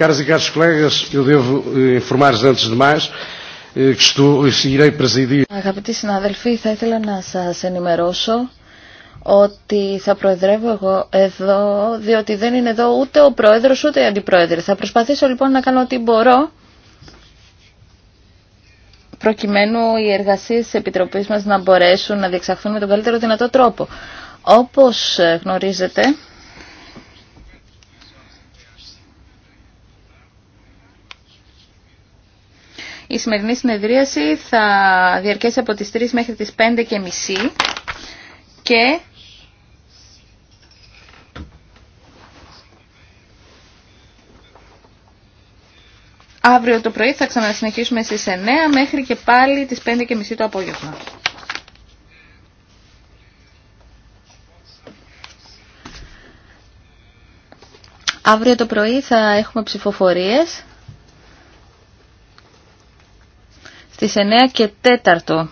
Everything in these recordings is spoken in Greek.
Caras e caros colegas, eu devo eh, informar antes de mais eh, que estou, eh, presidir. συνάδελφοι, θα ήθελα να σας ενημερώσω ότι θα προεδρεύω εγώ εδώ, διότι δεν είναι εδώ ούτε ο πρόεδρος ούτε η Αντιπρόεδρε. Θα προσπαθήσω λοιπόν να κάνω ό,τι μπορώ προκειμένου οι εργασίες της Επιτροπής μας να μπορέσουν να διεξαχθούν με τον καλύτερο δυνατό τρόπο. Όπως ε, γνωρίζετε, Η σημερινή συνεδρίαση θα διαρκέσει από τις 3 μέχρι τις 5 και μισή και αύριο το πρωί θα ξανασυνεχίσουμε στις 9 μέχρι και πάλι τις 5 και μισή το απόγευμα. Αύριο το πρωί θα έχουμε ψηφοφορίες. στις 9 και 4.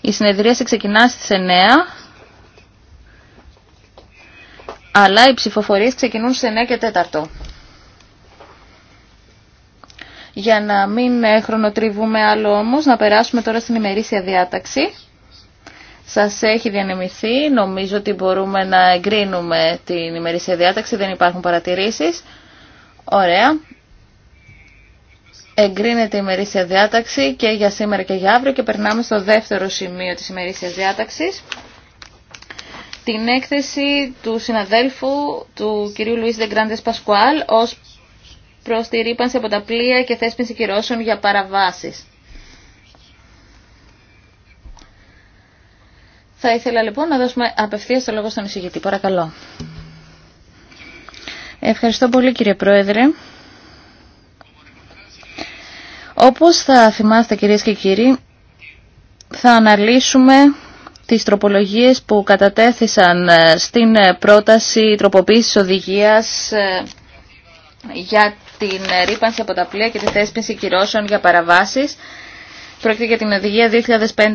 Η συνεδρίαση ξεκινά στις 9, αλλά οι ψηφοφορίες ξεκινούν στις 9 και 4. Για να μην ε, χρονοτριβούμε άλλο όμως, να περάσουμε τώρα στην ημερήσια διάταξη. Σας έχει διανεμηθεί, νομίζω ότι μπορούμε να εγκρίνουμε την ημερήσια διάταξη, δεν υπάρχουν παρατηρήσεις. Ωραία. Εγκρίνεται η ημερήσια διάταξη και για σήμερα και για αύριο και περνάμε στο δεύτερο σημείο της ημερήσιας διάταξης. Την έκθεση του συναδέλφου του κυρίου Λουίς Δεγκράντες Πασκουάλ ως προς τη ρήπανση από τα πλοία και θέσπιση κυρώσεων για παραβάσεις. Θα ήθελα λοιπόν να δώσουμε απευθείας το λόγο στον εισηγητή. Παρακαλώ. Ευχαριστώ πολύ κύριε Πρόεδρε. Όπως θα θυμάστε κυρίες και κύριοι, θα αναλύσουμε τις τροπολογίες που κατατέθησαν ε, στην ε, πρόταση τροποποίησης οδηγίας ε, για την ρήπανση από τα πλοία και τη θέσπιση κυρώσεων για παραβάσεις Πρόκειται για την οδηγία 2005-667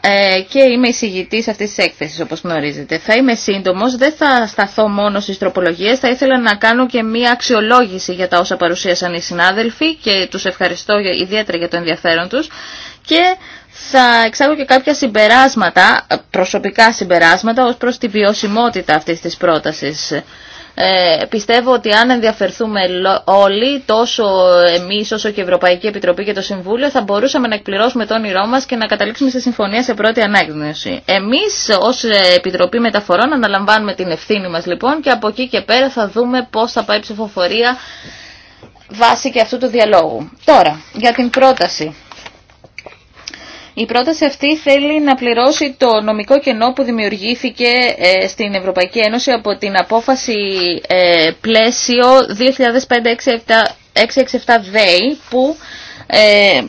ε, και είμαι εισηγητή αυτή τη έκθεση, όπω γνωρίζετε. Θα είμαι σύντομο, δεν θα σταθώ μόνο στι τροπολογίε, θα ήθελα να κάνω και μία αξιολόγηση για τα όσα παρουσίασαν οι συνάδελφοι και του ευχαριστώ ιδιαίτερα για το ενδιαφέρον του. Και θα εξάγω και κάποια συμπεράσματα, προσωπικά συμπεράσματα, ως προς τη βιωσιμότητα αυτής της πρότασης. Ε, πιστεύω ότι αν ενδιαφερθούμε όλοι, τόσο εμείς όσο και η Ευρωπαϊκή Επιτροπή και το Συμβούλιο, θα μπορούσαμε να εκπληρώσουμε το όνειρό μα και να καταλήξουμε σε συμφωνία σε πρώτη ανάγνωση. Εμείς ως Επιτροπή Μεταφορών αναλαμβάνουμε την ευθύνη μας λοιπόν και από εκεί και πέρα θα δούμε πώς θα πάει η ψηφοφορία βάσει και αυτού του διαλόγου. Τώρα, για την πρόταση η πρόταση αυτή θέλει να πληρώσει το νομικό κενό που δημιουργήθηκε ε, στην Ευρωπαϊκή Ένωση από την απόφαση ε, πλαίσιο 2005-667 ΔΕΗ που ε,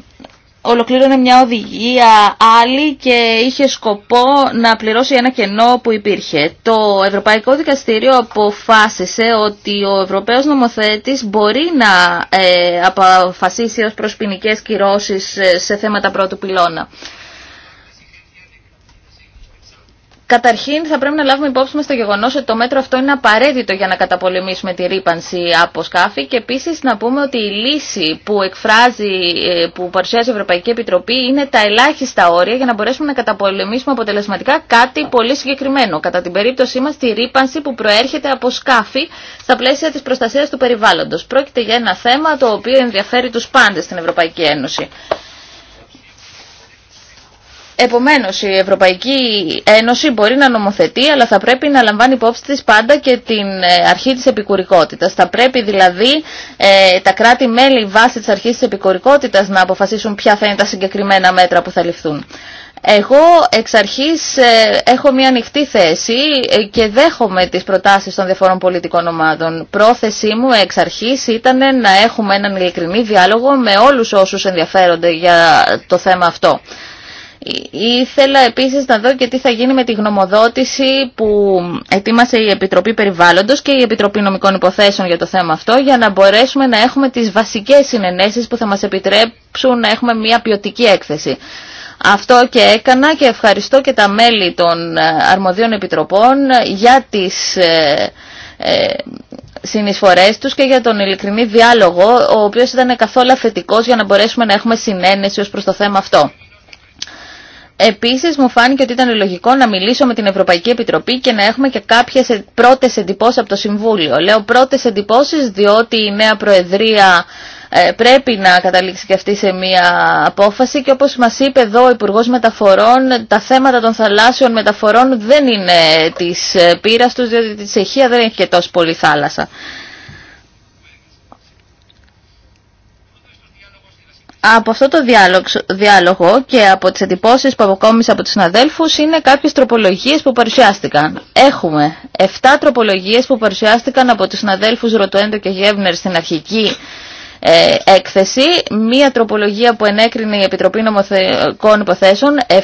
ολοκλήρωνε μια οδηγία άλλη και είχε σκοπό να πληρώσει ένα κενό που υπήρχε. Το Ευρωπαϊκό Δικαστήριο αποφάσισε ότι ο Ευρωπαίος νομοθέτης μπορεί να ε, αποφασίσει ως προς ποινικές κυρώσεις ε, σε θέματα πρώτου πυλώνα. Καταρχήν θα πρέπει να λάβουμε υπόψη μας το γεγονός ότι το μέτρο αυτό είναι απαραίτητο για να καταπολεμήσουμε τη ρήπανση από σκάφη και επίσης να πούμε ότι η λύση που εκφράζει, ε, που παρουσιάζει η Ευρωπαϊκή Επιτροπή είναι τα ελάχιστα όρια για να μπορέσουμε να καταπολεμήσουμε αποτελεσματικά κάτι πολύ συγκεκριμένο. Κατά την περίπτωσή μας τη ρήπανση που προέρχεται από σκάφη στα πλαίσια της προστασίας του περιβάλλοντος. Πρόκειται για ένα θέμα το οποίο ενδιαφέρει τους πάντες στην Ευρωπαϊκή Ένωση. Επομένως, η Ευρωπαϊκή Ένωση μπορεί να νομοθετεί, αλλά θα πρέπει να λαμβάνει υπόψη της πάντα και την ε, αρχή της επικουρικότητας. Θα πρέπει δηλαδή ε, τα κράτη-μέλη βάσει της αρχής της επικουρικότητας να αποφασίσουν ποια θα είναι τα συγκεκριμένα μέτρα που θα ληφθούν. Εγώ εξ αρχής ε, έχω μια ανοιχτή θέση και δέχομαι τις προτάσεις των διαφορών πολιτικών ομάδων. Πρόθεσή μου εξ αρχής ήταν να έχουμε έναν ειλικρινή διάλογο με όλους όσους ενδιαφέρονται για το θέμα αυτό. Ήθελα επίσης να δω και τι θα γίνει με τη γνωμοδότηση που ετοίμασε η Επιτροπή Περιβάλλοντος και η Επιτροπή Νομικών Υποθέσεων για το θέμα αυτό για να μπορέσουμε να έχουμε τις βασικές συνενέσεις που θα μας επιτρέψουν να έχουμε μια ποιοτική έκθεση. Αυτό και έκανα και ευχαριστώ και τα μέλη των ε, αρμοδίων επιτροπών ε, για τις ε, συνεισφορές τους και για τον ειλικρινή διάλογο ο οποίος ήταν καθόλου αφετικός για να μπορέσουμε να έχουμε συνένεση ως προς το θέμα αυτό. Επίσης μου φάνηκε ότι ήταν λογικό να μιλήσω με την Ευρωπαϊκή Επιτροπή και να έχουμε και κάποιες πρώτες εντυπώσεις από το Συμβούλιο. Λέω πρώτες εντυπώσεις διότι η νέα Προεδρία ε, πρέπει να καταλήξει και αυτή σε μία απόφαση και όπως μας είπε εδώ ο Υπουργός Μεταφορών τα θέματα των θαλάσσιων μεταφορών δεν είναι της ε, πείρας τους διότι η Τσεχία δεν έχει και τόσο πολύ θάλασσα. από αυτό το διάλογο και από τις εντυπώσεις που αποκόμισα από τους συναδέλφους είναι κάποιες τροπολογίες που παρουσιάστηκαν. Έχουμε 7 τροπολογίες που παρουσιάστηκαν από τους συναδέλφους Ρωτουέντο και Γεύνερ στην αρχική ε, έκθεση, μία τροπολογία που ενέκρινε η Επιτροπή Νομοθετικών Υποθέσεων, 7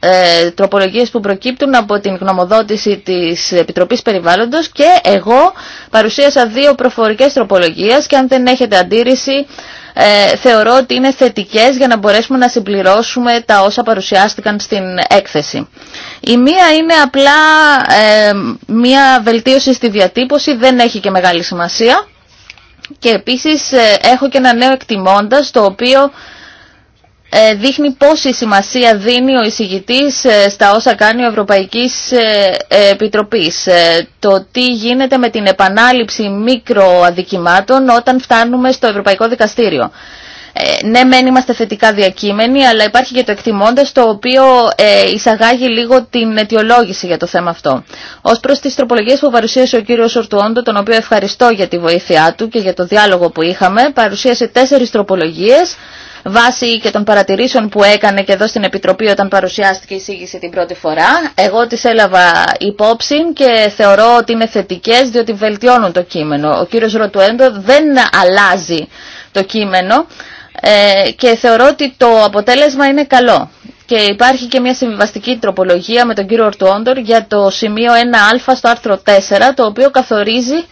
ε, τροπολογίες που προκύπτουν από την γνωμοδότηση της Επιτροπής Περιβάλλοντος και εγώ παρουσίασα δύο προφορικές τροπολογίες και αν δεν έχετε αντίρρηση ε, θεωρώ ότι είναι θετικές για να μπορέσουμε να συμπληρώσουμε τα όσα παρουσιάστηκαν στην έκθεση. Η μία είναι απλά μία βελτίωση στη διατύπωση, δεν έχει και μεγάλη σημασία. Και επίσης ε, έχω και ένα νέο εκτιμώντας το οποίο ε, δείχνει πόση σημασία δίνει ο εισηγητής ε, στα όσα κάνει ο Ευρωπαϊκής Επιτροπής. Το τι γίνεται με την επανάληψη μικροαδικημάτων όταν φτάνουμε στο Ευρωπαϊκό Δικαστήριο. Ε, ναι μεν είμαστε θετικά διακείμενοι, αλλά υπάρχει και το εκτιμώντας το οποίο ε, εισαγάγει λίγο την αιτιολόγηση για το θέμα αυτό. Ως προς τις τροπολογίες που παρουσίασε ο κύριος Ορτουόντο, τον οποίο ευχαριστώ για τη βοήθειά του και για το διάλογο που είχαμε, παρουσίασε τέσσερις τροπολογίες βάσει και των παρατηρήσεων που έκανε και εδώ στην Επιτροπή όταν παρουσιάστηκε η εισήγηση την πρώτη φορά. Εγώ τις έλαβα υπόψη και θεωρώ ότι είναι θετικές διότι βελτιώνουν το κείμενο. Ο κύριος Ρωτουέντο δεν αλλάζει το κείμενο, ε, και θεωρώ ότι το αποτέλεσμα είναι καλό. Και υπάρχει και μια συμβιβαστική τροπολογία με τον κύριο Ορτουόντορ για το σημείο 1α στο άρθρο 4, το οποίο καθορίζει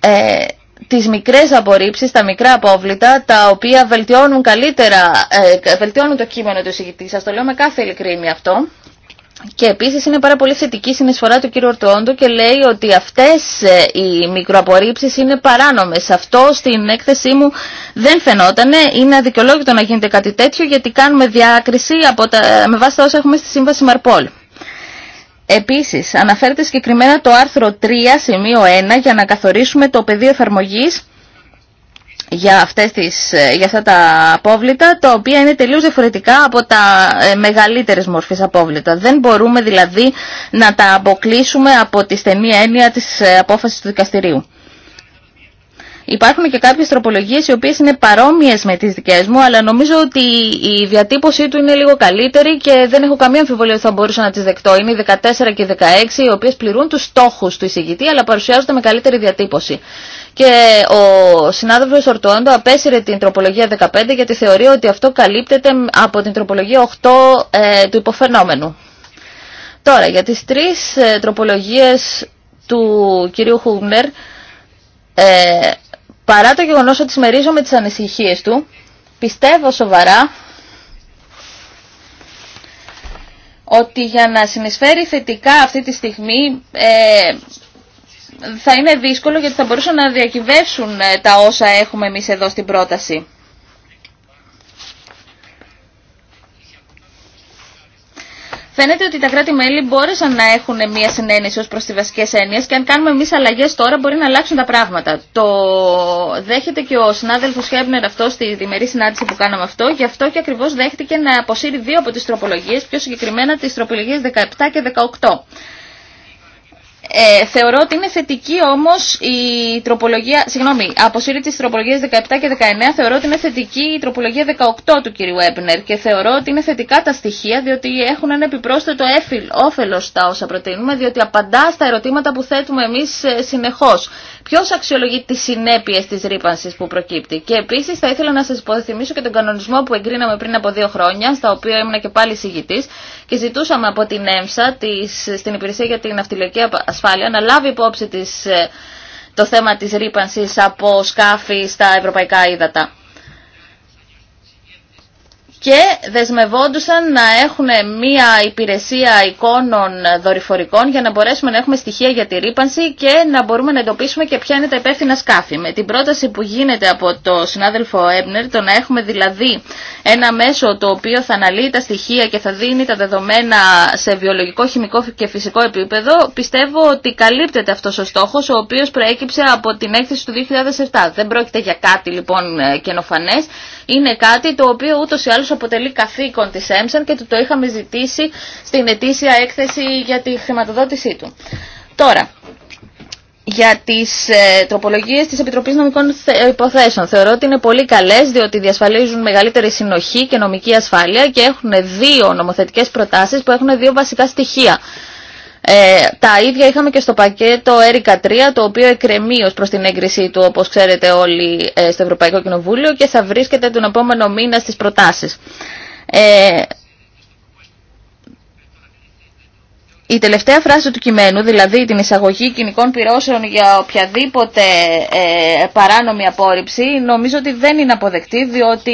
ε, τις μικρές απορρίψεις, τα μικρά απόβλητα, τα οποία βελτιώνουν καλύτερα, ε, βελτιώνουν το κείμενο του εισηγητή. Σας το λέω με κάθε ειλικρίνη αυτό και επίσης είναι πάρα πολύ θετική η συνεισφορά του κύριου Ορτουόντου και λέει ότι αυτές ε, οι μικροαπορρίψεις είναι παράνομες. Αυτό στην έκθεσή μου δεν φαινόταν. Είναι αδικαιολόγητο να γίνεται κάτι τέτοιο γιατί κάνουμε διάκριση από τα, με βάση τα όσα έχουμε στη Σύμβαση Μαρπόλ. Επίσης αναφέρεται συγκεκριμένα το άρθρο 3 σημείο 1 για να καθορίσουμε το πεδίο εφαρμογής για, αυτές τις, ε, για αυτά τα απόβλητα, τα οποία είναι τελείως διαφορετικά από τα ε, μεγαλύτερες μορφές απόβλητα. Δεν μπορούμε δηλαδή να τα αποκλείσουμε από τη στενή έννοια της ε, απόφασης του δικαστηρίου. Υπάρχουν και κάποιες τροπολογίες οι οποίες είναι παρόμοιες με τις δικές μου, αλλά νομίζω ότι η διατύπωσή του είναι λίγο καλύτερη και δεν έχω καμία αμφιβολία ότι θα μπορούσα να τις δεκτώ. Είναι οι 14 και οι 16, οι οποίες πληρούν τους στόχους του εισηγητή, αλλά παρουσιάζονται με καλύτερη διατύπωση. Και ο συνάδελφος Ορτουάντο απέσυρε την τροπολογία 15 γιατί θεωρεί ότι αυτό καλύπτεται από την τροπολογία 8 ε, του υποφαινόμενου. Τώρα, για τις τρεις ε, τροπολογίες του κυρίου Χούγνερ, ε, παρά το γεγονός ότι συμμερίζομαι τις ανησυχίες του, πιστεύω σοβαρά ότι για να συνεισφέρει θετικά αυτή τη στιγμή ε, θα είναι δύσκολο γιατί θα μπορούσαν να διακυβεύσουν ε, τα όσα έχουμε εμείς εδώ στην πρόταση. Φαίνεται ότι τα κράτη-μέλη μπόρεσαν να έχουν μια συνένεση ω προς τις βασικέ έννοιε και αν κάνουμε εμεί αλλαγέ τώρα μπορεί να αλλάξουν τα πράγματα. Το δέχεται και ο συνάδελφο Χέμπνερ αυτό στη διμερή συνάντηση που κάναμε αυτό, γι' αυτό και ακριβώ δέχτηκε να αποσύρει δύο από τι τροπολογίε πιο συγκεκριμένα τι τροπολογίε 17 και 18. Ε, θεωρώ ότι είναι θετική όμως η τροπολογία, συγγνώμη, αποσύρει τις τροπολογίες 17 και 19, θεωρώ ότι είναι θετική η τροπολογία 18 του κυρίου Έμπνερ και θεωρώ ότι είναι θετικά τα στοιχεία διότι έχουν ένα επιπρόσθετο έφυλ, όφελος τα όσα προτείνουμε διότι απαντά στα ερωτήματα που θέτουμε εμείς ε, συνεχώς. Ποιο αξιολογεί τι συνέπειε τη ρήπανση που προκύπτει. Και επίση θα ήθελα να σα υποθυμίσω και τον κανονισμό που εγκρίναμε πριν από δύο χρόνια, στα οποία ήμουν και πάλι συγητή και ζητούσαμε από την ΕΜΣΑ, στην Υπηρεσία για την Ναυτιλιακή Ασφάλεια, ασφάλεια να λάβει υπόψη ε, το θέμα της ρήπανσης από σκάφη στα ευρωπαϊκά ύδατα και δεσμευόντουσαν να έχουν μία υπηρεσία εικόνων δορυφορικών για να μπορέσουμε να έχουμε στοιχεία για τη ρήπανση και να μπορούμε να εντοπίσουμε και ποια είναι τα υπεύθυνα σκάφη. Με την πρόταση που γίνεται από το συνάδελφο Έμπνερ, το να έχουμε δηλαδή ένα μέσο το οποίο θα αναλύει τα στοιχεία και θα δίνει τα δεδομένα σε βιολογικό, χημικό και φυσικό επίπεδο, πιστεύω ότι καλύπτεται αυτό ο στόχο, ο οποίο προέκυψε από την έκθεση του 2007. Δεν πρόκειται για κάτι λοιπόν ε, καινοφανέ είναι κάτι το οποίο ούτως ή άλλως αποτελεί καθήκον της ΕΜΣΑΝ και το είχαμε ζητήσει στην ετήσια έκθεση για τη χρηματοδότησή του. Τώρα, για τις ε, τροπολογίες της Επιτροπής Νομικών ε, Υποθέσεων. Θεωρώ ότι είναι πολύ καλές διότι διασφαλίζουν μεγαλύτερη συνοχή και νομική ασφάλεια και έχουν δύο νομοθετικές προτάσεις που έχουν δύο βασικά στοιχεία. Ε, τα ίδια είχαμε και στο πακέτο ΕΡΙΚΑ 3, το οποίο εκκρεμεί ω προ την έγκρισή του, όπω ξέρετε όλοι, ε, στο Ευρωπαϊκό Κοινοβούλιο και θα βρίσκεται τον επόμενο μήνα στι προτάσει. Ε, Η τελευταία φράση του κειμένου, δηλαδή την εισαγωγή κοινικών πυρώσεων για οποιαδήποτε ε, παράνομη απόρριψη, νομίζω ότι δεν είναι αποδεκτή, διότι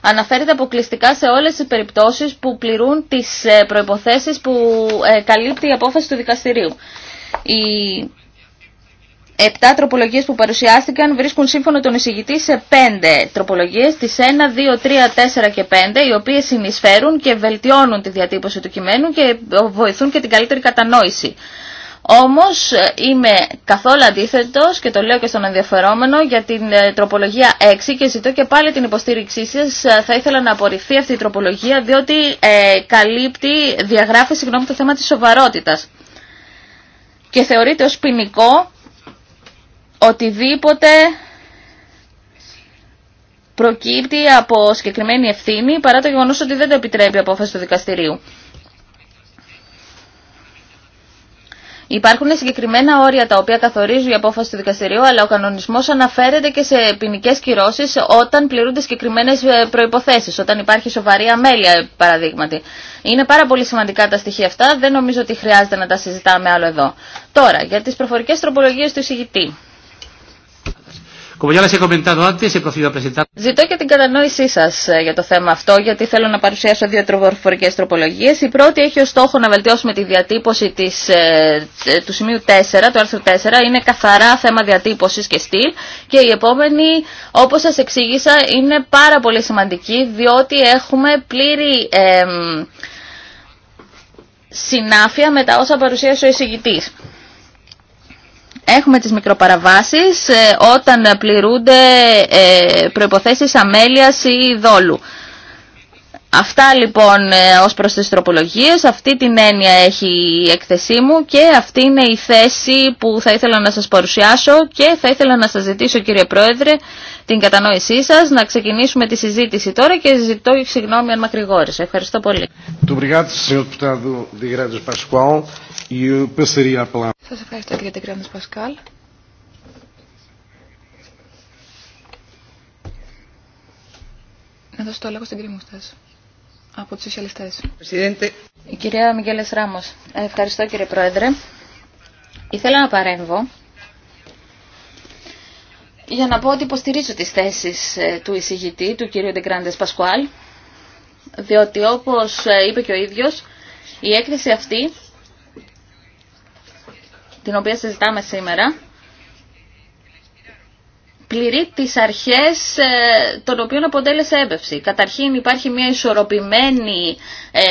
αναφέρεται αποκλειστικά σε όλες τις περιπτώσεις που πληρούν τις ε, προϋποθέσεις που ε, καλύπτει η απόφαση του δικαστηρίου. Οι επτά τροπολογίες που παρουσιάστηκαν βρίσκουν σύμφωνο τον εισηγητή σε πέντε τροπολογίες, τις 1, 2, 3, 4 και 5, οι οποίες συνεισφέρουν και βελτιώνουν τη διατύπωση του κειμένου και βοηθούν και την καλύτερη κατανόηση. Όμως ε, είμαι καθόλου αντίθετος και το λέω και στον ενδιαφερόμενο για την ε, τροπολογία 6 και ζητώ και πάλι την υποστήριξή σας. Ε, θα ήθελα να απορριφθεί αυτή η τροπολογία διότι καλύπτει, διαγράφει συγγνώμη το θέμα της σοβαρότητας και θεωρείται ως ποινικό οτιδήποτε προκύπτει από συγκεκριμένη ευθύνη παρά το γεγονός ότι δεν το επιτρέπει η απόφαση του δικαστηρίου. Υπάρχουν συγκεκριμένα όρια τα οποία καθορίζουν η απόφαση του δικαστηρίου, αλλά ο κανονισμός αναφέρεται και σε ποινικέ κυρώσει όταν πληρούνται συγκεκριμένε ε, προϋποθέσεις, όταν υπάρχει σοβαρή αμέλεια παραδείγματι. Είναι πάρα πολύ σημαντικά τα στοιχεία αυτά, δεν νομίζω ότι χρειάζεται να τα συζητάμε άλλο εδώ. Τώρα, για τι προφορικέ τροπολογίε του εισηγητή. Ζητώ και την κατανόησή σα ε, για το θέμα αυτό, γιατί θέλω να παρουσιάσω δύο τροποφορικέ τροπολογίε. Η πρώτη έχει ω στόχο να βελτιώσουμε τη διατύπωση της, ε, ε, του σημείου 4, του άρθρου 4. Είναι καθαρά θέμα διατύπωση και στυλ. Και η επόμενη, όπω σα εξήγησα, είναι πάρα πολύ σημαντική, διότι έχουμε πλήρη. Ε, συνάφεια με τα όσα παρουσίασε ο εισηγητής. Έχουμε τις μικροπαραβάσεις ε, όταν πληρούνται ε, προϋποθέσεις αμέλειας ή δόλου. Αυτά λοιπόν ε, ως προς τις τροπολογίες, αυτή την έννοια έχει η εκθεσή μου και αυτή είναι η θέση που θα ήθελα να σας παρουσιάσω και θα ήθελα να σας ζητήσω κύριε Πρόεδρε την κατανόησή σας, να ξεκινήσουμε τη συζήτηση τώρα και ζητώ συγγνώμη αν μακρηγόρησα. Ευχαριστώ πολύ. E σας ευχαριστώ κύριε Πασκάλ. Να δώσω το λόγο στην κυρία από Η κυρία Μιγγέλες Ράμος. Ε, ευχαριστώ κύριε Πρόεδρε. Ήθελα να παρέμβω για να πω ότι υποστηρίζω τις θέσεις ε, του εισηγητή, του κύριου Ντεγκράντες Πασκουάλ, διότι όπως ε, είπε και ο ίδιος, η έκθεση αυτή, την οποία συζητάμε σήμερα, πληρεί τις αρχές ε, των οποίων αποτέλεσε έμπευση. Καταρχήν υπάρχει μια ισορροπημένη ε,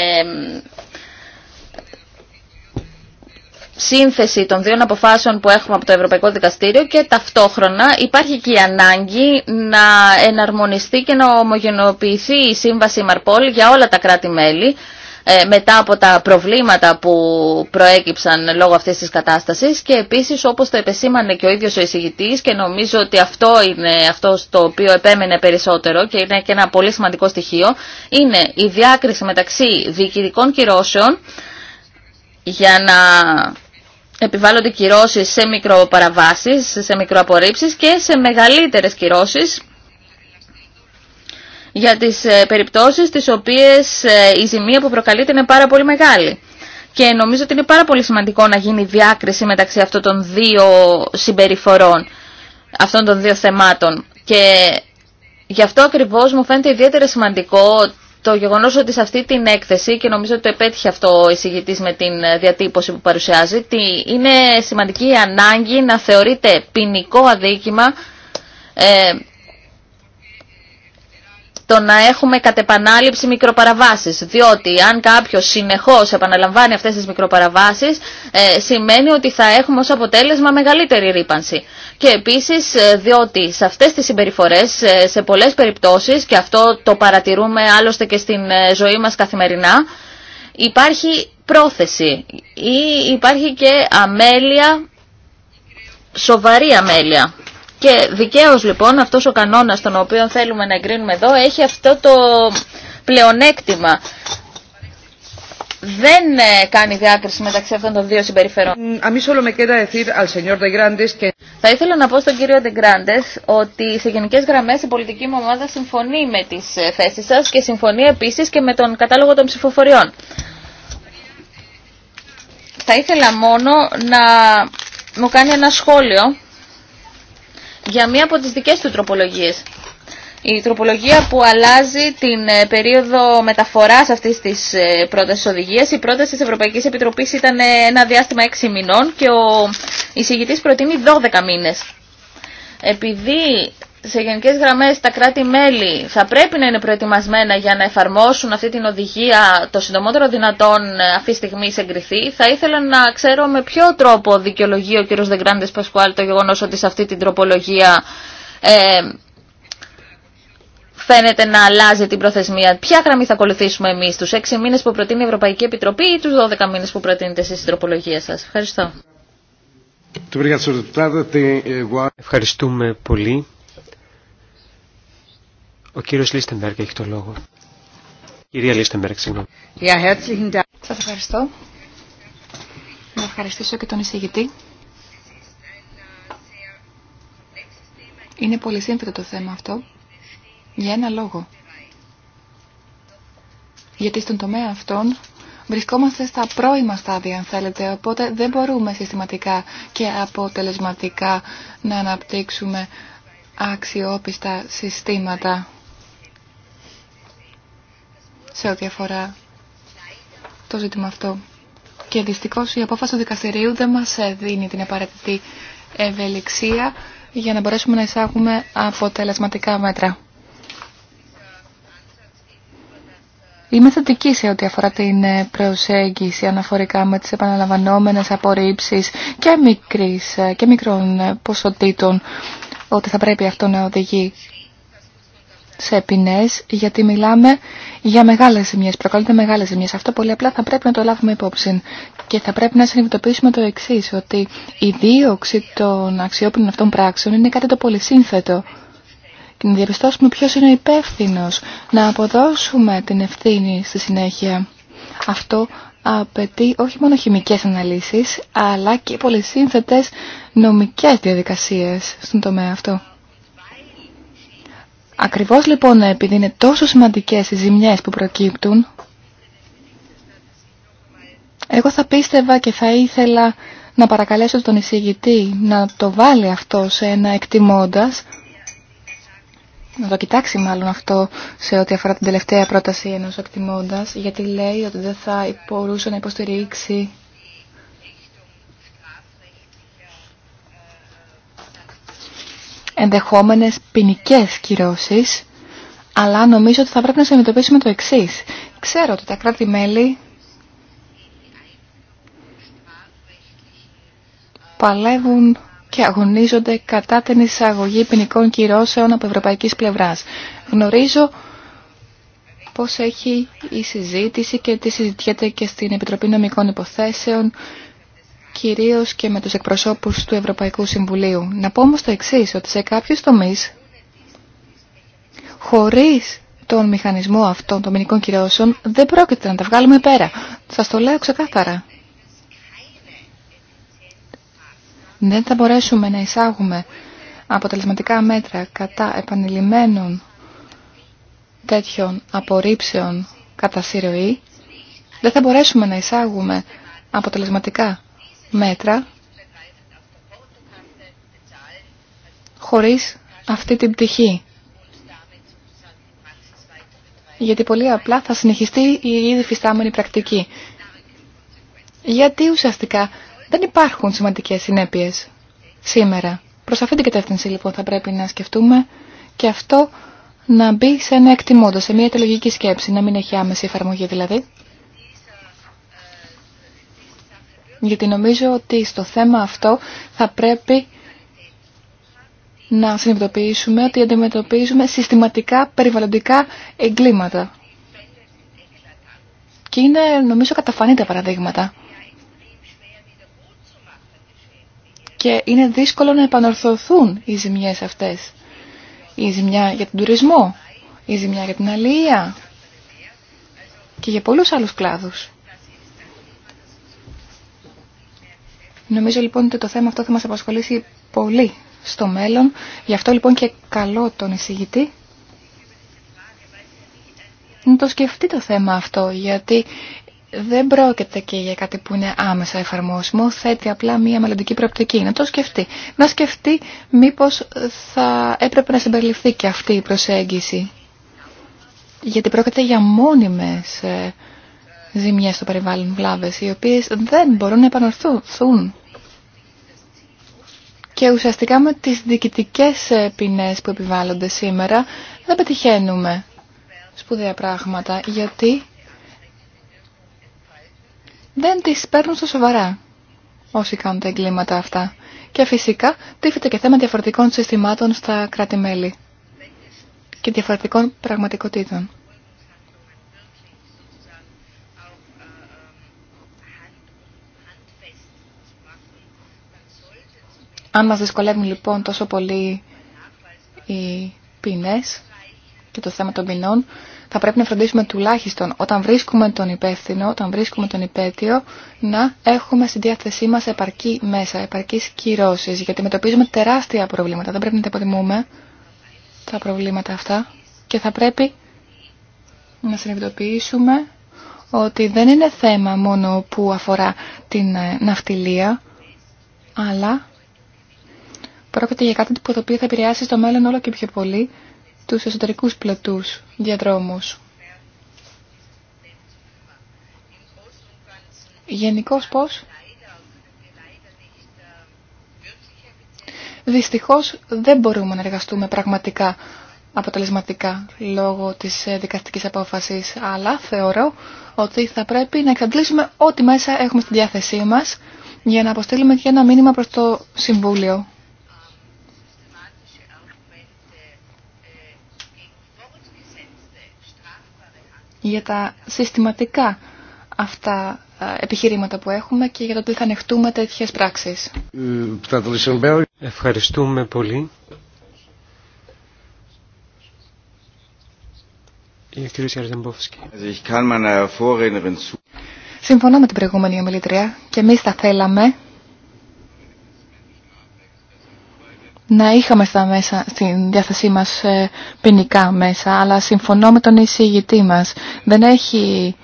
σύνθεση των δύο αποφάσεων που έχουμε από το Ευρωπαϊκό Δικαστήριο και ταυτόχρονα υπάρχει και η ανάγκη να εναρμονιστεί και να ομογενοποιηθεί η Σύμβαση Μαρπόλ για όλα τα κράτη-μέλη ε, μετά από τα προβλήματα που προέκυψαν λόγω αυτής της κατάστασης και επίσης όπως το επεσήμανε και ο ίδιος ο εισηγητής και νομίζω ότι αυτό είναι αυτό το οποίο επέμενε περισσότερο και είναι και ένα πολύ σημαντικό στοιχείο είναι η διάκριση μεταξύ διοικητικών κυρώσεων για να επιβάλλονται κυρώσεις σε μικροπαραβάσεις, σε μικροαπορρίψεις και σε μεγαλύτερες κυρώσεις για τις ε, περιπτώσεις τις οποίες ε, η ζημία που προκαλείται είναι πάρα πολύ μεγάλη. Και νομίζω ότι είναι πάρα πολύ σημαντικό να γίνει διάκριση μεταξύ αυτών των δύο συμπεριφορών, αυτών των δύο θεμάτων. Και γι' αυτό ακριβώς μου φαίνεται ιδιαίτερα σημαντικό το γεγονός ότι σε αυτή την έκθεση, και νομίζω ότι το επέτυχε αυτό ο εισηγητής με την ε, διατύπωση που παρουσιάζει, ότι είναι σημαντική η ανάγκη να θεωρείται ποινικό αδίκημα το να έχουμε κατ' επανάληψη μικροπαραβάσεις. Διότι αν κάποιο συνεχώς επαναλαμβάνει αυτές τις μικροπαραβάσεις, ε, σημαίνει ότι θα έχουμε ως αποτέλεσμα μεγαλύτερη ρήπανση. Και επίσης ε, διότι σε αυτές τις συμπεριφορές, ε, σε πολλές περιπτώσεις, και αυτό το παρατηρούμε άλλωστε και στην ζωή μας καθημερινά, υπάρχει πρόθεση ή υπάρχει και αμέλεια, σοβαρή αμέλεια. Και δικαίως λοιπόν αυτός ο κανόνας τον οποίο θέλουμε να εγκρίνουμε εδώ έχει αυτό το πλεονέκτημα. Δεν ε, κάνει διάκριση μεταξύ αυτών των δύο συμπεριφερών. Θα ήθελα να πω στον κύριο Ντεγκράντε ότι σε γενικέ γραμμέ η πολιτική μου ομάδα συμφωνεί με τι ε, θέσει σα και συμφωνεί επίση και με τον κατάλογο των ψηφοφοριών. Θα ήθελα μόνο να μου κάνει ένα σχόλιο για μία από τις δικές του τροπολογίες. Η τροπολογία που αλλάζει την ε, περίοδο μεταφοράς αυτής της ε, πρότασης οδηγίας, η πρόταση της Ευρωπαϊκής Επιτροπής ήταν ε, ένα διάστημα 6 μηνών και ο εισηγητής προτείνει 12 μήνες. Επειδή σε γενικές γραμμές τα κράτη-μέλη θα πρέπει να είναι προετοιμασμένα για να εφαρμόσουν αυτή την οδηγία το συντομότερο δυνατόν ε, αυτή τη στιγμή εγκριθεί. Θα ήθελα να ξέρω με ποιο τρόπο δικαιολογεί ο κ. Δεγκράντες Πασκουάλ το γεγονός ότι σε αυτή την τροπολογία ε, φαίνεται να αλλάζει την προθεσμία. Ποια γραμμή θα ακολουθήσουμε εμείς, τους 6 μήνες που προτείνει η Ευρωπαϊκή Επιτροπή ή τους 12 μήνες που προτείνετε εσείς στην τροπολογία σα. Ευχαριστώ. Ευχαριστούμε πολύ. Ο κύριος Λίστεμπεργκ έχει το λόγο. Κυρία Λίστεμπεργκ, συγγνώμη. Σας ευχαριστώ. Να ευχαριστήσω και τον εισηγητή. Είναι πολύ σύμφωτο το θέμα αυτό. Για ένα λόγο. Γιατί στον τομέα αυτόν βρισκόμαστε στα πρώιμα στάδια, αν θέλετε, οπότε δεν μπορούμε συστηματικά και αποτελεσματικά να αναπτύξουμε αξιόπιστα συστήματα σε ό,τι αφορά το ζήτημα αυτό. Και δυστυχώς η απόφαση του δικαστηρίου δεν μας δίνει την απαραίτητη ευελιξία για να μπορέσουμε να εισάγουμε αποτελεσματικά μέτρα. Είμαι θετική σε ό,τι αφορά την προσέγγιση αναφορικά με τις επαναλαμβανόμενες απορρίψεις και, μικρής, και μικρών ποσοτήτων ότι θα πρέπει αυτό να οδηγεί σε ποινές γιατί μιλάμε για μεγάλες ζημιές, προκαλούνται μεγάλες ζημιές. Αυτό πολύ απλά θα πρέπει να το λάβουμε υπόψη και θα πρέπει να συνειδητοποιήσουμε το εξή ότι η δίωξη των αξιόπινων αυτών πράξεων είναι κάτι το πολυσύνθετο. Και να διαπιστώσουμε ποιος είναι ο υπεύθυνο να αποδώσουμε την ευθύνη στη συνέχεια. Αυτό απαιτεί όχι μόνο χημικές αναλύσεις, αλλά και πολυσύνθετες νομικές διαδικασίες στον τομέα αυτό. Ακριβώς λοιπόν επειδή είναι τόσο σημαντικές οι ζημιές που προκύπτουν, εγώ θα πίστευα και θα ήθελα να παρακαλέσω τον εισηγητή να το βάλει αυτό σε ένα εκτιμώντας, να το κοιτάξει μάλλον αυτό σε ό,τι αφορά την τελευταία πρόταση ενός εκτιμώντας, γιατί λέει ότι δεν θα μπορούσε να υποστηρίξει ενδεχόμενες ποινικέ κυρώσεις, αλλά νομίζω ότι θα πρέπει να συνειδητοποιήσουμε το εξή. Ξέρω ότι τα κράτη-μέλη παλεύουν και αγωνίζονται κατά την εισαγωγή ποινικών κυρώσεων από ευρωπαϊκής πλευράς. Γνωρίζω πώς έχει η συζήτηση και τι συζητιέται και στην Επιτροπή Νομικών Υποθέσεων κυρίως και με τους εκπροσώπους του Ευρωπαϊκού Συμβουλίου. Να πω όμως το εξή ότι σε κάποιους τομείς, χωρίς τον μηχανισμό αυτών των μηνικών κυρώσεων, δεν πρόκειται να τα βγάλουμε πέρα. Σας το λέω ξεκάθαρα. Δεν θα μπορέσουμε να εισάγουμε αποτελεσματικά μέτρα κατά επανειλημμένων τέτοιων απορρίψεων κατά συρροή, δεν θα μπορέσουμε να εισάγουμε αποτελεσματικά μέτρα χωρίς αυτή την πτυχή. Γιατί πολύ απλά θα συνεχιστεί η ήδη φυστάμενη πρακτική. Γιατί ουσιαστικά δεν υπάρχουν σημαντικές συνέπειες σήμερα. Προς αυτή την κατεύθυνση λοιπόν θα πρέπει να σκεφτούμε και αυτό να μπει σε ένα εκτιμόντο, σε μια τελογική σκέψη, να μην έχει άμεση εφαρμογή δηλαδή. γιατί νομίζω ότι στο θέμα αυτό θα πρέπει να συνειδητοποιήσουμε ότι αντιμετωπίζουμε συστηματικά περιβαλλοντικά εγκλήματα. Και είναι νομίζω καταφανή τα παραδείγματα. Και είναι δύσκολο να επανορθωθούν οι ζημιές αυτές. Η ζημιά για τον τουρισμό, η ζημιά για την αλληλεία και για πολλούς άλλους κλάδους. Νομίζω λοιπόν ότι το θέμα αυτό θα μας απασχολήσει πολύ στο μέλλον. Γι' αυτό λοιπόν και καλό τον εισηγητή να το σκεφτεί το θέμα αυτό, γιατί δεν πρόκειται και για κάτι που είναι άμεσα εφαρμόσιμο, θέτει απλά μία μελλοντική προοπτική. Να το σκεφτεί. Να σκεφτεί μήπως θα έπρεπε να συμπεριληφθεί και αυτή η προσέγγιση. Γιατί πρόκειται για μόνιμες ε, ζημιές στο περιβάλλον βλάβες, οι οποίες δεν μπορούν να επανορθούν. Και ουσιαστικά με τις διοικητικές ε, ποινές που επιβάλλονται σήμερα δεν πετυχαίνουμε σπουδαία πράγματα, γιατί δεν τις παίρνουν στο σοβαρά όσοι κάνουν τα εγκλήματα αυτά. Και φυσικά τίθεται και θέμα διαφορετικών συστημάτων στα κράτη-μέλη και διαφορετικών πραγματικότητων. Αν μας δυσκολεύουν λοιπόν τόσο πολύ οι ποινές και το θέμα των ποινών, θα πρέπει να φροντίσουμε τουλάχιστον όταν βρίσκουμε τον υπεύθυνο, όταν βρίσκουμε τον υπέτειο, να έχουμε στη διάθεσή μας επαρκή μέσα, επαρκή κυρώσεις, γιατί μετωπίζουμε τεράστια προβλήματα. Δεν πρέπει να τα υποτιμούμε τα προβλήματα αυτά και θα πρέπει να συνειδητοποιήσουμε ότι δεν είναι θέμα μόνο που αφορά την ε, ναυτιλία, αλλά Πρόκειται για κάτι που το οποίο θα επηρεάσει στο μέλλον όλο και πιο πολύ τους εσωτερικούς πλατούς διαδρόμους. Γενικώ πώς? Δυστυχώς δεν μπορούμε να εργαστούμε πραγματικά αποτελεσματικά λόγω της ε, δικαστικής απόφασης, αλλά θεωρώ ότι θα πρέπει να εξαντλήσουμε ό,τι μέσα έχουμε στη διάθεσή μας για να αποστείλουμε και ένα μήνυμα προς το Συμβούλιο. για τα συστηματικά αυτά ε, επιχειρήματα που έχουμε και για το ότι θα ανεχτούμε τέτοιες πράξεις. Ευχαριστούμε πολύ. Συμφωνώ με την προηγούμενη ομιλήτρια και εμεί θα θέλαμε να είχαμε στα μέσα, στην διάθεσή μας ε, ποινικά μέσα, αλλά συμφωνώ με τον εισηγητή μας. Δεν έχει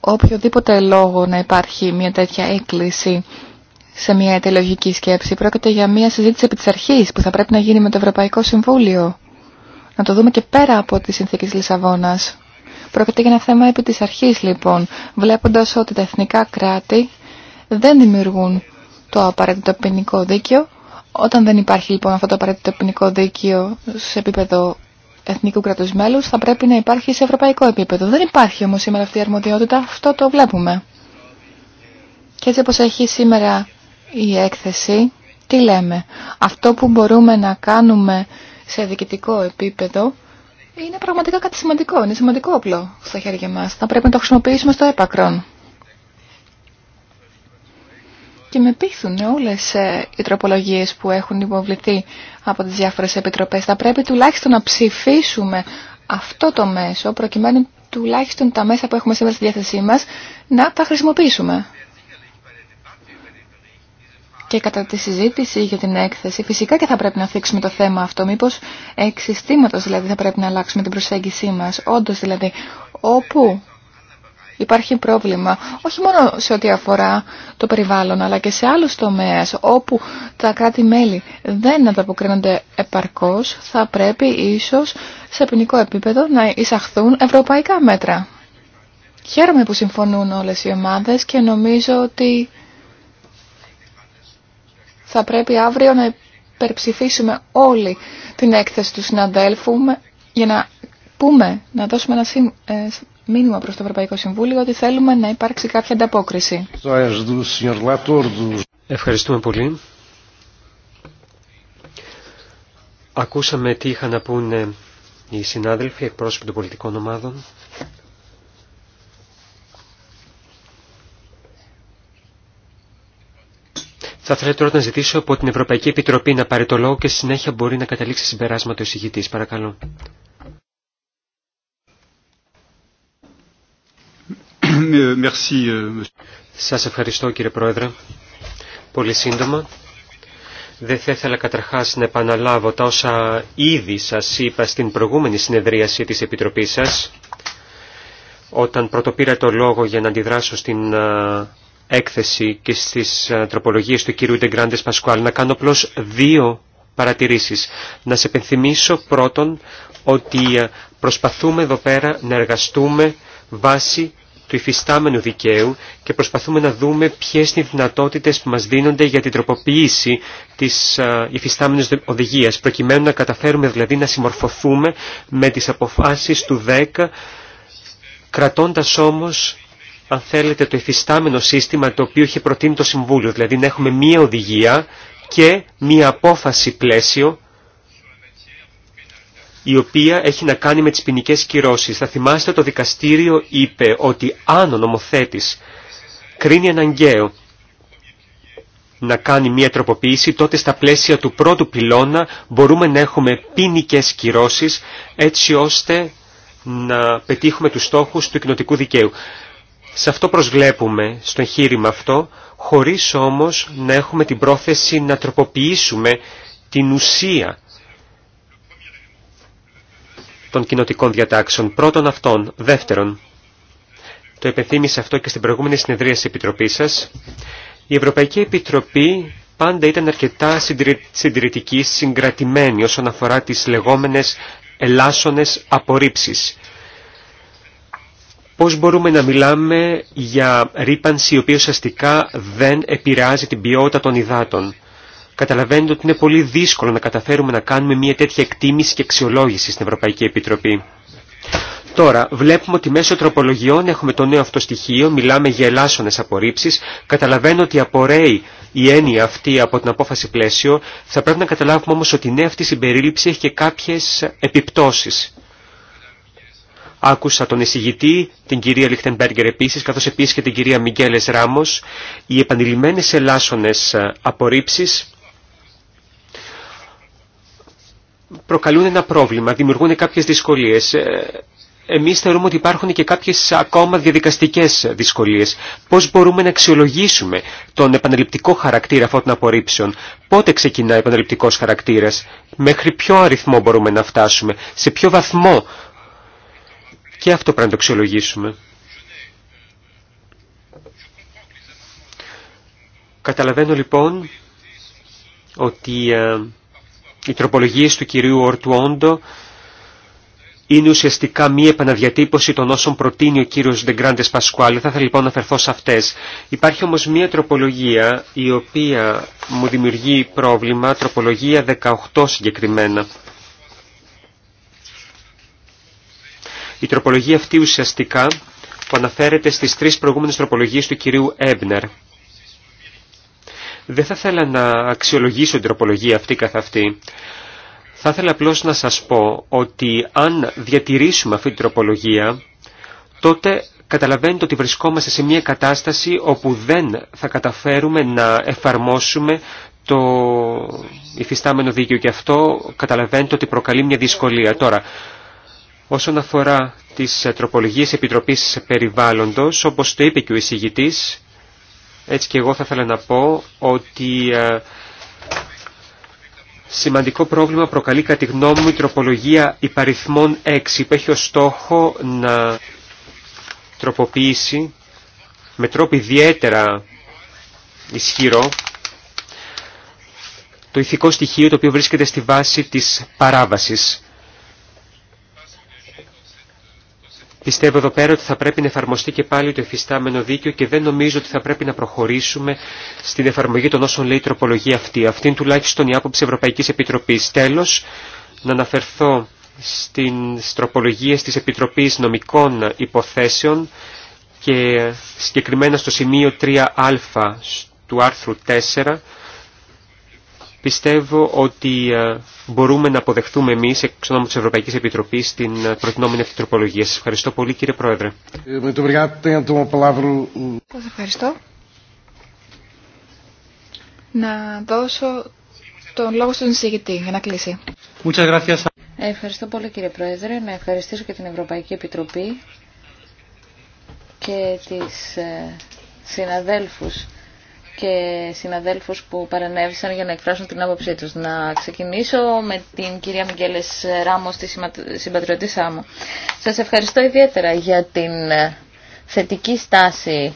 οποιοδήποτε λόγο να υπάρχει μια τέτοια έκκληση σε μια αιτιολογική σκέψη. Πρόκειται για μια συζήτηση επί της αρχής που θα πρέπει να γίνει με το Ευρωπαϊκό Συμβούλιο. Να το δούμε και πέρα από τις συνθήκες Λισαβόνας. Πρόκειται για ένα θέμα επί της αρχής λοιπόν, βλέποντας ότι τα εθνικά κράτη δεν δημιουργούν το απαραίτητο ποινικό δίκαιο, όταν δεν υπάρχει λοιπόν αυτό το απαραίτητο ποινικό δίκαιο σε επίπεδο εθνικού κράτου μέλου, θα πρέπει να υπάρχει σε ευρωπαϊκό επίπεδο. Δεν υπάρχει όμω σήμερα αυτή η αρμοδιότητα, αυτό το βλέπουμε. Και έτσι όπως έχει σήμερα η έκθεση, τι λέμε. Αυτό που μπορούμε να κάνουμε σε διοικητικό επίπεδο είναι πραγματικά κάτι σημαντικό, είναι σημαντικό όπλο στα χέρια μας. Θα πρέπει να το χρησιμοποιήσουμε στο έπακρον και με πείθουν όλες ε, οι τροπολογίες που έχουν υποβληθεί από τις διάφορες επιτροπές. Θα πρέπει τουλάχιστον να ψηφίσουμε αυτό το μέσο προκειμένου τουλάχιστον τα μέσα που έχουμε σήμερα στη διάθεσή μας να τα χρησιμοποιήσουμε. Και κατά τη συζήτηση για την έκθεση, φυσικά και θα πρέπει να θίξουμε το θέμα αυτό. Μήπω εξ δηλαδή θα πρέπει να αλλάξουμε την προσέγγιση μα. Όντω δηλαδή, όπου υπάρχει πρόβλημα όχι μόνο σε ό,τι αφορά το περιβάλλον αλλά και σε άλλους τομέες όπου τα κράτη-μέλη δεν ανταποκρίνονται επαρκώς θα πρέπει ίσως σε ποινικό επίπεδο να εισαχθούν ευρωπαϊκά μέτρα. Χαίρομαι που συμφωνούν όλες οι ομάδες και νομίζω ότι θα πρέπει αύριο να υπερψηφίσουμε όλη την έκθεση του συναδέλφου για να πούμε, να δώσουμε ένα ε, μήνυμα προς το Ευρωπαϊκό Συμβούλιο ότι θέλουμε να υπάρξει κάποια ανταπόκριση. Ευχαριστούμε πολύ. Ακούσαμε τι είχαν να πούνε οι συνάδελφοι εκπρόσωποι των πολιτικών ομάδων. Θα ήθελα τώρα να ζητήσω από την Ευρωπαϊκή Επιτροπή να πάρει το λόγο και στη συνέχεια μπορεί να καταλήξει συμπεράσματα ο Παρακαλώ. Euh, σας ευχαριστώ κύριε Πρόεδρε. Πολύ σύντομα. Δεν θα ήθελα καταρχάς να επαναλάβω τα όσα ήδη σας είπα στην προηγούμενη συνεδρίαση της Επιτροπής σας, όταν πρωτοπήρα το λόγο για να αντιδράσω στην έκθεση και στις τροπολογίες του κυρίου Ντεγκράντες Πασκουάλ, να κάνω απλώ δύο παρατηρήσεις. Να σε επενθυμίσω πρώτον ότι προσπαθούμε εδώ πέρα να εργαστούμε βάσει του υφιστάμενου δικαίου και προσπαθούμε να δούμε ποιες είναι οι δυνατότητες που μας δίνονται για την τροποποίηση της υφιστάμενης οδηγίας, προκειμένου να καταφέρουμε δηλαδή να συμμορφωθούμε με τις αποφάσεις του 10, κρατώντας όμως αν θέλετε, το εφιστάμενο σύστημα το οποίο είχε προτείνει το Συμβούλιο, δηλαδή να έχουμε μία οδηγία και μία απόφαση πλαίσιο η οποία έχει να κάνει με τις ποινικέ κυρώσεις. Θα θυμάστε το δικαστήριο είπε ότι αν ο νομοθέτης κρίνει αναγκαίο να κάνει μια τροποποίηση, τότε στα πλαίσια του πρώτου πυλώνα μπορούμε να έχουμε ποινικέ κυρώσεις έτσι ώστε να πετύχουμε τους στόχους του κοινοτικού δικαίου. Σε αυτό προσβλέπουμε, στο εγχείρημα αυτό, χωρίς όμως να έχουμε την πρόθεση να τροποποιήσουμε την ουσία των κοινοτικών διατάξεων. Πρώτον αυτών. Δεύτερον, το επενθύμησε αυτό και στην προηγούμενη συνεδρία της Επιτροπής σας, η Ευρωπαϊκή Επιτροπή πάντα ήταν αρκετά συντηρητική, συγκρατημένη όσον αφορά τις λεγόμενες ελάσσονες απορρίψεις. Πώς μπορούμε να μιλάμε για ρήπανση η οποία ουσιαστικά δεν επηρεάζει την ποιότητα των υδάτων καταλαβαίνετε ότι είναι πολύ δύσκολο να καταφέρουμε να κάνουμε μια τέτοια εκτίμηση και αξιολόγηση στην Ευρωπαϊκή Επιτροπή. Τώρα, βλέπουμε ότι μέσω τροπολογιών έχουμε το νέο αυτό στοιχείο, μιλάμε για ελάσσονες απορρίψεις, καταλαβαίνω ότι απορρέει η έννοια αυτή από την απόφαση πλαίσιο, θα πρέπει να καταλάβουμε όμως ότι η νέα αυτή συμπερίληψη έχει και κάποιες επιπτώσεις. Άκουσα τον εισηγητή, την κυρία Λιχτεμπέργκερ επίσης, καθώς επίσης και την κυρία Μιγγέλες Ράμος, οι επανειλημμένες ελάσσονες απορρίψεις προκαλούν ένα πρόβλημα, δημιουργούν κάποιες δυσκολίες. Ε, εμείς θεωρούμε ότι υπάρχουν και κάποιες ακόμα διαδικαστικές δυσκολίες. Πώς μπορούμε να αξιολογήσουμε τον επαναληπτικό χαρακτήρα αυτών των απορρίψεων. Πότε ξεκινά ο επαναληπτικός χαρακτήρας. Μέχρι ποιο αριθμό μπορούμε να φτάσουμε. Σε ποιο βαθμό. Και αυτό πρέπει να το αξιολογήσουμε. Καταλαβαίνω λοιπόν ότι ε, οι τροπολογίες του κυρίου Ορτουόντο είναι ουσιαστικά μία επαναδιατύπωση των όσων προτείνει ο κύριος Ντεγκράντες Πασκουάλη. Θα ήθελα λοιπόν να αφαιρθώ σε αυτές. Υπάρχει όμως μία τροπολογία η οποία μου δημιουργεί πρόβλημα, τροπολογία 18 συγκεκριμένα. Η τροπολογία αυτή ουσιαστικά που αναφέρεται στις τρεις προηγούμενες τροπολογίες του κυρίου Έμπνερ. Δεν θα ήθελα να αξιολογήσω την τροπολογία αυτή καθ' αυτή. Θα ήθελα απλώς να σας πω ότι αν διατηρήσουμε αυτή την τροπολογία, τότε καταλαβαίνετε ότι βρισκόμαστε σε μια κατάσταση όπου δεν θα καταφέρουμε να εφαρμόσουμε το υφιστάμενο δίκαιο και αυτό καταλαβαίνετε ότι προκαλεί μια δυσκολία. Τώρα, όσον αφορά τις τροπολογίες Επιτροπής Περιβάλλοντος, όπως το είπε και ο εισηγητής, έτσι και εγώ θα ήθελα να πω ότι ε, σημαντικό πρόβλημα προκαλεί κατά τη γνώμη μου η τροπολογία υπαριθμών 6 που έχει ως στόχο να τροποποιήσει με τρόπο ιδιαίτερα ισχυρό το ηθικό στοιχείο το οποίο βρίσκεται στη βάση της παράβασης. Πιστεύω εδώ πέρα ότι θα πρέπει να εφαρμοστεί και πάλι το εφιστάμενο δίκαιο και δεν νομίζω ότι θα πρέπει να προχωρήσουμε στην εφαρμογή των όσων λέει η τροπολογία αυτή. Αυτή είναι τουλάχιστον η άποψη Ευρωπαϊκής Επιτροπής. Τέλος, να αναφερθώ στι τροπολογίε της Επιτροπής Νομικών Υποθέσεων και συγκεκριμένα στο σημείο 3α του άρθρου 4 Πιστεύω ότι ε, μπορούμε να αποδεχτούμε εμεί εξ ονόμου τη Ευρωπαϊκή Επιτροπή την ε, προτινόμενη αυτή τροπολογία. Σα ευχαριστώ πολύ, κύριε Πρόεδρε. ευχαριστώ. Να δώσω τον λόγο στον εισηγητή για να κλείσει. Ευχαριστώ πολύ, κύριε Πρόεδρε. Να ευχαριστήσω και την Ευρωπαϊκή Επιτροπή και τις ε, συναδέλφους και συναδέλφους που παρενέβησαν για να εκφράσουν την άποψή τους. Να ξεκινήσω με την κυρία Μικέλες Ράμος, τη συμπατριωτήσά μου. Σας ευχαριστώ ιδιαίτερα για την θετική στάση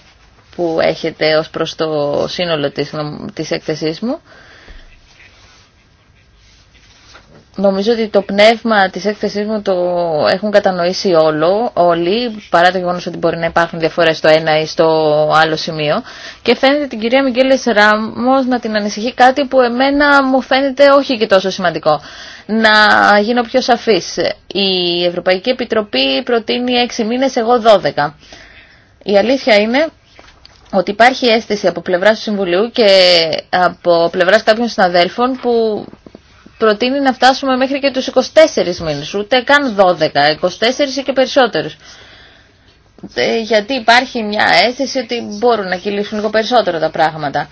που έχετε ως προς το σύνολο της, της έκθεσής μου. Νομίζω ότι το πνεύμα τη έκθεσή μου το έχουν κατανοήσει όλο, όλοι, παρά το γεγονό ότι μπορεί να υπάρχουν διαφορέ στο ένα ή στο άλλο σημείο. Και φαίνεται την κυρία Μικέλε Ράμο να την ανησυχεί κάτι που εμένα μου φαίνεται όχι και τόσο σημαντικό. Να γίνω πιο σαφής. Η Ευρωπαϊκή Επιτροπή προτείνει 6 μήνε εγώ 12. Η αλήθεια είναι ότι υπάρχει αίσθηση από πλευρά του Συμβουλίου και από πλευρά κάποιων συναδέλφων που προτείνει να φτάσουμε μέχρι και τους 24 μήνες, ούτε καν 12, 24 και περισσότερους. Ε, γιατί υπάρχει μια αίσθηση ότι μπορούν να κυλήσουν λίγο περισσότερο τα πράγματα.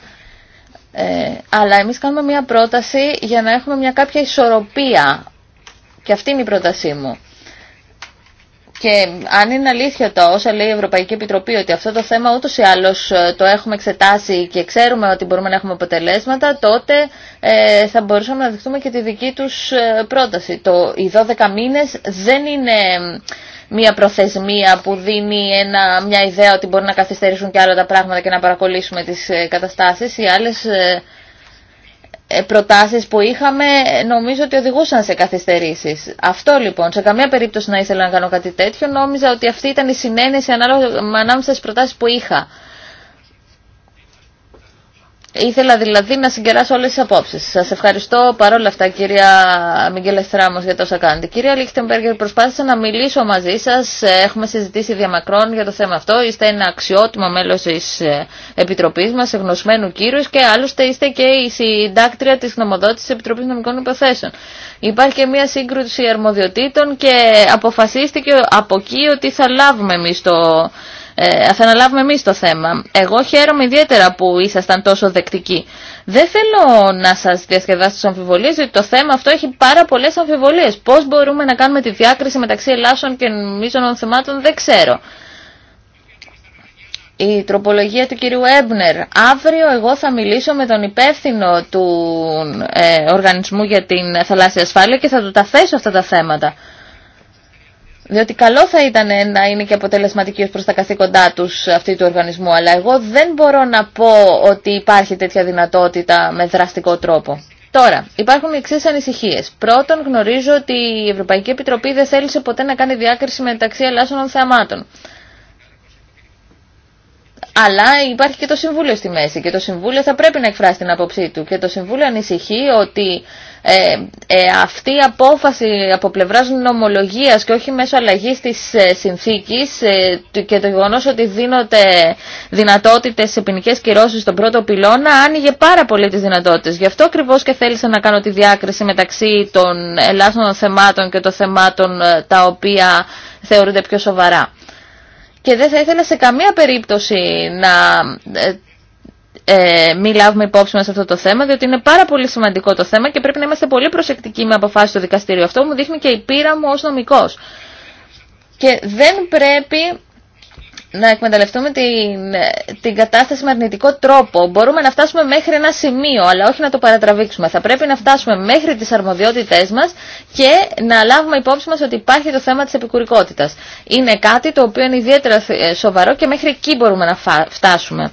Ε, αλλά εμείς κάνουμε μια πρόταση για να έχουμε μια κάποια ισορροπία. Και αυτή είναι η πρότασή μου. Και αν είναι αλήθεια το όσα λέει η Ευρωπαϊκή Επιτροπή ότι αυτό το θέμα ούτως ή άλλως ε, το έχουμε εξετάσει και ξέρουμε ότι μπορούμε να έχουμε αποτελέσματα, τότε ε, θα μπορούσαμε να δεχτούμε και τη δική τους ε, πρόταση. Το, οι 12 μήνε δεν είναι μια προθεσμία που δίνει ένα, μια ιδέα ότι μπορεί να καθυστερήσουν και άλλα τα πράγματα και να παρακολύσουμε τις καταστάσει Οι άλλες ε, προτάσεις που είχαμε ε, νομίζω ότι οδηγούσαν σε καθυστερήσεις. Αυτό λοιπόν, σε καμία περίπτωση να ήθελα να κάνω κάτι τέτοιο, νόμιζα ότι αυτή ήταν η συνένεση ανάλογα ανάμεσα στις προτάσεις που είχα. Ήθελα δηλαδή να συγκεράσω όλες τις απόψεις. Σας ευχαριστώ παρόλα αυτά κυρία Μιγγέλα Στράμος για τόσα κάνετε. Κυρία Λίχτεμπεργκερ, προσπάθησα να μιλήσω μαζί σας. Έχουμε συζητήσει διαμακρών για το θέμα αυτό. Είστε ένα αξιότιμο μέλος της ε, Επιτροπής μας, εγνωσμένου κύρους και άλλωστε είστε και η συντάκτρια της νομοδότησης της Επιτροπής Νομικών Υποθέσεων. Υπάρχει και μια σύγκρουση αρμοδιοτήτων και αποφασίστηκε από εκεί ότι θα λάβουμε εμείς το ε, θα αναλάβουμε εμείς το θέμα. Εγώ χαίρομαι ιδιαίτερα που ήσασταν τόσο δεκτικοί. Δεν θέλω να σας διασκεδάσω τις αμφιβολίες, διότι το θέμα αυτό έχει πάρα πολλές αμφιβολίες. Πώς μπορούμε να κάνουμε τη διάκριση μεταξύ Ελλάσσων και μίζωνων θεμάτων δεν ξέρω. Η τροπολογία του κυρίου Έμπνερ. Αύριο εγώ θα μιλήσω με τον υπεύθυνο του ε, Οργανισμού για την Θαλάσσια Ασφάλεια και θα του τα θέσω αυτά τα θέματα. Διότι καλό θα ήταν να είναι και αποτελεσματικοί ως προς τα καθήκοντά του αυτή του οργανισμού, αλλά εγώ δεν μπορώ να πω ότι υπάρχει τέτοια δυνατότητα με δραστικό τρόπο. Τώρα, υπάρχουν οι εξή ανησυχίε. Πρώτον, γνωρίζω ότι η Ευρωπαϊκή Επιτροπή δεν θέλησε ποτέ να κάνει διάκριση μεταξύ ελάσσονων θεαμάτων. Αλλά υπάρχει και το Συμβούλιο στη μέση και το Συμβούλιο θα πρέπει να εκφράσει την άποψή του και το Συμβούλιο ανησυχεί ότι ε, ε, αυτή η απόφαση από πλευράς νομολογίας και όχι μέσω αλλαγής της ε, συνθήκης ε, και το γεγονό ότι δίνονται δυνατότητες σε ποινικές κυρώσεις στον πρώτο πυλώνα άνοιγε πάρα πολύ τις δυνατότητες. Γι' αυτό ακριβώ και θέλησα να κάνω τη διάκριση μεταξύ των ελάχιστων θεμάτων και των θεμάτων ε, τα οποία θεωρούνται πιο σοβαρά. Και δεν θα ήθελα σε καμία περίπτωση να ε, ε, μη λάβουμε υπόψη μας αυτό το θέμα, διότι είναι πάρα πολύ σημαντικό το θέμα και πρέπει να είμαστε πολύ προσεκτικοί με αποφάσεις στο δικαστήριο. Αυτό μου δείχνει και η πείρα μου ως νομικός. Και δεν πρέπει να εκμεταλλευτούμε την, την κατάσταση με αρνητικό τρόπο. Μπορούμε να φτάσουμε μέχρι ένα σημείο, αλλά όχι να το παρατραβήξουμε. Θα πρέπει να φτάσουμε μέχρι τις αρμοδιότητές μας και να λάβουμε υπόψη μας ότι υπάρχει το θέμα της επικουρικότητας. Είναι κάτι το οποίο είναι ιδιαίτερα ε, σοβαρό και μέχρι εκεί μπορούμε να φτάσουμε.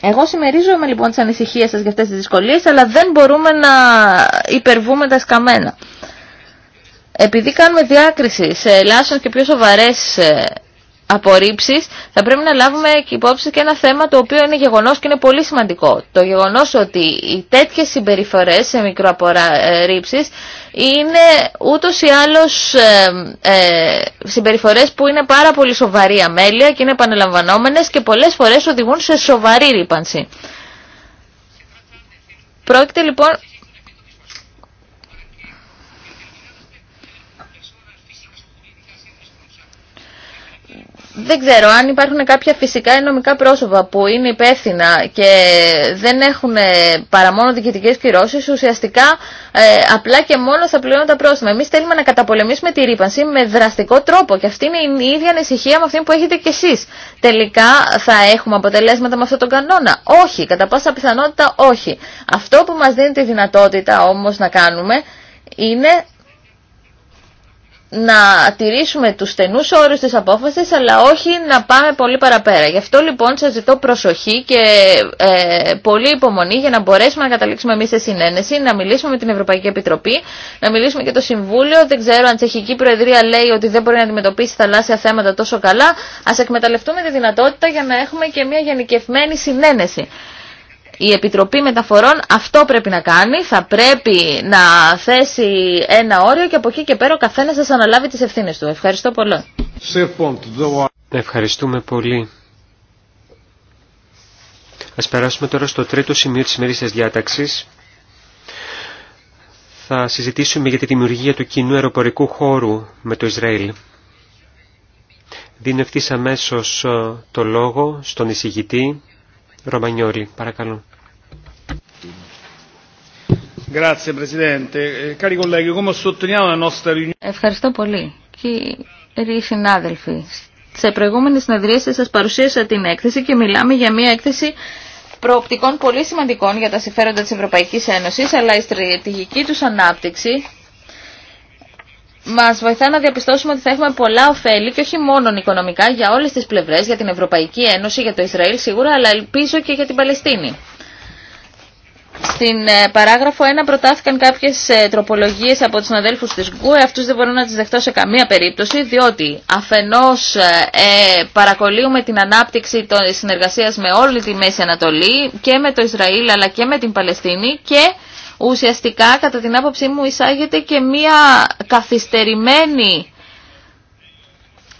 Εγώ συμμερίζομαι λοιπόν τις ανησυχίες σας για αυτές τις δυσκολίες, αλλά δεν μπορούμε να υπερβούμε τα σκαμμένα. Επειδή κάνουμε διάκριση σε ελάσσον και πιο σοβαρές ε, απορρίψει, θα πρέπει να λάβουμε υπόψη και ένα θέμα το οποίο είναι γεγονό και είναι πολύ σημαντικό. Το γεγονό ότι οι τέτοιε συμπεριφορέ σε μικροαπορρίψει είναι ούτω ή άλλω ε, ε συμπεριφορέ που είναι πάρα πολύ σοβαρή αμέλεια και είναι επαναλαμβανόμενε και πολλέ φορέ οδηγούν σε σοβαρή ρήπανση. Πρόκειται λοιπόν δεν ξέρω αν υπάρχουν κάποια φυσικά ή νομικά πρόσωπα που είναι υπεύθυνα και δεν έχουν ε, παρά μόνο διοικητικέ κυρώσει, ουσιαστικά ε, απλά και μόνο θα πληρώνουν τα πρόστιμα. Εμεί θέλουμε να καταπολεμήσουμε τη ρήπανση με δραστικό τρόπο και αυτή είναι η ίδια ανησυχία με αυτή που έχετε κι εσεί. Τελικά θα έχουμε αποτελέσματα με αυτόν τον κανόνα. Όχι, κατά πάσα πιθανότητα όχι. Αυτό που μα δίνει τη δυνατότητα όμω να κάνουμε είναι να τηρήσουμε τους στενούς όρους της απόφασης αλλά όχι να πάμε πολύ παραπέρα. Γι' αυτό λοιπόν σας ζητώ προσοχή και ε, πολύ υπομονή για να μπορέσουμε να καταλήξουμε εμείς σε συνένεση, να μιλήσουμε με την Ευρωπαϊκή Επιτροπή, να μιλήσουμε και το Συμβούλιο. Δεν ξέρω αν Τσεχική Προεδρία λέει ότι δεν μπορεί να αντιμετωπίσει θαλάσσια θέματα τόσο καλά. Ας εκμεταλλευτούμε τη δυνατότητα για να έχουμε και μια γενικευμένη συνένεση η Επιτροπή Μεταφορών αυτό πρέπει να κάνει, θα πρέπει να θέσει ένα όριο και από εκεί και πέρα ο καθένας θα αναλάβει τις ευθύνες του. Ευχαριστώ πολύ. Ευχαριστούμε πολύ. Ας περάσουμε τώρα στο τρίτο σημείο της ημερήσιας διάταξης. Θα συζητήσουμε για τη δημιουργία του κοινού αεροπορικού χώρου με το Ισραήλ. Δίνω ευθύ αμέσω ε, το λόγο στον εισηγητή, Ρωμανιόλη. Παρακαλώ. Ε, Ευχαριστώ πολύ. Κύριοι συνάδελφοι, σε προηγούμενες συνεδρίες σας παρουσίασα την έκθεση και μιλάμε για μια έκθεση προοπτικών πολύ σημαντικών για τα συμφέροντα της Ευρωπαϊκής Ένωσης, αλλά η στρατηγική τους ανάπτυξη Μα βοηθά να διαπιστώσουμε ότι θα έχουμε πολλά ωφέλη και όχι μόνο οικονομικά για όλες τις πλευρές, για την Ευρωπαϊκή Ένωση, για το Ισραήλ σίγουρα, αλλά ελπίζω και για την Παλαιστίνη. Στην ε, παράγραφο 1 προτάθηκαν κάποιε τροπολογίε από του αδέλφου τη ΓΚΟΕ. Αυτού δεν μπορώ να τι δεχτώ σε καμία περίπτωση, διότι αφενό ε, ε, παρακολύουμε την ανάπτυξη τη συνεργασία με όλη τη Μέση Ανατολή και με το Ισραήλ αλλά και με την Παλαιστίνη και ουσιαστικά κατά την άποψή μου εισάγεται και μία καθυστερημένη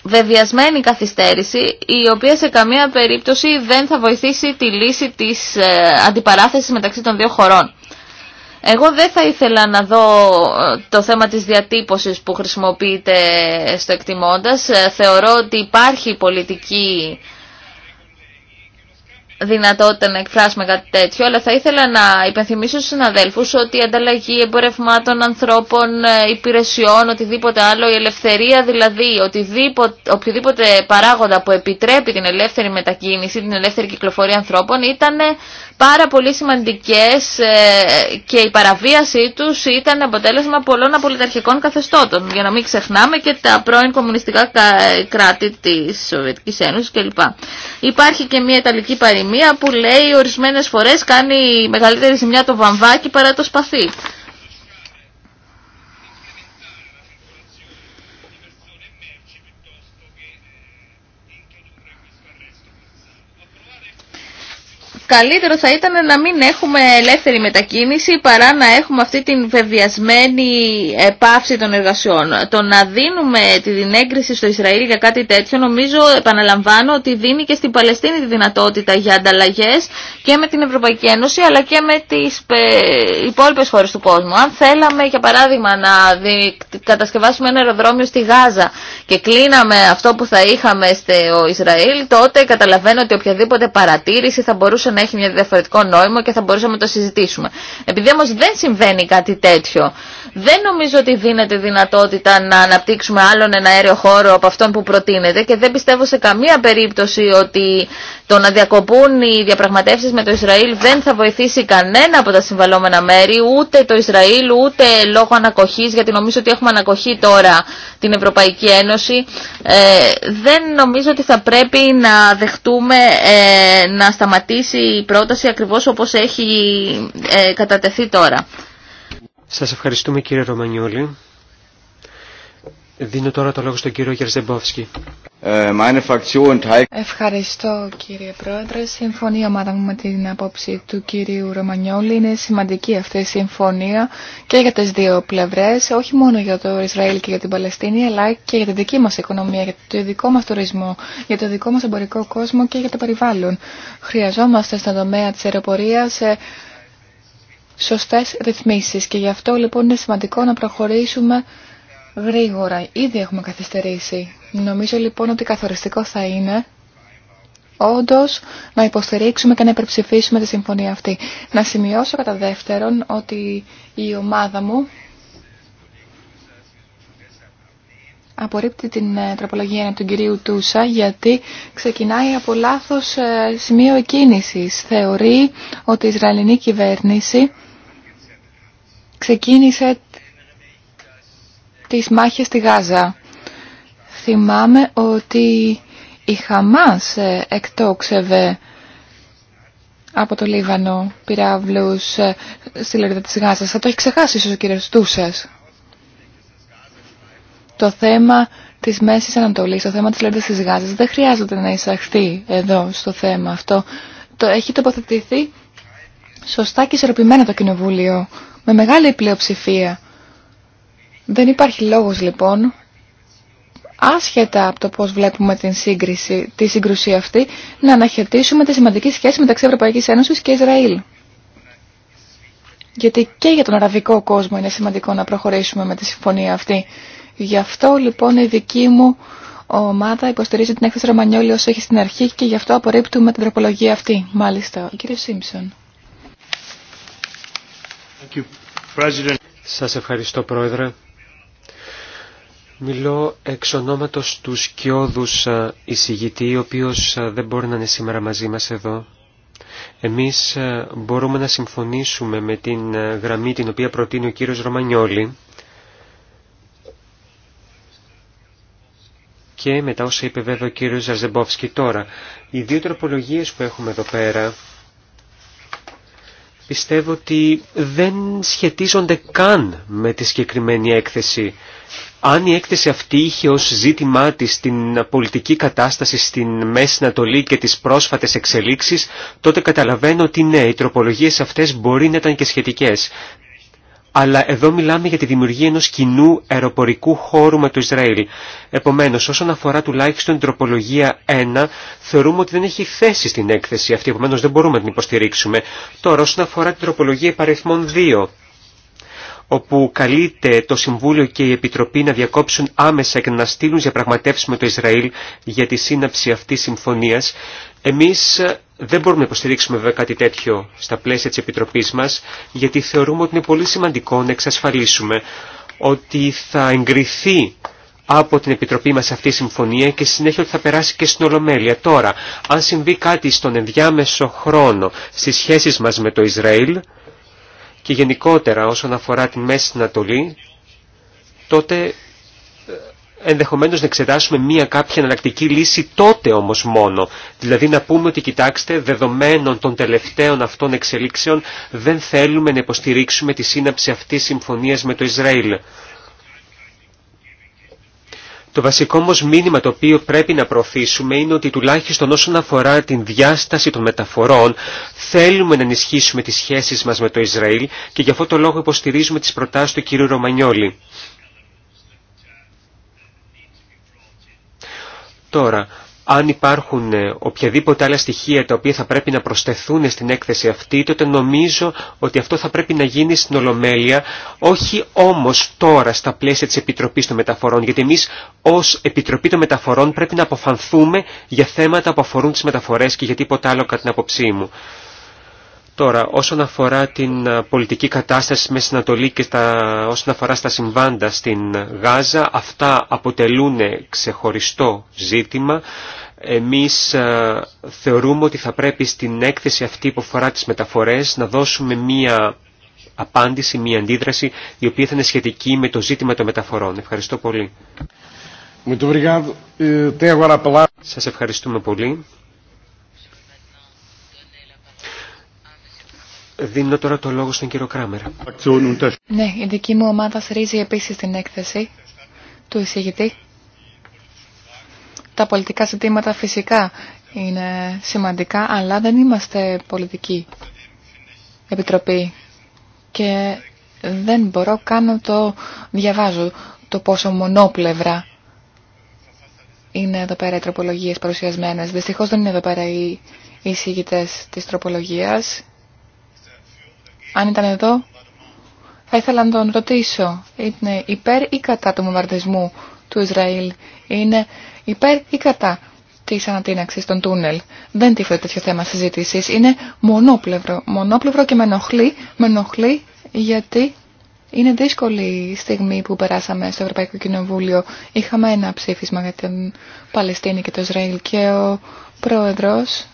βεβιασμένη καθυστέρηση η οποία σε καμία περίπτωση δεν θα βοηθήσει τη λύση της ε, αντιπαράθεσης μεταξύ των δύο χωρών. Εγώ δεν θα ήθελα να δω ε, το θέμα της διατύπωσης που χρησιμοποιείται στο εκτιμώντας. Ε, θεωρώ ότι υπάρχει πολιτική δυνατότητα να εκφράσουμε κάτι τέτοιο, αλλά θα ήθελα να υπενθυμίσω στους συναδέλφους ότι η ανταλλαγή εμπορευμάτων, ανθρώπων, ε, υπηρεσιών, οτιδήποτε άλλο, η ελευθερία δηλαδή, οτιδήποτε, οποιοδήποτε παράγοντα που επιτρέπει την ελεύθερη μετακίνηση, την ελεύθερη κυκλοφορία ανθρώπων, ήταν πάρα πολύ σημαντικές ε, και η παραβίασή τους ήταν αποτέλεσμα πολλών απολυταρχικών καθεστώτων. Για να μην ξεχνάμε και τα πρώην κομμουνιστικά κράτη της Σοβιετικής Ένωσης κλπ. Υπάρχει και μια Ιταλική παροιμία που λέει ορισμένες φορές κάνει μεγαλύτερη ζημιά το βαμβάκι παρά το σπαθί. καλύτερο θα ήταν να μην έχουμε ελεύθερη μετακίνηση παρά να έχουμε αυτή την βεβαιασμένη πάυση των εργασιών. Το να δίνουμε την έγκριση στο Ισραήλ για κάτι τέτοιο νομίζω επαναλαμβάνω ότι δίνει και στην Παλαιστίνη τη δυνατότητα για ανταλλαγέ και με την Ευρωπαϊκή Ένωση αλλά και με τις ε, υπόλοιπε χώρες του κόσμου. Αν θέλαμε για παράδειγμα να κατασκευάσουμε ένα αεροδρόμιο στη Γάζα και κλείναμε αυτό που θα είχαμε στο Ισραήλ τότε καταλαβαίνω ότι οποιαδήποτε παρατήρηση θα μπορούσε να έχει μια διαφορετικό νόημα και θα μπορούσαμε να το συζητήσουμε. Επειδή όμω δεν συμβαίνει κάτι τέτοιο, δεν νομίζω ότι δίνεται δυνατότητα να αναπτύξουμε άλλον ένα αέριο χώρο από αυτόν που προτείνεται και δεν πιστεύω σε καμία περίπτωση ότι το να διακοπούν οι διαπραγματεύσει με το Ισραήλ δεν θα βοηθήσει κανένα από τα συμβαλόμενα μέρη, ούτε το Ισραήλ, ούτε λόγω ανακοχή, γιατί νομίζω ότι έχουμε ανακοχή τώρα την Ευρωπαϊκή Ένωση. Ε, δεν νομίζω ότι θα πρέπει να δεχτούμε ε, να σταματήσει η πρόταση ακριβώς όπως έχει ε, κατατεθεί τώρα. Σας ευχαριστούμε κύριε Ρωμανιούλη. Δίνω τώρα το λόγο στον κύριο Γερζεμπόφσκι. Ε, Ευχαριστώ κύριε Πρόεδρε. Συμφωνεί η με την απόψη του κύριου Ρωμανιόλη. Είναι σημαντική αυτή η συμφωνία και για τις δύο πλευρές, όχι μόνο για το Ισραήλ και για την Παλαιστίνη, αλλά και για την δική μας οικονομία, για το δικό μας τουρισμό, για το δικό μας εμπορικό κόσμο και για το περιβάλλον. Χρειαζόμαστε στον τομέα της αεροπορίας ε, σωστές ρυθμίσεις και γι' αυτό λοιπόν είναι σημαντικό να προχωρήσουμε γρήγορα. Ήδη έχουμε καθυστερήσει. Νομίζω λοιπόν ότι καθοριστικό θα είναι όντω να υποστηρίξουμε και να υπερψηφίσουμε τη συμφωνία αυτή. Να σημειώσω κατά δεύτερον ότι η ομάδα μου απορρίπτει την ε, τροπολογία του κυρίου Τούσα γιατί ξεκινάει από λάθος ε, σημείο εκκίνησης. Θεωρεί ότι η Ισραηλινή κυβέρνηση ξεκίνησε τις μάχες στη Γάζα. Θυμάμαι ότι η Χαμάς ε, εκτόξευε από το Λίβανο πυράβλους ε, στη Λωρίδα της Γάζας. Θα το έχει ξεχάσει ίσως ο κύριος Τούσας. Το θέμα της Μέσης Ανατολής, το θέμα της Λωρίδας της Γάζας δεν χρειάζεται να εισαχθεί εδώ στο θέμα αυτό. Το έχει τοποθετηθεί σωστά και ισορροπημένα το Κοινοβούλιο, με μεγάλη πλειοψηφία. Δεν υπάρχει λόγος λοιπόν, άσχετα από το πώς βλέπουμε την σύγκριση, τη σύγκρουση αυτή, να αναχαιτήσουμε τη σημαντική σχέση μεταξύ Ευρωπαϊκής Ένωσης και Ισραήλ. Γιατί και για τον αραβικό κόσμο είναι σημαντικό να προχωρήσουμε με τη συμφωνία αυτή. Γι' αυτό λοιπόν η δική μου ομάδα υποστηρίζει την έκθεση Ρωμανιόλη όσο έχει στην αρχή και γι' αυτό απορρίπτουμε την τροπολογία αυτή. Μάλιστα, ο κύριος Σίμψον. Σας ευχαριστώ Πρόεδρε. Μιλώ εξ ονόματος του σκιώδους εισηγητή, ο οποίος δεν μπορεί να είναι σήμερα μαζί μας εδώ. Εμείς μπορούμε να συμφωνήσουμε με την γραμμή την οποία προτείνει ο κύριος Ρωμανιόλη και μετά όσα είπε βέβαια ο κύριος Ζαρζεμπόφσκι τώρα. Οι δύο τροπολογίες που έχουμε εδώ πέρα πιστεύω ότι δεν σχετίζονται καν με τη συγκεκριμένη έκθεση αν η έκθεση αυτή είχε ως ζήτημά της την πολιτική κατάσταση στην Μέση Ανατολή και τις πρόσφατες εξελίξεις, τότε καταλαβαίνω ότι ναι, οι τροπολογίες αυτές μπορεί να ήταν και σχετικές. Αλλά εδώ μιλάμε για τη δημιουργία ενός κοινού αεροπορικού χώρου με το Ισραήλ. Επομένως, όσον αφορά τουλάχιστον την τροπολογία 1, θεωρούμε ότι δεν έχει θέση στην έκθεση αυτή, επομένως δεν μπορούμε να την υποστηρίξουμε. Τώρα, όσον αφορά την τροπολογία υπαριθμών 2, όπου καλείται το Συμβούλιο και η Επιτροπή να διακόψουν άμεσα και να στείλουν διαπραγματεύσει με το Ισραήλ για τη σύναψη αυτής συμφωνίας. Εμείς ε, δεν μπορούμε να υποστηρίξουμε βέβαια κάτι τέτοιο στα πλαίσια της Επιτροπής μας, γιατί θεωρούμε ότι είναι πολύ σημαντικό να εξασφαλίσουμε ότι θα εγκριθεί από την Επιτροπή μας αυτή η συμφωνία και συνέχεια ότι θα περάσει και στην Ολομέλεια. Τώρα, αν συμβεί κάτι στον ενδιάμεσο χρόνο στις σχέσεις μας με το Ισραήλ, και γενικότερα όσον αφορά την Μέση Ανατολή, τότε ε, ενδεχομένως να εξετάσουμε μία κάποια εναλλακτική λύση τότε όμως μόνο. Δηλαδή να πούμε ότι κοιτάξτε, δεδομένων των τελευταίων αυτών εξελίξεων δεν θέλουμε να υποστηρίξουμε τη σύναψη αυτής συμφωνίας με το Ισραήλ. Το βασικό όμω μήνυμα το οποίο πρέπει να προωθήσουμε είναι ότι τουλάχιστον όσον αφορά την διάσταση των μεταφορών θέλουμε να ενισχύσουμε τις σχέσεις μας με το Ισραήλ και γι' αυτό το λόγο υποστηρίζουμε τις προτάσεις του κ. Ρωμανιόλη. Τώρα, αν υπάρχουν ε, οποιαδήποτε άλλα στοιχεία τα οποία θα πρέπει να προσθεθούν στην έκθεση αυτή, τότε νομίζω ότι αυτό θα πρέπει να γίνει στην Ολομέλεια, όχι όμως τώρα στα πλαίσια της Επιτροπής των Μεταφορών, γιατί εμείς ως Επιτροπή των Μεταφορών πρέπει να αποφανθούμε για θέματα που αφορούν τις μεταφορές και για τίποτα άλλο κατά την άποψή μου. Τώρα, όσον αφορά την ε, πολιτική κατάσταση μέσα στην Ανατολή και όσον αφορά στα συμβάντα στην Γάζα, αυτά αποτελούν ξεχωριστό ζήτημα. Εμείς ε, θεωρούμε ότι θα πρέπει στην έκθεση αυτή που αφορά τις μεταφορές να δώσουμε μία απάντηση, μία αντίδραση, η οποία θα είναι σχετική με το ζήτημα των μεταφορών. Ευχαριστώ πολύ. Ε, Σας ευχαριστούμε πολύ. Δίνω τώρα το λόγο στον κύριο Κράμερ. Ναι, η δική μου ομάδα στηρίζει επίσης την έκθεση του εισηγητή. Τα πολιτικά ζητήματα φυσικά είναι σημαντικά, αλλά δεν είμαστε πολιτική επιτροπή και δεν μπορώ καν να το διαβάζω το πόσο μονόπλευρα είναι εδώ πέρα οι τροπολογίες παρουσιασμένες. Δυστυχώς δεν είναι εδώ πέρα οι εισηγητές της τροπολογίας αν ήταν εδώ, θα ήθελα να τον ρωτήσω. Είναι υπέρ ή κατά του μομαρτισμού του Ισραήλ. Είναι υπέρ ή κατά της ανατείναξης των τούνελ. Δεν τίθεται τέτοιο θέμα συζήτηση. Είναι μονόπλευρο. Μονόπλευρο και με ενοχλεί. Με ενοχλεί γιατί είναι δύσκολη η στιγμή που περάσαμε στο Ευρωπαϊκό Κοινοβούλιο. Είχαμε ένα ψήφισμα για την Παλαιστίνη και το Ισραήλ και ο πρόεδρος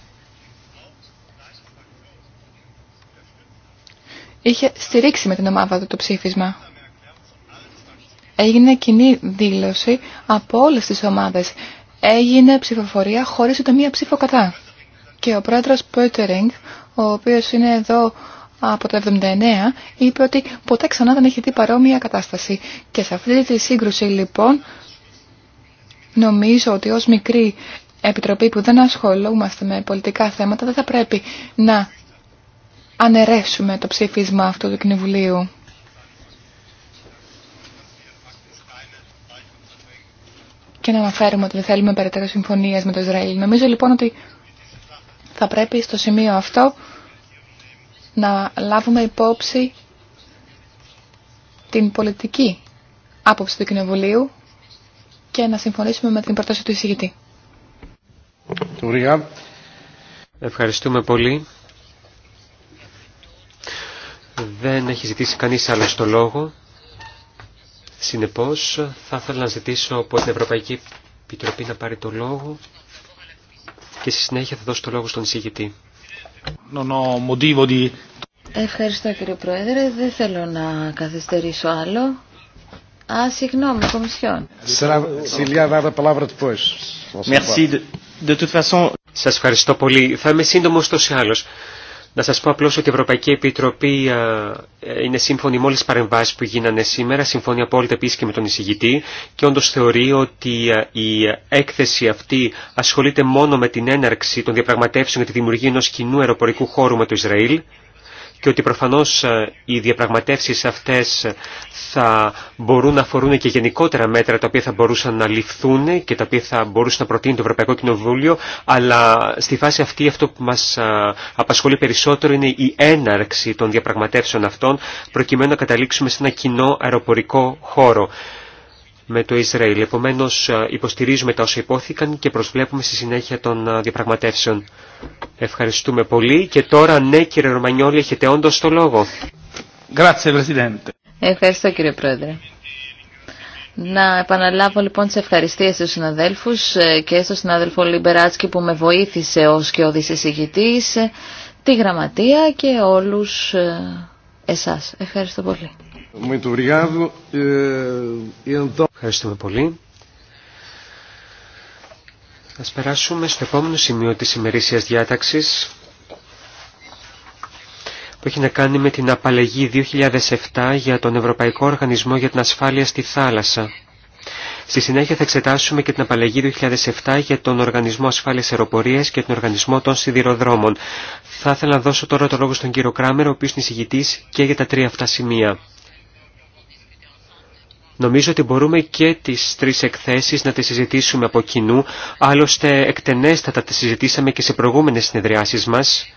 είχε στηρίξει με την ομάδα του το ψήφισμα. Έγινε κοινή δήλωση από όλες τις ομάδες. Έγινε ψηφοφορία χωρίς ούτε μία ψήφο κατά. Και ο πρόεδρος Πέτερινγκ, ο οποίος είναι εδώ από το 79, είπε ότι ποτέ ξανά δεν έχει δει παρόμοια κατάσταση. Και σε αυτή τη σύγκρουση λοιπόν, νομίζω ότι ως μικρή επιτροπή που δεν ασχολούμαστε με πολιτικά θέματα, δεν θα πρέπει να αναιρέσουμε το ψήφισμα αυτού του Κοινοβουλίου. και να αναφέρουμε ότι δεν θέλουμε περαιτέρω συμφωνίε με το Ισραήλ. Νομίζω λοιπόν ότι θα πρέπει στο σημείο αυτό να λάβουμε υπόψη την πολιτική άποψη του Κοινοβουλίου και να συμφωνήσουμε με την πρόταση του εισηγητή. Ευχαριστούμε πολύ. Δεν έχει ζητήσει κανείς άλλο το λόγο. Συνεπώς, θα ήθελα να ζητήσω από την Ευρωπαϊκή Επιτροπή να πάρει το λόγο και στη συνέχεια θα δώσω το λόγο στον εισηγητή. Ευχαριστώ κύριε Πρόεδρε. Δεν θέλω να καθυστερήσω άλλο. Α, συγγνώμη, Κομισιόν. Σας ευχαριστώ πολύ. Θα είμαι σύντομο τόσο ή να σας πω απλώς ότι η Ευρωπαϊκή Επιτροπή ε, ε, είναι σύμφωνη με όλες τις παρεμβάσεις που γίνανε σήμερα, σύμφωνη απόλυτα επίσης και με τον εισηγητή και όντως θεωρεί ότι ε, η έκθεση αυτή ασχολείται μόνο με την έναρξη των διαπραγματεύσεων για τη δημιουργία ενός κοινού αεροπορικού χώρου με το Ισραήλ και ότι προφανώς ε, οι διαπραγματεύσεις αυτές θα μπορούν να αφορούν και γενικότερα μέτρα τα οποία θα μπορούσαν να ληφθούν και τα οποία θα μπορούσαν να προτείνει το Ευρωπαϊκό Κοινοβούλιο, αλλά στη φάση αυτή αυτό που μας ε, απασχολεί περισσότερο είναι η έναρξη των διαπραγματεύσεων αυτών, προκειμένου να καταλήξουμε σε ένα κοινό αεροπορικό χώρο με το Ισραήλ. Επομένω, ε, υποστηρίζουμε τα όσα υπόθηκαν και προσβλέπουμε στη συνέχεια των ε, διαπραγματεύσεων. Ευχαριστούμε πολύ και τώρα ναι κύριε Ρωμανιόλη έχετε όντω το λόγο. Ευχαριστώ κύριε Πρόεδρε. Να επαναλάβω λοιπόν τις ευχαριστίες στους συναδέλφους ε, και στον συνάδελφο Λιμπεράτσκι που με βοήθησε ως και ο τη γραμματεία και όλους εσάς. Ευχαριστώ πολύ. Eh, e Ευχαριστούμε πολύ. Ας περάσουμε στο επόμενο σημείο της ημερήσιας διάταξης που έχει να κάνει με την απαλλαγή 2007 για τον Ευρωπαϊκό Οργανισμό για την Ασφάλεια στη Θάλασσα. Στη συνέχεια θα εξετάσουμε και την απαλλαγή 2007 για τον Οργανισμό Ασφάλειας Αεροπορίας και τον Οργανισμό των Σιδηροδρόμων. Θα ήθελα να δώσω τώρα το λόγο στον κύριο Κράμερ, ο οποίος είναι εισηγητής και για τα τρία αυτά σημεία. Νομίζω ότι μπορούμε και τις τρεις εκθέσεις να τις συζητήσουμε από κοινού, άλλωστε εκτενέστατα τις συζητήσαμε και σε προηγούμενες συνεδριάσεις μας.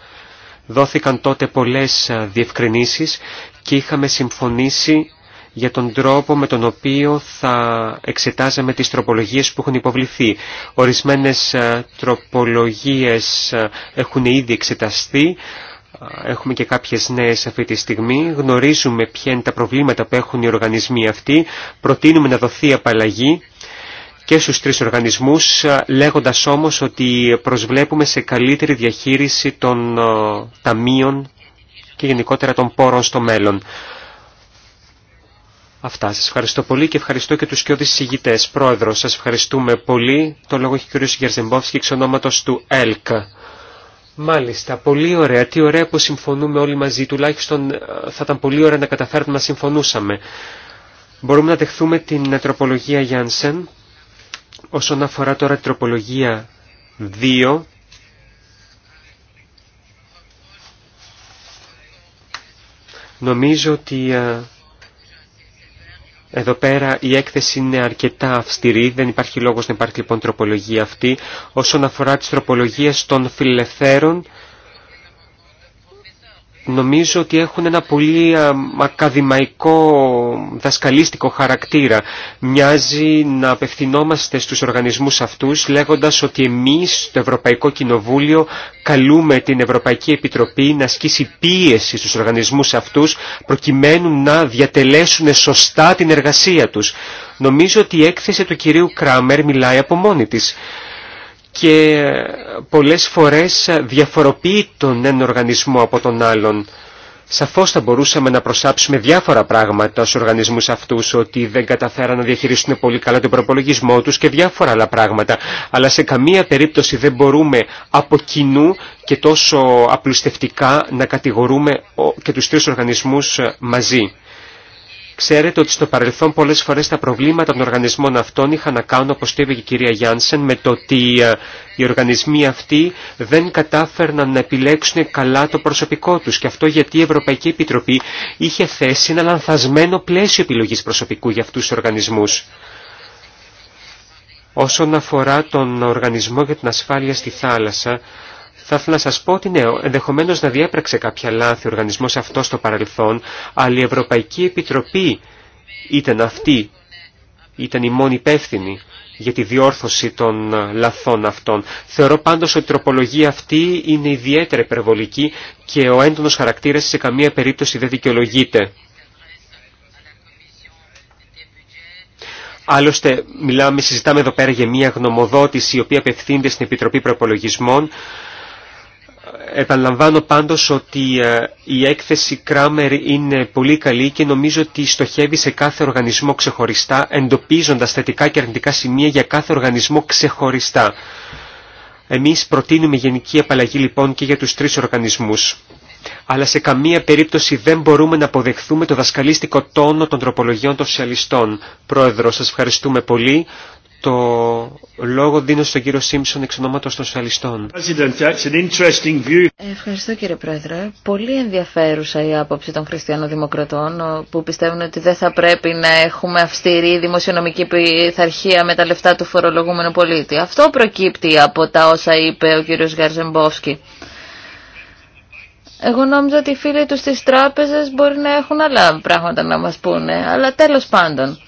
Δόθηκαν τότε πολλές διευκρινήσεις και είχαμε συμφωνήσει για τον τρόπο με τον οποίο θα εξετάζαμε τις τροπολογίες που έχουν υποβληθεί. Ορισμένες τροπολογίες έχουν ήδη εξεταστεί, Έχουμε και κάποιες νέες αυτή τη στιγμή. Γνωρίζουμε ποια είναι τα προβλήματα που έχουν οι οργανισμοί αυτοί. Προτείνουμε να δοθεί απαλλαγή και στους τρεις οργανισμούς, λέγοντας όμως ότι προσβλέπουμε σε καλύτερη διαχείριση των ταμείων και γενικότερα των πόρων στο μέλλον. Αυτά. Σας ευχαριστώ πολύ και ευχαριστώ και τους και Πρόεδρο, σας ευχαριστούμε πολύ. Το λόγο έχει ο κ. Γερζεμπόφσκι εξ του ΕΛΚ. Μάλιστα, πολύ ωραία. Τι ωραία που συμφωνούμε όλοι μαζί. Τουλάχιστον ε, θα ήταν πολύ ωραία να καταφέρουμε να συμφωνούσαμε. Μπορούμε να δεχθούμε την ε, τροπολογία Γιάνσεν. Όσον αφορά τώρα την τροπολογία 2, νομίζω ότι ε, εδώ πέρα η έκθεση είναι αρκετά αυστηρή, δεν υπάρχει λόγος να υπάρχει λοιπόν τροπολογία αυτή. Όσον αφορά τις τροπολογίες των φιλελευθέρων, νομίζω ότι έχουν ένα πολύ ακαδημαϊκό δασκαλίστικο χαρακτήρα. Μοιάζει να απευθυνόμαστε στους οργανισμούς αυτούς λέγοντας ότι εμείς το Ευρωπαϊκό Κοινοβούλιο καλούμε την Ευρωπαϊκή Επιτροπή να ασκήσει πίεση στους οργανισμούς αυτούς προκειμένου να διατελέσουν σωστά την εργασία τους. Νομίζω ότι η έκθεση του κυρίου Κράμερ μιλάει από μόνη της και πολλές φορές διαφοροποιεί τον έναν οργανισμό από τον άλλον. Σαφώς θα μπορούσαμε να προσάψουμε διάφορα πράγματα στους οργανισμούς αυτούς, ότι δεν καταφέραν να διαχειριστούν πολύ καλά τον προπολογισμό τους και διάφορα άλλα πράγματα. Αλλά σε καμία περίπτωση δεν μπορούμε από κοινού και τόσο απλουστευτικά να κατηγορούμε και τους τρεις οργανισμούς μαζί. Ξέρετε ότι στο παρελθόν πολλές φορές τα προβλήματα των οργανισμών αυτών είχαν να κάνουν, όπως το είπε και η κυρία Γιάνσεν, με το ότι ε, οι οργανισμοί αυτοί δεν κατάφερναν να επιλέξουν καλά το προσωπικό τους. Και αυτό γιατί η Ευρωπαϊκή Επιτροπή είχε θέσει ένα λανθασμένο πλαίσιο επιλογής προσωπικού για αυτούς τους οργανισμούς. Όσον αφορά τον Οργανισμό για την Ασφάλεια στη Θάλασσα, θα ήθελα να σας πω ότι ναι, ενδεχομένως να διέπραξε κάποια λάθη ο οργανισμός αυτό στο παρελθόν, αλλά η Ευρωπαϊκή Επιτροπή ήταν αυτή, ήταν η μόνη υπεύθυνη για τη διόρθωση των λαθών αυτών. Θεωρώ πάντως ότι η τροπολογία αυτή είναι ιδιαίτερα υπερβολική και ο έντονος χαρακτήρας σε καμία περίπτωση δεν δικαιολογείται. Άλλωστε, μιλάμε, συζητάμε εδώ πέρα για μια γνωμοδότηση η οποία απευθύνεται στην Επιτροπή Προπολογισμών επαναλαμβάνω πάντως ότι ε, η έκθεση Κράμερ είναι πολύ καλή και νομίζω ότι στοχεύει σε κάθε οργανισμό ξεχωριστά, εντοπίζοντας θετικά και αρνητικά σημεία για κάθε οργανισμό ξεχωριστά. Εμείς προτείνουμε γενική απαλλαγή λοιπόν και για τους τρεις οργανισμούς. Αλλά σε καμία περίπτωση δεν μπορούμε να αποδεχθούμε το δασκαλίστικο τόνο των τροπολογιών των σοσιαλιστών. Πρόεδρο, σας ευχαριστούμε πολύ. Το λόγο δίνω στον κύριο Σίμψον εξ ονόματος των Σοσιαλιστών. Ευχαριστώ κύριε Πρόεδρε. Πολύ ενδιαφέρουσα η άποψη των χριστιανοδημοκρατών που πιστεύουν ότι δεν θα πρέπει να έχουμε αυστηρή δημοσιονομική πειθαρχία με τα λεφτά του φορολογούμενου πολίτη. Αυτό προκύπτει από τα όσα είπε ο κύριος Γαρζεμπόφσκι. Εγώ νόμιζα ότι οι φίλοι του στις τράπεζες μπορεί να έχουν άλλα πράγματα να μας πούνε, αλλά τέλος πάντων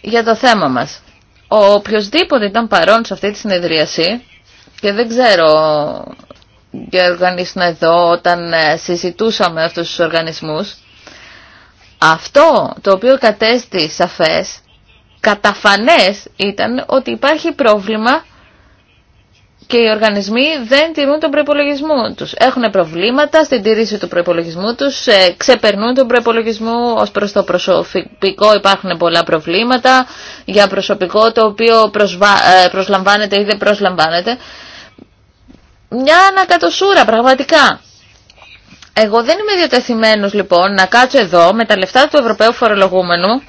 για το θέμα μας. Ο οποιοδήποτε ήταν παρόν σε αυτή τη συνεδρίαση και δεν ξέρω για οργανίσουν εδώ όταν ε, συζητούσαμε αυτούς τους οργανισμούς αυτό το οποίο κατέστη σαφές καταφανές ήταν ότι υπάρχει πρόβλημα και οι οργανισμοί δεν τηρούν τον προπολογισμό τους. Έχουν προβλήματα στην τηρήση του προπολογισμού τους, ε, ξεπερνούν τον προπολογισμό, ως προς το προσωπικό υπάρχουν πολλά προβλήματα, για προσωπικό το οποίο ε, προσλαμβάνεται ή δεν προσλαμβάνεται. Μια ανακατοσούρα πραγματικά. Εγώ δεν είμαι διατεθειμένος λοιπόν να κάτσω εδώ με τα λεφτά του Ευρωπαίου Φορολογούμενου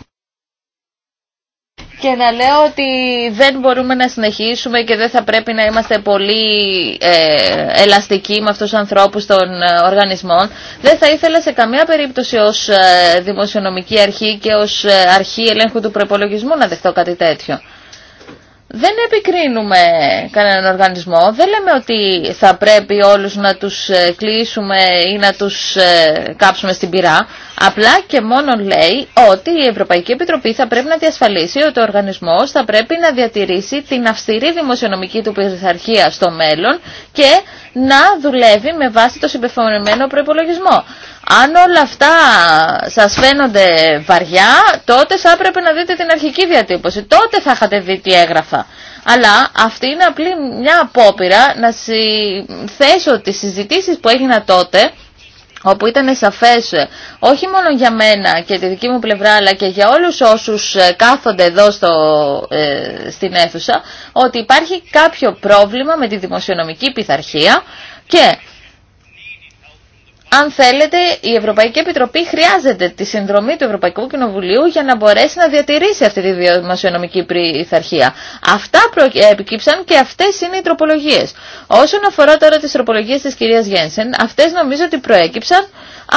και να λέω ότι δεν μπορούμε να συνεχίσουμε και δεν θα πρέπει να είμαστε πολύ ε, ελαστικοί με αυτούς τους ανθρώπους των ε, οργανισμών. Δεν θα ήθελα σε καμία περίπτωση ως ε, δημοσιονομική αρχή και ως αρχή ελέγχου του προπολογισμού να δεχτώ κάτι τέτοιο δεν επικρίνουμε κανέναν οργανισμό, δεν λέμε ότι θα πρέπει όλους να τους ε, κλείσουμε ή να τους ε, κάψουμε στην πυρά. Απλά και μόνο λέει ότι η Ευρωπαϊκή Επιτροπή θα πρέπει να διασφαλίσει ότι ο οργανισμός θα πρέπει να διατηρήσει την αυστηρή δημοσιονομική του πειθαρχία στο μέλλον και να δουλεύει με βάση το συμπεφωνημένο προπολογισμό. Αν όλα αυτά σας φαίνονται βαριά, τότε θα έπρεπε να δείτε την αρχική διατύπωση. Τότε θα είχατε δει τι έγραφα. Αλλά αυτή είναι απλή μια απόπειρα να θέσω τις συζητήσεις που έγινα τότε όπου ήταν σαφές όχι μόνο για μένα και τη δική μου πλευρά αλλά και για όλους όσους ε, κάθονται εδώ στο, ε, στην αίθουσα ότι υπάρχει κάποιο πρόβλημα με τη δημοσιονομική πειθαρχία και αν θέλετε, η Ευρωπαϊκή Επιτροπή χρειάζεται τη συνδρομή του Ευρωπαϊκού Κοινοβουλίου για να μπορέσει να διατηρήσει αυτή τη δημοσιονομική πειθαρχία. Αυτά ε, επικύψαν και αυτέ είναι οι τροπολογίε. Όσον αφορά τώρα τι τροπολογίε τη κυρία Γένσεν, αυτέ νομίζω ότι προέκυψαν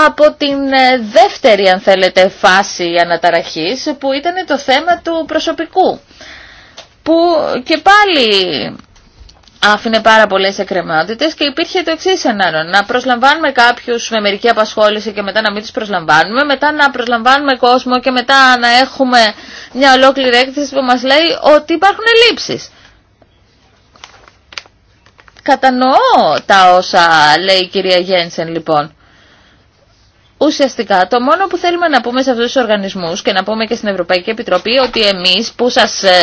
από την ε, δεύτερη, αν θέλετε, φάση αναταραχή που ήταν το θέμα του προσωπικού. Που και πάλι άφηνε πάρα πολλέ εκκρεμότητε και υπήρχε το εξή σενάριο. Να προσλαμβάνουμε κάποιου με μερική απασχόληση και μετά να μην του προσλαμβάνουμε, μετά να προσλαμβάνουμε κόσμο και μετά να έχουμε μια ολόκληρη έκθεση που μα λέει ότι υπάρχουν ελλείψει. Κατανοώ τα όσα λέει η κυρία Γένσεν λοιπόν. Ουσιαστικά το μόνο που θέλουμε να πούμε σε αυτούς τους οργανισμούς και να πούμε και στην Ευρωπαϊκή Επιτροπή ότι εμείς που σας, ε,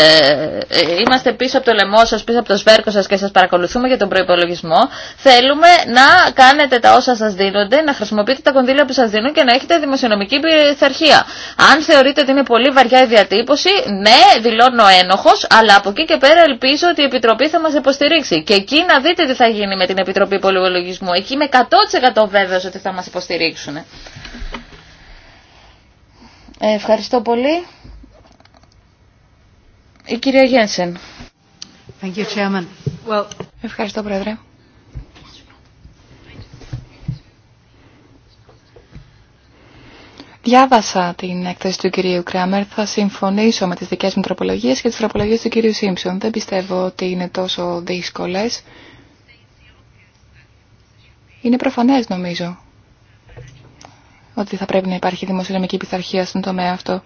ε, είμαστε πίσω από το λαιμό σας, πίσω από το σβέρκο σας και σας παρακολουθούμε για τον προϋπολογισμό θέλουμε να κάνετε τα όσα σας δίνονται, να χρησιμοποιείτε τα κονδύλια που σας δίνουν και να έχετε δημοσιονομική πειθαρχία. Αν θεωρείτε ότι είναι πολύ βαριά η διατύπωση, ναι, δηλώνω ένοχος, αλλά από εκεί και πέρα ελπίζω ότι η Επιτροπή θα μας υποστηρίξει. Και εκεί να δείτε τι θα γίνει με την Επιτροπή Πολυβολογισμού. Εκεί είμαι 100% βέβαιος ότι θα μας υποστηρίξουν. Ε, ευχαριστώ πολύ. Η κυρία Γένσεν. Ευχαριστώ, Πρόεδρε. Διάβασα την έκθεση του κυρίου Κράμερ. Θα συμφωνήσω με τις δικές μου τροπολογίες και τις τροπολογίες του κυρίου Σίμψον. Δεν πιστεύω ότι είναι τόσο δύσκολες. Είναι προφανές νομίζω ότι θα πρέπει να υπάρχει δημοσιονομική πειθαρχία στον τομέα αυτό.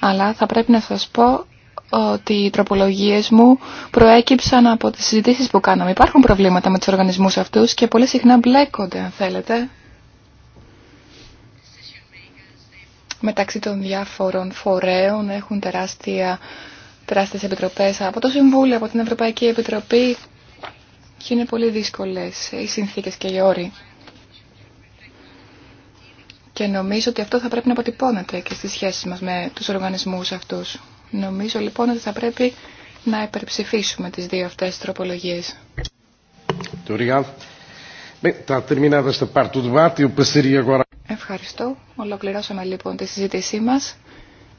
Αλλά θα πρέπει να σας πω ότι οι τροπολογίες μου προέκυψαν από τις συζητήσεις που κάναμε. Υπάρχουν προβλήματα με τους οργανισμούς αυτούς και πολύ συχνά μπλέκονται, αν θέλετε, μεταξύ των διάφορων φορέων. Έχουν τεράστια, τεράστιες επιτροπές από το Συμβούλιο, από την Ευρωπαϊκή Επιτροπή και είναι πολύ δύσκολες οι συνθήκες και οι όροι. Και νομίζω ότι αυτό θα πρέπει να αποτυπώνεται και στις σχέσεις μας με τους οργανισμούς αυτούς. Νομίζω λοιπόν ότι θα πρέπει να υπερψηφίσουμε τις δύο αυτές τροπολογίες. Ευχαριστώ. Ολοκληρώσαμε λοιπόν τη συζήτησή μας.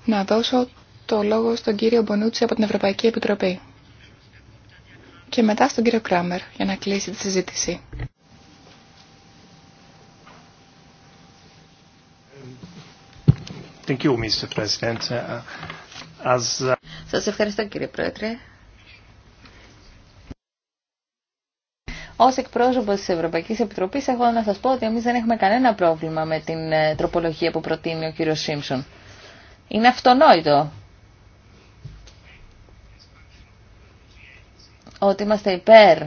Να δώσω το λόγο στον κύριο Μπονούτσι από την Ευρωπαϊκή Επιτροπή. Και μετά στον κύριο Κράμερ για να κλείσει τη συζήτηση. Thank uh, uh, uh, Σας ευχαριστώ κύριε Πρόεδρε. Ως εκπρόσωπος της Ευρωπαϊκής Επιτροπής έχω να σας πω ότι εμείς δεν έχουμε κανένα πρόβλημα με την ε, τροπολογία που προτείνει ο κύριος Σίμψον. Είναι αυτονόητο ότι είμαστε υπέρ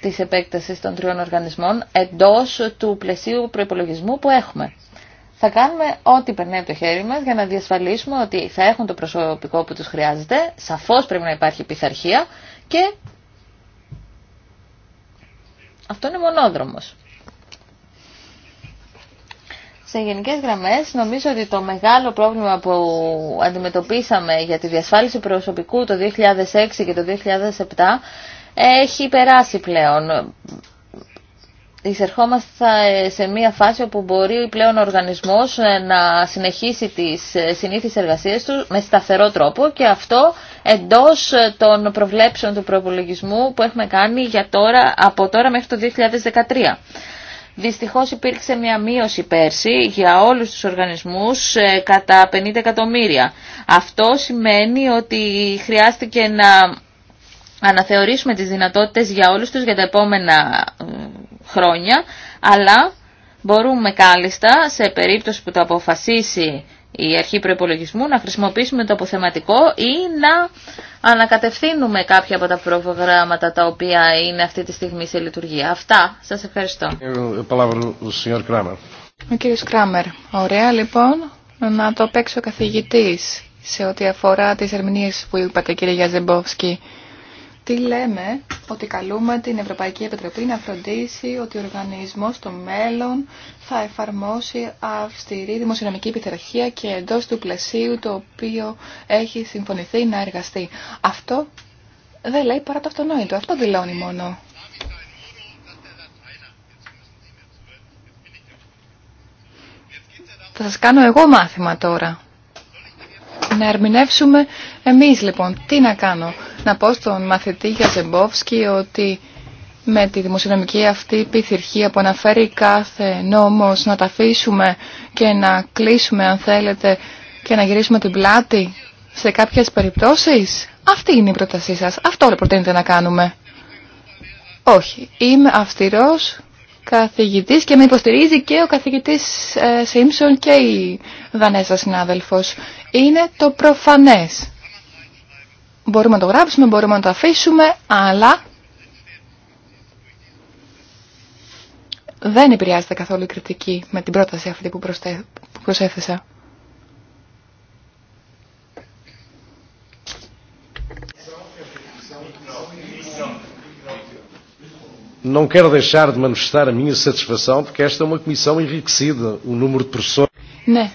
της επέκτασης των τριών οργανισμών εντός του πλαισίου προϋπολογισμού που έχουμε θα κάνουμε ό,τι περνάει από το χέρι μας για να διασφαλίσουμε ότι θα έχουν το προσωπικό που τους χρειάζεται. Σαφώς πρέπει να υπάρχει πειθαρχία και αυτό είναι μονόδρομος. Σε γενικές γραμμές νομίζω ότι το μεγάλο πρόβλημα που αντιμετωπίσαμε για τη διασφάλιση προσωπικού το 2006 και το 2007 έχει περάσει πλέον εισερχόμαστε σε μία φάση όπου μπορεί πλέον ο οργανισμός ε, να συνεχίσει τις ε, συνήθεις εργασίες του με σταθερό τρόπο και αυτό εντός ε, των προβλέψεων του προπολογισμού που έχουμε κάνει για τώρα, από τώρα μέχρι το 2013. Δυστυχώς υπήρξε μια μείωση πέρσι για όλους τους οργανισμούς κατά 50 εκατομμύρια. Αυτό σημαίνει ότι χρειάστηκε να αναθεωρήσουμε τις δυνατότητες για όλους τους για τα επόμενα ε, χρόνια, αλλά μπορούμε κάλλιστα σε περίπτωση που το αποφασίσει η αρχή προπολογισμού να χρησιμοποιήσουμε το αποθεματικό ή να ανακατευθύνουμε κάποια από τα προγράμματα τα οποία είναι αυτή τη στιγμή σε λειτουργία. Αυτά. Σας ευχαριστώ. Ο Κράμερ. Ωραία λοιπόν να το παίξει ο σε ό,τι αφορά τις ερμηνείες που είπατε κύριε Γιαζεμπόφσκι τι λέμε ότι καλούμε την Ευρωπαϊκή Επιτροπή να φροντίσει ότι ο οργανισμός στο μέλλον θα εφαρμόσει αυστηρή δημοσιονομική επιθεραχία και εντός του πλαισίου το οποίο έχει συμφωνηθεί να εργαστεί. Αυτό δεν λέει παρά το αυτονόητο. Αυτό δηλώνει μόνο. Θα σας κάνω εγώ μάθημα τώρα. Να ερμηνεύσουμε εμείς λοιπόν. Τι να κάνω να πω στον μαθητή Γιατζεμπόφσκι ότι με τη δημοσιονομική αυτή πειθυρχία που αναφέρει κάθε νόμος να τα αφήσουμε και να κλείσουμε αν θέλετε και να γυρίσουμε την πλάτη σε κάποιες περιπτώσεις. Αυτή είναι η πρότασή σας. Αυτό προτείνετε να κάνουμε. Όχι. Είμαι αυστηρός καθηγητής και με υποστηρίζει και ο καθηγητής ε, Σίμψον και η Δανέζα συνάδελφος. Είναι το προφανές. Μπορούμε να το γράψουμε, μπορούμε να το αφήσουμε, αλλά δεν επηρεάζεται καθόλου η κριτική με την πρόταση αυτή που, προσθέ, που προσέθεσα. Não quero deixar de manifestar a minha satisfação porque esta é uma comissão enriquecida. O número de pessoas. Ναι,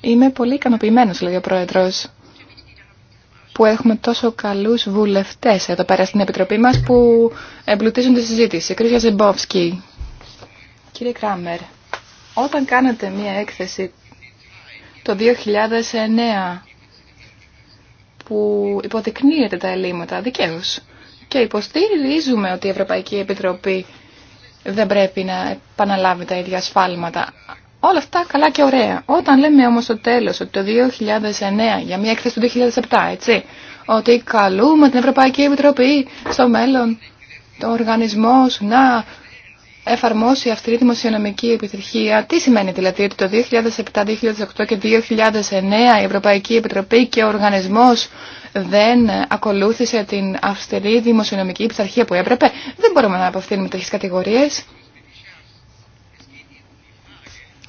είμαι πολύ ικανοποιημένο, λέει ο Πρόεδρο που έχουμε τόσο καλούς βουλευτές εδώ πέρα στην Επιτροπή μας που εμπλουτίζουν τη συζήτηση. Κρίσια Ζεμπόφσκι, κύριε Κράμερ, όταν κάνατε μία έκθεση το 2009 που υποδεικνύεται τα ελλείμματα δικαίως και υποστηρίζουμε ότι η Ευρωπαϊκή Επιτροπή δεν πρέπει να επαναλάβει τα ίδια σφάλματα. Όλα αυτά καλά και ωραία. Όταν λέμε όμως στο τέλος ότι το 2009, για μια έκθεση του 2007, έτσι, ότι καλούμε την Ευρωπαϊκή Επιτροπή στο μέλλον, το οργανισμός να εφαρμόσει αυτή τη δημοσιονομική επιτυχία. Τι σημαίνει δηλαδή ότι το 2007, 2008 και 2009 η Ευρωπαϊκή Επιτροπή και ο οργανισμός δεν ακολούθησε την αυστηρή δημοσιονομική επιταρχία που έπρεπε. Δεν μπορούμε να αποφθύνουμε τέτοιες κατηγορίες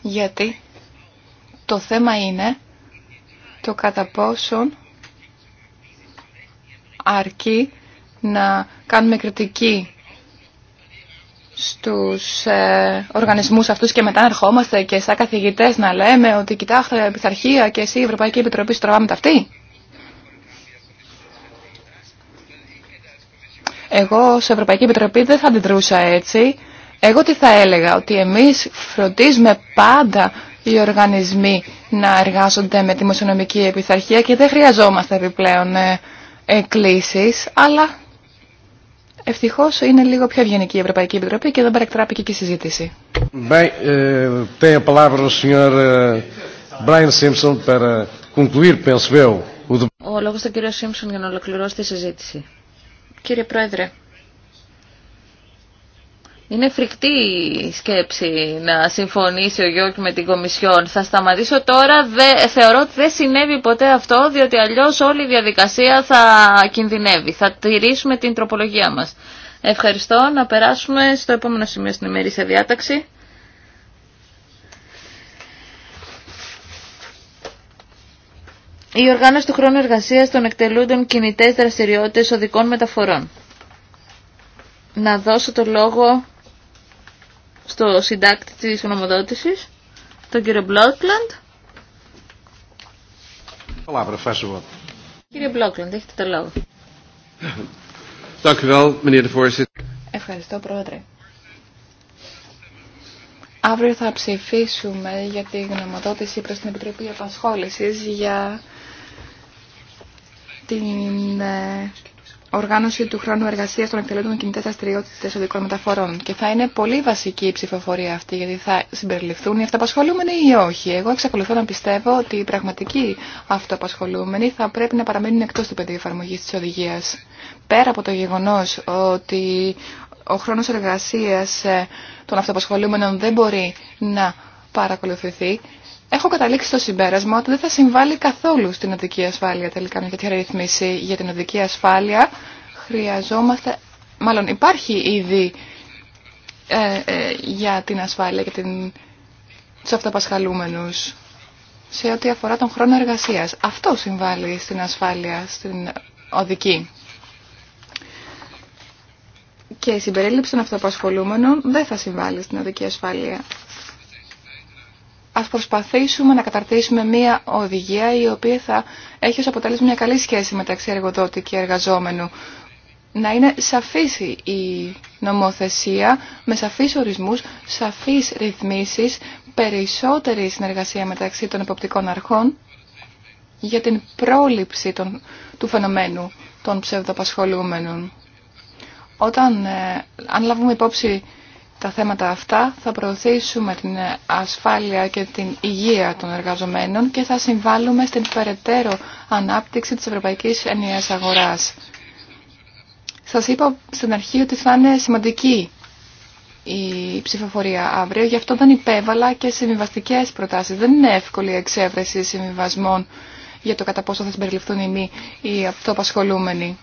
γιατί το θέμα είναι το κατά πόσον αρκεί να κάνουμε κριτική στους ε, οργανισμούς αυτούς και μετά ερχόμαστε και σαν καθηγητές να λέμε ότι κοιτάξτε πειθαρχία και εσύ η Ευρωπαϊκή Επιτροπή στραβάμε τα αυτή. Εγώ σε Ευρωπαϊκή Επιτροπή δεν θα αντιδρούσα έτσι. Εγώ τι θα έλεγα, ότι εμείς φροντίζουμε πάντα οι οργανισμοί να εργάζονται με τη Μοσονομική επιθαρχία και δεν χρειαζόμαστε επιπλέον ε, εκκλήσεις, αλλά ευτυχώς είναι λίγο πιο ευγενική η Ευρωπαϊκή Επιτροπή και δεν παρεκτράπηκε και η συζήτηση. Ο λόγος του κύριο Σίμψον για να ολοκληρώσει τη συζήτηση. Κύριε Πρόεδρε, είναι φρικτή η σκέψη να συμφωνήσει ο Γιώργη με την Κομισιόν. Θα σταματήσω τώρα. Δε, θεωρώ ότι δεν συνέβη ποτέ αυτό, διότι αλλιώς όλη η διαδικασία θα κινδυνεύει. Θα τηρήσουμε την τροπολογία μας. Ευχαριστώ. Να περάσουμε στο επόμενο σημείο στην ημερήσια διάταξη. Η οργάνωση του χρόνου εργασίας των εκτελούντων κινητές δραστηριότητες οδικών μεταφορών. Να δώσω το λόγο στο συντάκτη της γνωμοδότησης, τον κύριο Μπλόκλαντ. Κύριε Μπλόκλαντ, έχετε το λόγο. Ευχαριστώ, Πρόεδρε. Αύριο θα ψηφίσουμε για τη γνωμοδότηση προς την Επιτροπή Απασχόλησης για την ε, οργάνωση του χρόνου εργασίας των εκτελέντων κινητέ δραστηριότητε οδικών μεταφορών. Και θα είναι πολύ βασική η ψηφοφορία αυτή, γιατί θα συμπεριληφθούν οι αυτοαπασχολούμενοι ή όχι. Εγώ εξακολουθώ να πιστεύω ότι οι πραγματικοί αυτοαπασχολούμενοι θα πρέπει να παραμείνουν εκτός του πεδίου εφαρμογή της οδηγίας. Πέρα από το γεγονός ότι ο χρόνος εργασίας ε, των αυτοαπασχολούμενων δεν μπορεί να παρακολουθηθεί, έχω καταλήξει στο συμπέρασμα ότι δεν θα συμβάλλει καθόλου στην οδική ασφάλεια τελικά μια τέτοια ρυθμίση για την οδική ασφάλεια. Χρειαζόμαστε, μάλλον υπάρχει ήδη ε, ε, για την ασφάλεια και την, τους σε ό,τι αφορά τον χρόνο εργασίας. Αυτό συμβάλλει στην ασφάλεια, στην οδική. Και η συμπερίληψη των αυτοπασχολούμενων δεν θα συμβάλλει στην οδική ασφάλεια ας προσπαθήσουμε να καταρτήσουμε μία οδηγία η οποία θα έχει ως αποτέλεσμα μια καλή σχέση μεταξύ εργοδότη και εργαζόμενου. Να είναι σαφής η νομοθεσία, με σαφείς ορισμούς, σαφείς ρυθμίσεις, περισσότερη συνεργασία μεταξύ των εποπτικών αρχών για την πρόληψη των, του φαινομένου των ψευδοπασχολούμενων. Όταν, ε, λάβουμε υπόψη τα θέματα αυτά, θα προωθήσουμε την ασφάλεια και την υγεία των εργαζομένων και θα συμβάλλουμε στην περαιτέρω ανάπτυξη της Ευρωπαϊκής Ενιαίας Αγοράς. Σας είπα στην αρχή ότι θα είναι σημαντική η ψηφοφορία αύριο, γι' αυτό δεν υπέβαλα και συμβιβαστικέ προτάσεις. Δεν είναι εύκολη η εξέβρεση συμβιβασμών για το κατά πόσο θα συμπεριληφθούν οι μη οι αυτοπασχολούμενοι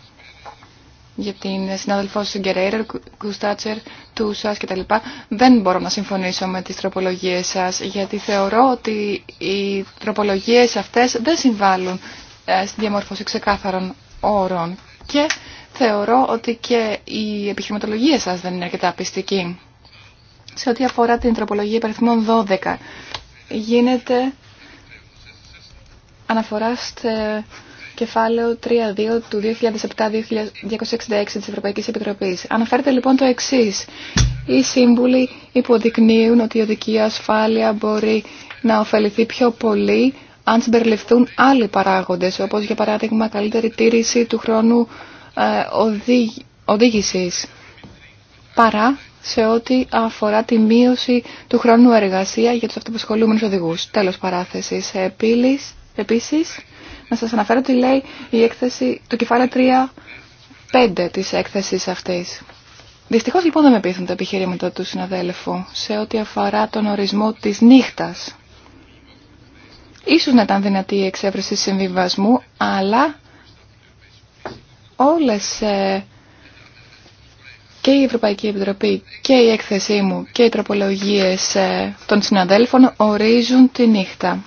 για την συνάδελφό σου Γκερέιρερ, Κουστάτσερ, του ΣΑΣ κτλ. Δεν μπορώ να συμφωνήσω με τις τροπολογίες σας, γιατί θεωρώ ότι οι τροπολογίες αυτές δεν συμβάλλουν ε, στη διαμόρφωση ξεκάθαρων όρων και θεωρώ ότι και η επιχειρηματολογία σας δεν είναι αρκετά πιστική. Σε ό,τι αφορά την τροπολογία υπαριθμών 12, γίνεται αναφορά κεφάλαιο 3.2 του 2007-266 της Ευρωπαϊκής Επιτροπής. Αναφέρεται λοιπόν το εξής. Οι σύμβουλοι υποδεικνύουν ότι η οδική ασφάλεια μπορεί να ωφεληθεί πιο πολύ αν συμπεριληφθούν άλλοι παράγοντες, όπως για παράδειγμα καλύτερη τήρηση του χρόνου ε, οδήγησης, παρά σε ό,τι αφορά τη μείωση του χρόνου εργασία για τους αυτοπασχολούμενους οδηγούς. Τέλος παράθεσης. Επίσης, να σας αναφέρω τι λέει η έκθεση, το κεφάλαιο 3.5 της έκθεσης αυτής. Δυστυχώς λοιπόν δεν με πείθουν τα επιχειρήματα του συναδέλφου σε ό,τι αφορά τον ορισμό της νύχτας. Ίσως να ήταν δυνατή η εξέβρεση συμβιβασμού, αλλά όλες ε, και η Ευρωπαϊκή Επιτροπή και η έκθεσή μου και οι τροπολογίες ε, των συναδέλφων ορίζουν τη νύχτα.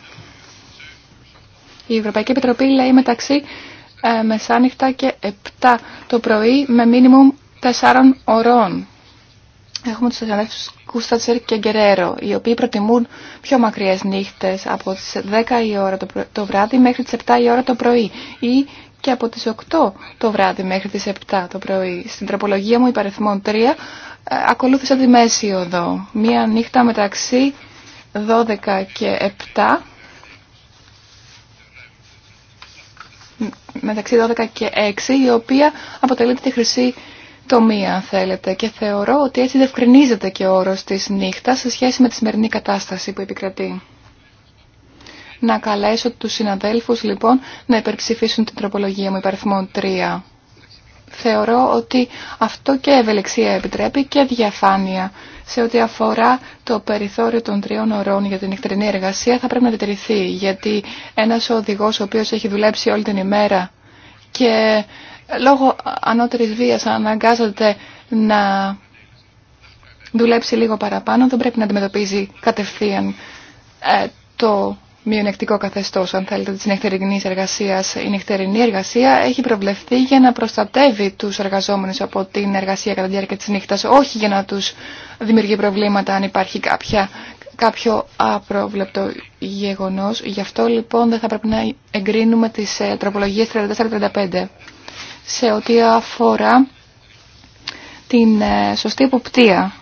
Η Ευρωπαϊκή Επιτροπή λέει μεταξύ ε, μεσάνυχτα και 7 το πρωί με μίνιμουμ 4 ωρών. Έχουμε τους αδελφούς Κούστατσερ και Γκερέρο, οι οποίοι προτιμούν πιο μακριές νύχτες από τις 10 η ώρα το, το βράδυ μέχρι τις 7 η ώρα το πρωί ή και από τις 8 το βράδυ μέχρι τις 7 το πρωί. Στην τροπολογία μου υπαριθμών 3 ε, ακολούθησα τη μέση οδό. Μία νύχτα μεταξύ 12 και 7 μεταξύ 12 και 6, η οποία αποτελείται τη χρυσή τομία, αν θέλετε. Και θεωρώ ότι έτσι δευκρινίζεται και ο όρος της νύχτας σε σχέση με τη σημερινή κατάσταση που επικρατεί. Να καλέσω τους συναδέλφους, λοιπόν, να υπερψηφίσουν την τροπολογία μου υπαριθμών 3 θεωρώ ότι αυτό και ευελιξία επιτρέπει και διαφάνεια σε ό,τι αφορά το περιθώριο των τριών ωρών για την νυχτερινή εργασία θα πρέπει να διατηρηθεί γιατί ένας οδηγός ο οποίος έχει δουλέψει όλη την ημέρα και λόγω ανώτερης βίας αναγκάζεται να δουλέψει λίγο παραπάνω δεν πρέπει να αντιμετωπίζει κατευθείαν ε, το μειονεκτικό καθεστώς, αν θέλετε, της νυχτερινής εργασίας. Η νυχτερινή εργασία έχει προβλεφθεί για να προστατεύει τους εργαζόμενους από την εργασία κατά τη διάρκεια της νύχτας, όχι για να τους δημιουργεί προβλήματα αν υπάρχει κάποια, κάποιο απρόβλεπτο γεγονός. Γι' αυτό λοιπόν δεν θα πρέπει να εγκρίνουμε τις ε, τροπολογίες 34-35 σε ό,τι αφορά την ε, σωστή υποπτία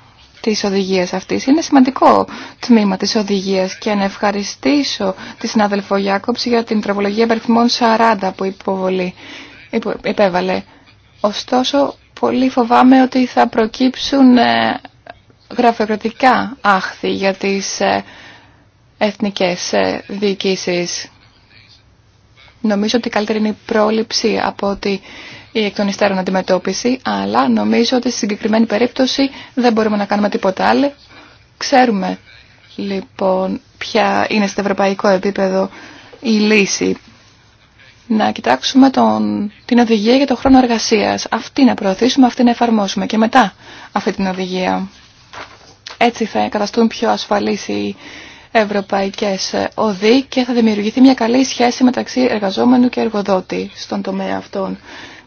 της οδηγίας αυτής. Είναι σημαντικό τμήμα της οδηγίας και να ευχαριστήσω τη συνάδελφο Γιάκοψη για την τροπολογία περιθμών 40 που υποβολή, υπέβαλε. Ωστόσο, πολύ φοβάμαι ότι θα προκύψουν ε, γραφειοκρατικά άχθη για τις ε, εθνικές ε, διοικήσεις. Νομίζω ότι καλύτερη είναι η πρόληψη από ότι η εκ των υστέρων αντιμετώπιση, αλλά νομίζω ότι στη συγκεκριμένη περίπτωση δεν μπορούμε να κάνουμε τίποτα άλλο. Ξέρουμε λοιπόν ποια είναι στο ευρωπαϊκό επίπεδο η λύση. Να κοιτάξουμε τον, την οδηγία για το χρόνο εργασίας. Αυτή να προωθήσουμε, αυτή να εφαρμόσουμε και μετά αυτή την οδηγία. Έτσι θα καταστούν πιο ασφαλείς οι ευρωπαϊκές οδοί και θα δημιουργηθεί μια καλή σχέση μεταξύ εργαζόμενου και εργοδότη στον τομέα αυτών.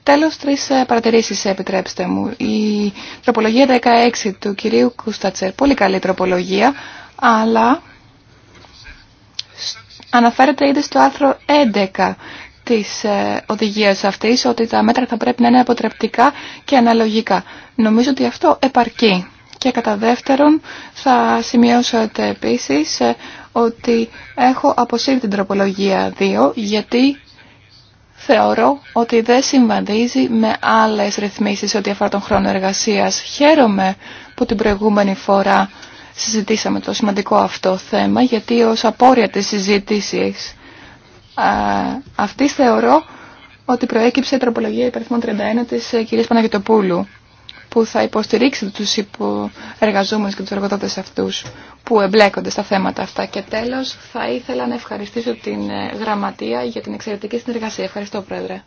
Τέλος, τρεις ε, παρατηρήσεις ε, επιτρέψτε μου. Η τροπολογία 16 του κυρίου Κουστατσέρ, πολύ καλή τροπολογία, αλλά αναφέρεται ήδη στο άρθρο 11 της ε, οδηγίας αυτής ότι τα μέτρα θα πρέπει να είναι αποτρεπτικά και αναλογικά. Νομίζω ότι αυτό επαρκεί. Και κατά δεύτερον θα σημειώσω επίσης ότι έχω αποσύρει την τροπολογία 2 γιατί θεωρώ ότι δεν συμβαδίζει με άλλες ρυθμίσεις ό,τι αφορά τον χρόνο εργασίας. Χαίρομαι που την προηγούμενη φορά συζητήσαμε το σημαντικό αυτό θέμα, γιατί ως απόρρια της συζήτησης α, αυτής θεωρώ ότι προέκυψε η τροπολογία υπερθμών 31 της ε, κυρίας Παναγιωτοπούλου που θα υποστηρίξετε τους υποεργαζόμενους και τους εργοδότες αυτούς που εμπλέκονται στα θέματα αυτά. Και τέλος θα ήθελα να ευχαριστήσω την ε, Γραμματεία για την εξαιρετική συνεργασία. Ευχαριστώ Πρόεδρε.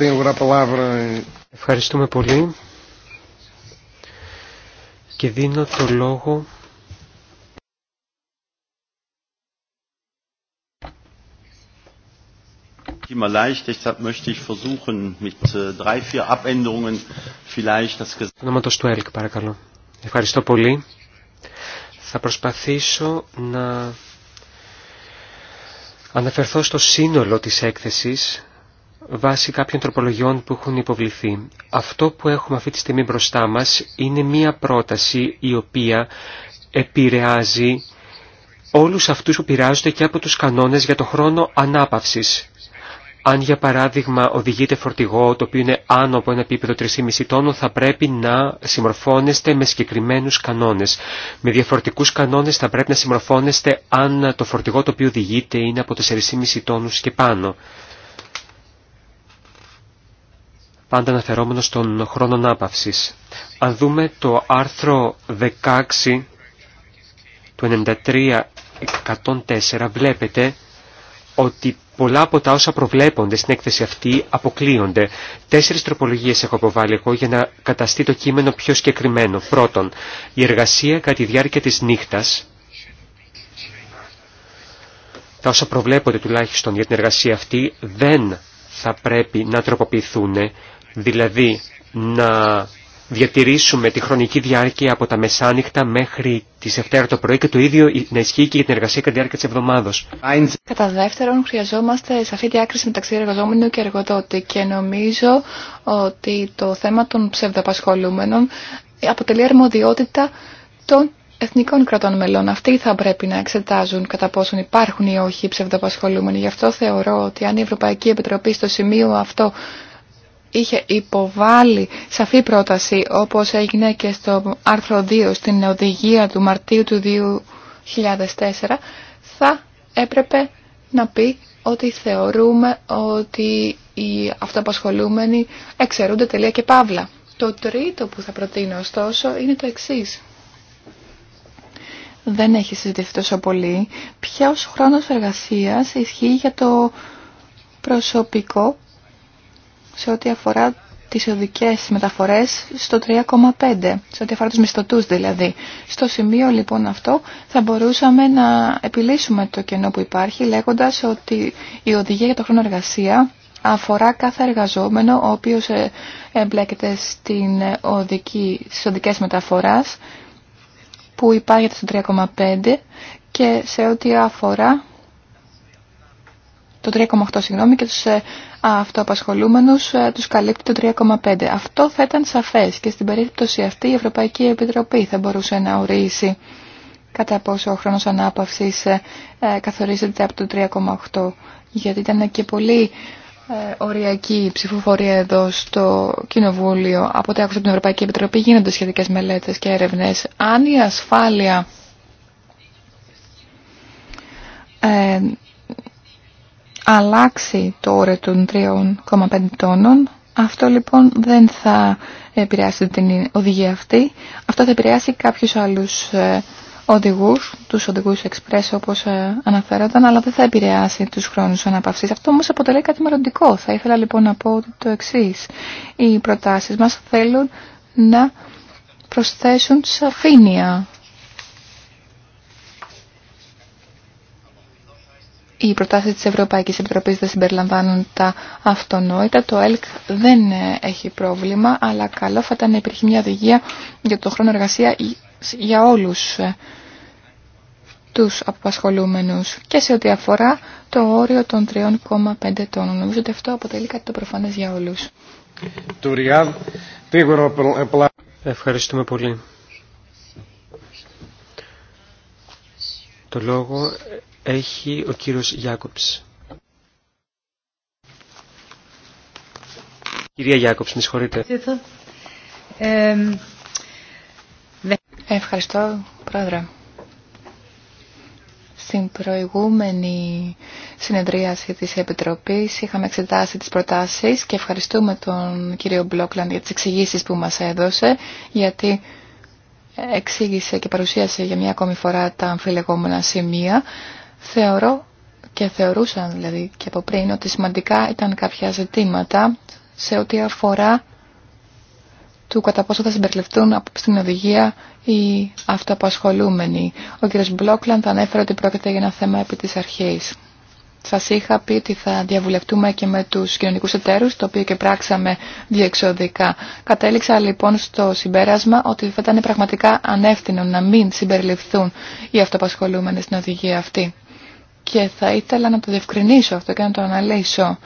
Eh, Ευχαριστούμε πολύ και δίνω το λόγο immer leicht, deshalb möchte Ευχαριστώ πολύ. Θα προσπαθήσω να αναφερθώ στο σύνολο της έκθεσης βάσει κάποιων τροπολογιών που έχουν υποβληθεί. Αυτό που έχουμε αυτή τη στιγμή μπροστά μας είναι μία πρόταση η οποία επηρεάζει όλους αυτούς που πειράζονται και από τους κανόνες για το χρόνο ανάπαυσης. Αν για παράδειγμα οδηγείτε φορτηγό το οποίο είναι άνω από ένα επίπεδο 3,5 τόνου θα πρέπει να συμμορφώνεστε με συγκεκριμένους κανόνες. Με διαφορετικούς κανόνες θα πρέπει να συμμορφώνεστε αν το φορτηγό το οποίο οδηγείτε είναι από 4,5 τόνους και πάνω. Πάντα αναφερόμενο στον χρόνο άπαυσης. Αν δούμε το άρθρο 16 του 93 104 βλέπετε ότι Πολλά από τα όσα προβλέπονται στην έκθεση αυτή αποκλείονται. Τέσσερι τροπολογίε έχω αποβάλει εγώ για να καταστεί το κείμενο πιο συγκεκριμένο. Πρώτον, η εργασία κατά τη διάρκεια τη νύχτα, τα όσα προβλέπονται τουλάχιστον για την εργασία αυτή, δεν θα πρέπει να τροποποιηθούν, δηλαδή να διατηρήσουμε τη χρονική διάρκεια από τα μεσάνυχτα μέχρι τις 7 το πρωί και το ίδιο να ισχύει και για την εργασία κατά τη διάρκεια τη εβδομάδα. Κατά δεύτερον, χρειαζόμαστε σαφή διάκριση μεταξύ εργαζόμενου και εργοδότη και νομίζω ότι το θέμα των ψευδαπασχολούμενων αποτελεί αρμοδιότητα των εθνικών κρατών μελών. Αυτοί θα πρέπει να εξετάζουν κατά πόσον υπάρχουν ή όχι οι ψευδαπασχολούμενοι. Γι' αυτό θεωρώ ότι αν η Ευρωπαϊκή Επιτροπή στο σημείο αυτό είχε υποβάλει σαφή πρόταση όπως έγινε και στο άρθρο 2 στην οδηγία του Μαρτίου του 2004 θα έπρεπε να πει ότι θεωρούμε ότι οι αυτοαπασχολούμενοι εξαιρούνται τελεία και παύλα. Το τρίτο που θα προτείνω ωστόσο είναι το εξής. Δεν έχει συζητηθεί τόσο πολύ. Ποιος χρόνος εργασίας ισχύει για το προσωπικό σε ό,τι αφορά τις οδικές μεταφορές στο 3,5, σε ό,τι αφορά τους μισθωτούς δηλαδή. Στο σημείο λοιπόν αυτό θα μπορούσαμε να επιλύσουμε το κενό που υπάρχει λέγοντας ότι η οδηγία για το χρόνο εργασία αφορά κάθε εργαζόμενο ο οποίος ε, εμπλέκεται στην οδική, στις οδικές μεταφοράς που υπάρχει στο 3,5 και σε ό,τι αφορά το 3,8 συγγνώμη και τους ε, αυτοαπασχολούμενους ε, τους καλύπτει το 3,5. Αυτό θα ήταν σαφές και στην περίπτωση αυτή η Ευρωπαϊκή Επιτροπή θα μπορούσε να ορίσει κατά πόσο ο χρόνος ανάπαυσης ε, καθορίζεται από το 3,8 γιατί ήταν και πολύ οριακή ψηφοφορία εδώ στο Κοινοβούλιο από ό,τι άκουσα από την Ευρωπαϊκή Επιτροπή γίνονται σχετικές μελέτες και έρευνες. Αν η ασφάλεια αλλάξει το όριο των 3,5 τόνων. Αυτό λοιπόν δεν θα επηρεάσει την οδηγία αυτή. Αυτό θα επηρεάσει κάποιους άλλους ε, οδηγούς, τους οδηγούς εξπρέ, όπως ε, αναφέρονταν, αλλά δεν θα επηρεάσει τους χρόνους αναπαυσής. Αυτό όμως αποτελεί κάτι μεροντικό. Θα ήθελα λοιπόν να πω το εξή. Οι προτάσεις μας θέλουν να προσθέσουν σαφήνεια οι προτάσεις της Ευρωπαϊκής Επιτροπής δεν συμπεριλαμβάνουν τα αυτονόητα. Το ΕΛΚ δεν ε, έχει πρόβλημα, αλλά καλό θα ήταν να υπήρχε μια οδηγία για το χρόνο εργασία για όλους ε, τους απασχολούμενους και σε ό,τι αφορά το όριο των 3,5 τόνων. Νομίζω ότι αυτό αποτελεί κάτι το προφανές για όλους. Ευχαριστούμε πολύ. Το λόγο έχει ο κύριος Γιάκοψ. Κυρία Γιάκοψ, με συγχωρείτε. Ευχαριστώ, Πρόεδρε. Στην προηγούμενη συνεδρίαση της Επιτροπής είχαμε εξετάσει τις προτάσεις και ευχαριστούμε τον κύριο Μπλόκλαν για τις εξηγήσεις που μας έδωσε γιατί εξήγησε και παρουσίασε για μια ακόμη φορά τα αμφιλεγόμενα σημεία Θεωρώ και θεωρούσαν δηλαδή και από πριν ότι σημαντικά ήταν κάποια ζητήματα σε ό,τι αφορά του κατά πόσο θα συμπεριληφθούν στην οδηγία οι αυτοαπασχολούμενοι. Ο κ. Μπλόκλαντ ανέφερε ότι πρόκειται για ένα θέμα επί της αρχής. Σας είχα πει ότι θα διαβουλευτούμε και με τους κοινωνικούς εταίρους, το οποίο και πράξαμε διεξοδικά. Κατέληξα λοιπόν στο συμπέρασμα ότι θα ήταν πραγματικά ανεύθυνο να μην συμπεριληφθούν οι αυτοπασχολούμενοι στην οδηγία αυτή και θα ήθελα να το διευκρινίσω αυτό και να το αναλύσω.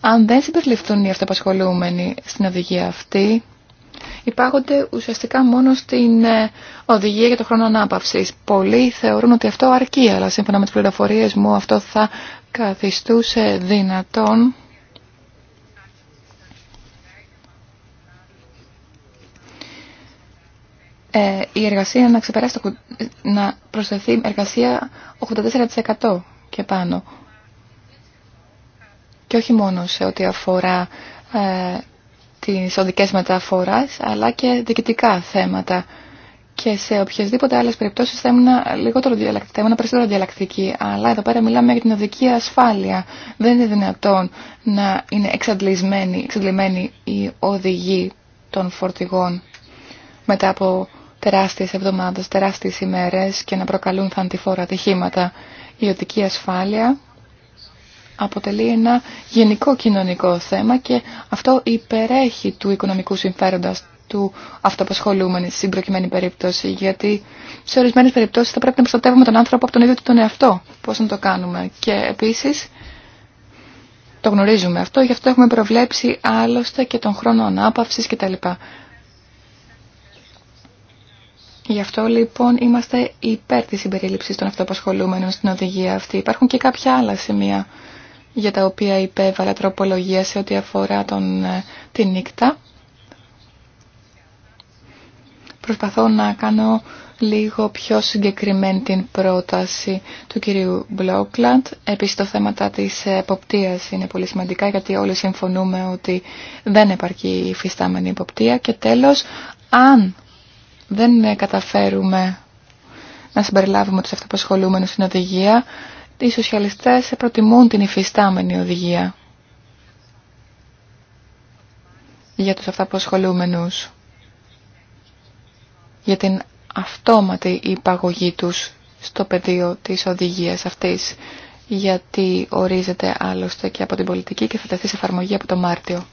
Αν δεν συμπεριληφθούν οι αυτοπασχολούμενοι στην οδηγία αυτή, υπάρχονται ουσιαστικά μόνο στην ε, οδηγία για το χρόνο ανάπαυση. Πολλοί θεωρούν ότι αυτό αρκεί, αλλά σύμφωνα με τις πληροφορίες μου αυτό θα καθιστούσε δυνατόν Ε, η εργασία να ξεπεράσει να προσθεθεί εργασία 84% και πάνω. Και όχι μόνο σε ό,τι αφορά ε, τις οδικές μεταφοράς, αλλά και διοικητικά θέματα. Και σε οποιασδήποτε άλλες περιπτώσεις θα ήμουν λιγότερο διαλλακτική, θα ήμουν περισσότερο διαλλακτική. Αλλά εδώ πέρα μιλάμε για την οδική ασφάλεια. Δεν είναι δυνατόν να είναι εξαντλισμένη η οδηγή των φορτηγών μετά από τεράστιες εβδομάδες, τεράστιες ημέρες και να προκαλούν θαντιφόρα ατυχήματα. Η οδική ασφάλεια αποτελεί ένα γενικό κοινωνικό θέμα και αυτό υπερέχει του οικονομικού συμφέροντας του αυτοαπασχολούμενη στην προκειμένη περίπτωση. Γιατί σε ορισμένε περιπτώσει θα πρέπει να προστατεύουμε τον άνθρωπο από τον ίδιο του τον εαυτό. Πώ να το κάνουμε. Και επίση το γνωρίζουμε αυτό, γι' αυτό έχουμε προβλέψει άλλωστε και τον χρόνο ανάπαυση κτλ. Γι' αυτό λοιπόν είμαστε υπέρ της συμπερίληψης των αυτοπασχολούμενων στην οδηγία αυτή. Υπάρχουν και κάποια άλλα σημεία για τα οποία υπέβαλα τροπολογία σε ό,τι αφορά τον, ε, τη νύχτα. Προσπαθώ να κάνω λίγο πιο συγκεκριμένη την πρόταση του κυρίου Μπλόκλαντ. Επίσης το θέμα της εποπτείας είναι πολύ σημαντικά γιατί όλοι συμφωνούμε ότι δεν επαρκεί η φυστάμενη εποπτεία. Και τέλος, αν δεν ε, καταφέρουμε να συμπεριλάβουμε τους αυτοπασχολούμενους στην οδηγία, οι σοσιαλιστές προτιμούν την υφιστάμενη οδηγία για τους αυτοπασχολούμενους, για την αυτόματη υπαγωγή τους στο πεδίο της οδηγίας αυτής, γιατί ορίζεται άλλωστε και από την πολιτική και θα τεθεί σε εφαρμογή από το Μάρτιο.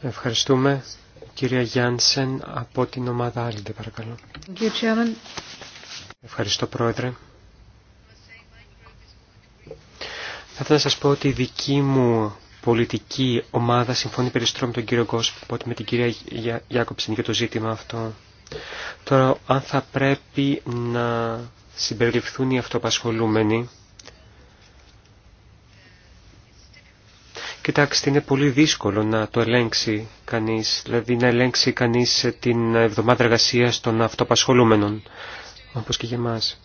Ευχαριστούμε. Κυρία Γιάνσεν από την ομάδα Άλντε, παρακαλώ. Ευχαριστώ, Πρόεδρε. Θα ήθελα να σας πω ότι η δική μου πολιτική ομάδα συμφωνεί περισσότερο με τον κύριο Γκόσπ από ότι με την κυρία Γιάκοψεν για το ζήτημα αυτό. Τώρα, αν θα πρέπει να συμπεριληφθούν οι αυτοπασχολούμενοι, Κοιτάξτε, είναι πολύ δύσκολο να το ελέγξει κανείς, δηλαδή να ελέγξει κανείς την εβδομάδα εργασία των αυτοπασχολούμενων, όπως και για μας.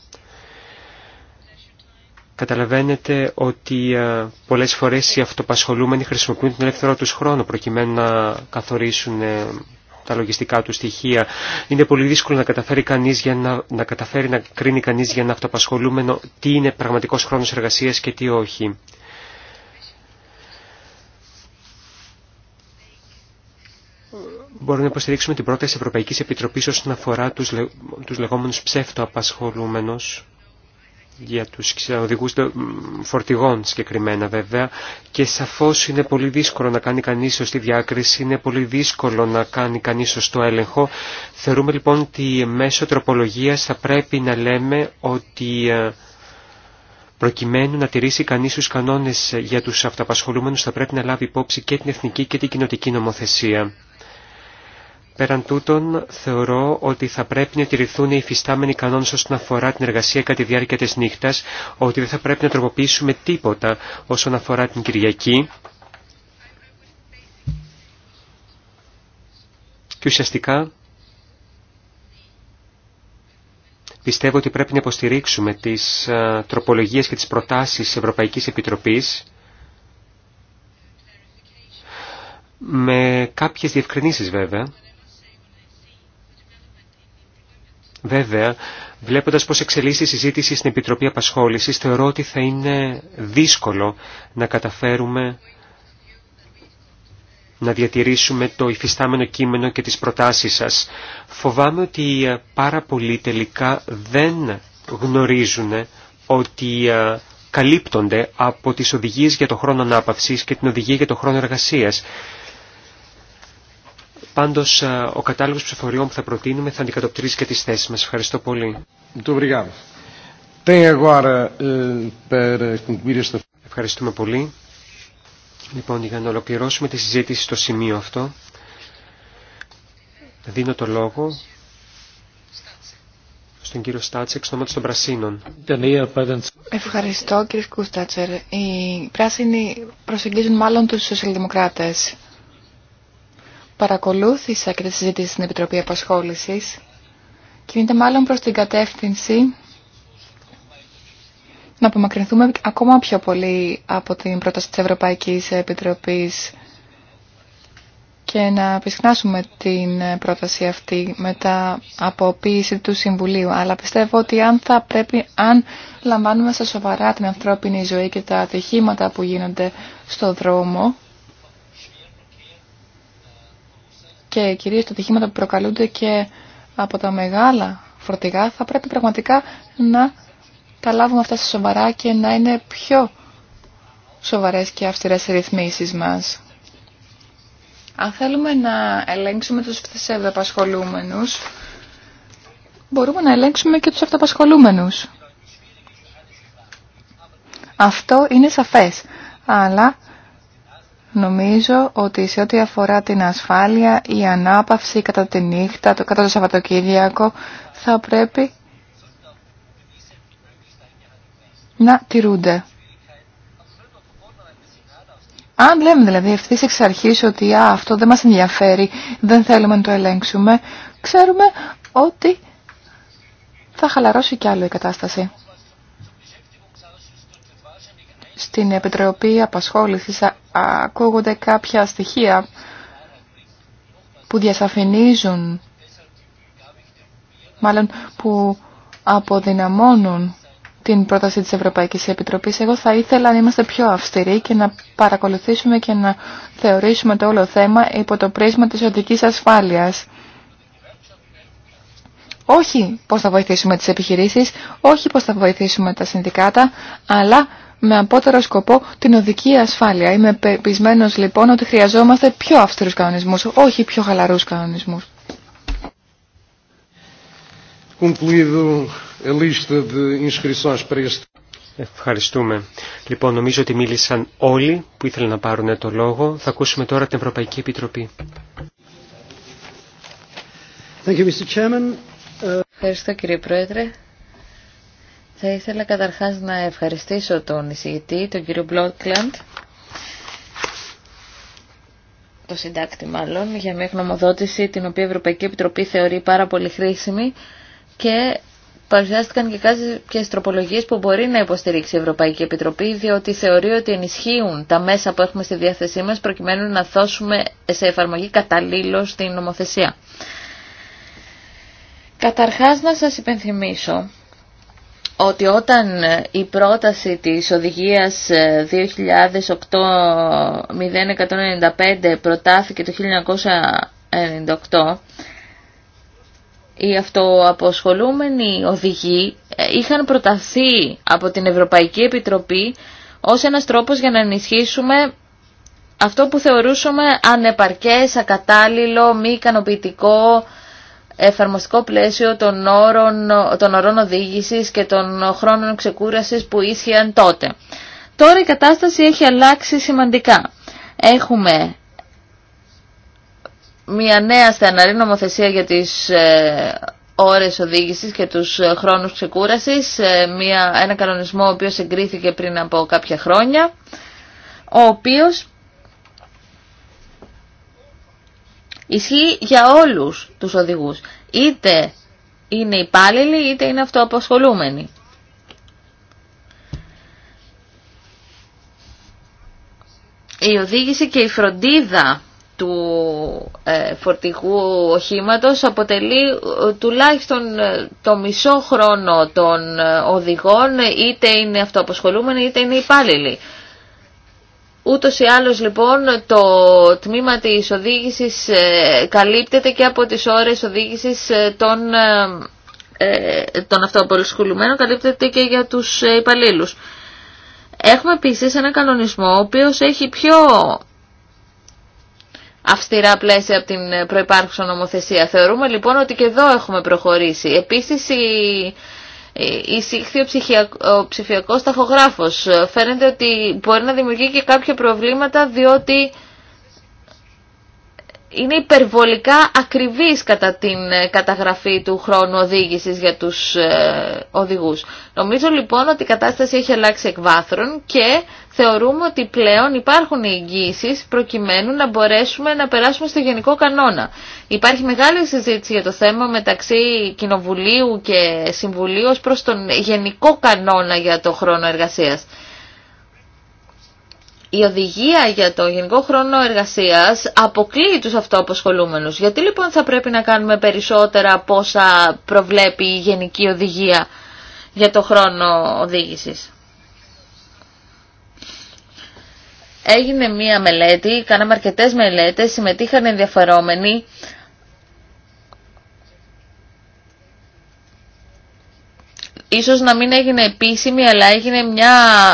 Καταλαβαίνετε ότι πολλές φορές οι αυτοπασχολούμενοι χρησιμοποιούν τον ελεύθερό τους χρόνο προκειμένου να καθορίσουν ε, τα λογιστικά του στοιχεία. Είναι πολύ δύσκολο να καταφέρει, για να, να, καταφέρει να κρίνει κανείς για ένα αυτοπασχολούμενο τι είναι πραγματικός χρόνος εργασίας και τι όχι. μπορούμε να υποστηρίξουμε την πρόταση Ευρωπαϊκής Επιτροπής όσον αφορά τους, λε, τους λεγόμενους για του οδηγούς φορτηγών συγκεκριμένα βέβαια και σαφώς είναι πολύ δύσκολο να κάνει κανείς σωστή διάκριση, είναι πολύ δύσκολο να κάνει κανείς σωστό έλεγχο. Θεωρούμε λοιπόν ότι μέσω τροπολογία θα πρέπει να λέμε ότι ε, προκειμένου να τηρήσει κανείς τους κανόνες για τους αυταπασχολούμενους θα πρέπει να λάβει υπόψη και την εθνική και την κοινοτική νομοθεσία. Πέραν τούτων, θεωρώ ότι θα πρέπει να τηρηθούν οι υφιστάμενοι κανόνες όσον αφορά την εργασία κατά τη διάρκεια της νύχτας, ότι δεν θα πρέπει να τροποποιήσουμε τίποτα όσον αφορά την Κυριακή. Και ουσιαστικά πιστεύω ότι πρέπει να υποστηρίξουμε τις τροπολογίες και τις προτάσεις Ευρωπαϊκής Επιτροπής με κάποιες διευκρινήσεις βέβαια Βέβαια, βλέποντας πώς εξελίσσει η συζήτηση στην Επιτροπή Απασχόλησης, θεωρώ ότι θα είναι δύσκολο να καταφέρουμε να διατηρήσουμε το υφιστάμενο κείμενο και τις προτάσεις σας. Φοβάμαι ότι ε, πάρα πολλοί τελικά δεν γνωρίζουν ότι ε, καλύπτονται από τις οδηγίες για το χρόνο ανάπαυσης και την οδηγία για το χρόνο εργασίας. Πάντως, ε, ο κατάλογος ψηφοριών που θα προτείνουμε θα αντικατοπτρίζει και τις θέσεις μας. Ευχαριστώ πολύ. Ευχαριστούμε πολύ. Λοιπόν, για να ολοκληρώσουμε τη συζήτηση στο σημείο αυτό, δίνω το λόγο στον κύριο Στάτσεκ, στο των Πρασίνων. Ευχαριστώ κύριε Κούστατσερ. Οι πράσινοι προσεγγίζουν μάλλον τους σοσιαλδημοκράτες παρακολούθησα και τη συζήτηση στην Επιτροπή Απασχόλησης κινείται μάλλον προς την κατεύθυνση να απομακρυνθούμε ακόμα πιο πολύ από την πρόταση της Ευρωπαϊκής Επιτροπής και να επισκνάσουμε την πρόταση αυτή μετά από ποιήση του Συμβουλίου. Αλλά πιστεύω ότι αν θα πρέπει, αν λαμβάνουμε στα σοβαρά την ανθρώπινη ζωή και τα ατυχήματα που γίνονται στο δρόμο, και κυρίως τα ατυχήματα που προκαλούνται και από τα μεγάλα φορτηγά θα πρέπει πραγματικά να τα λάβουμε αυτά σε σοβαρά και να είναι πιο σοβαρές και αυστηρές ρυθμίσεις μας. Αν θέλουμε να ελέγξουμε τους πασχολούμενους, μπορούμε να ελέγξουμε και τους αυτοπασχολούμενους. Αυτό είναι σαφές, αλλά Νομίζω ότι σε ό,τι αφορά την ασφάλεια, η ανάπαυση κατά τη νύχτα, το, κατά το Σαββατοκύριακο, θα πρέπει να τηρούνται. Αν λέμε δηλαδή ευθύ εξ αρχή ότι αυτό δεν μας ενδιαφέρει, δεν θέλουμε να το ελέγξουμε, ξέρουμε ότι θα χαλαρώσει κι άλλο η κατάσταση στην Επιτροπή Απασχόλησης ακούγονται κάποια στοιχεία που διασαφηνίζουν, μάλλον που αποδυναμώνουν την πρόταση της Ευρωπαϊκής Επιτροπής. Εγώ θα ήθελα να είμαστε πιο αυστηροί και να παρακολουθήσουμε και να θεωρήσουμε το όλο θέμα υπό το πρίσμα της οδικής ασφάλειας. Όχι πώς θα βοηθήσουμε τις επιχειρήσεις, όχι πώς θα βοηθήσουμε τα συνδικάτα, αλλά με απότερο σκοπό την οδική ασφάλεια. Είμαι πεπισμένος λοιπόν ότι χρειαζόμαστε πιο αυστηρούς κανονισμούς, όχι πιο χαλαρούς κανονισμούς. Ευχαριστούμε. Λοιπόν, νομίζω ότι μίλησαν όλοι που ήθελαν να πάρουν το λόγο. Θα ακούσουμε τώρα την Ευρωπαϊκή Επιτροπή. Ευχαριστώ κύριε Πρόεδρε. Θα ήθελα καταρχάς να ευχαριστήσω τον εισηγητή, τον κύριο Μπλόκλαντ, το συντάκτη μάλλον, για μια γνωμοδότηση την οποία η Ευρωπαϊκή Επιτροπή θεωρεί πάρα πολύ χρήσιμη και παρουσιάστηκαν και κάποιε τροπολογίε που μπορεί να υποστηρίξει η Ευρωπαϊκή Επιτροπή, διότι θεωρεί ότι ενισχύουν τα μέσα που έχουμε στη διάθεσή μα προκειμένου να δώσουμε σε εφαρμογή καταλήλω την νομοθεσία. Καταρχάς να σας υπενθυμίσω ότι όταν η πρόταση της οδηγίας 2008-0195 ε, προτάθηκε το 1998, οι αυτοαποσχολούμενοι οδηγοί ε, είχαν προταθεί από την Ευρωπαϊκή Επιτροπή ως ένας τρόπος για να ενισχύσουμε αυτό που θεωρούσαμε ανεπαρκές, ακατάλληλο, μη ικανοποιητικό εφαρμοστικό πλαίσιο των όρων, των ορών οδήγησης και των χρόνων ξεκούρασης που ίσχυαν τότε. Τώρα η κατάσταση έχει αλλάξει σημαντικά. Έχουμε μια νέα στεναρή νομοθεσία για τις ε, ώρες οδήγησης και τους χρόνους ξεκούρασης, ε, μια, ένα κανονισμό ο οποίος εγκρίθηκε πριν από κάποια χρόνια, ο οποίος Ισχύει για όλους τους οδηγούς. Είτε είναι υπάλληλοι είτε είναι αυτοαποσχολούμενοι. Η οδήγηση και η φροντίδα του ε, φορτηγού οχήματος αποτελεί ε, τουλάχιστον ε, το μισό χρόνο των οδηγών είτε είναι αυτοαποσχολούμενοι είτε είναι υπάλληλοι. Ούτως ή άλλως λοιπόν το τμήμα της οδήγησης ε, καλύπτεται και από τις ώρες οδήγησης ε, των, ε, των καλύπτεται και για τους υπαλλήλους. Έχουμε επίσης ένα κανονισμό ο οποίος έχει πιο αυστηρά πλαίσια από την προϋπάρχουσα νομοθεσία. Θεωρούμε λοιπόν ότι και εδώ έχουμε προχωρήσει. Επίσης η εισήχθη ο ψηφιακός ταχογράφος. Ε, φαίνεται ότι μπορεί να δημιουργεί και κάποια προβλήματα διότι είναι υπερβολικά ακριβής κατά την ε, καταγραφή του χρόνου οδήγησης για τους ε, οδηγούς. Νομίζω λοιπόν ότι η κατάσταση έχει αλλάξει εκ βάθρων και θεωρούμε ότι πλέον υπάρχουν εγγύησει προκειμένου να μπορέσουμε να περάσουμε στο γενικό κανόνα. Υπάρχει μεγάλη συζήτηση για το θέμα μεταξύ Κοινοβουλίου και Συμβουλίου ως προς τον γενικό κανόνα για το χρόνο εργασίας η οδηγία για το γενικό χρόνο εργασίας αποκλείει τους αυτοαποσχολούμενους. Γιατί λοιπόν θα πρέπει να κάνουμε περισσότερα από όσα προβλέπει η γενική οδηγία για το χρόνο οδήγησης. Έγινε μία μελέτη, κάναμε αρκετές μελέτες, συμμετείχαν ενδιαφερόμενοι Ίσως να μην έγινε επίσημη, αλλά έγινε μια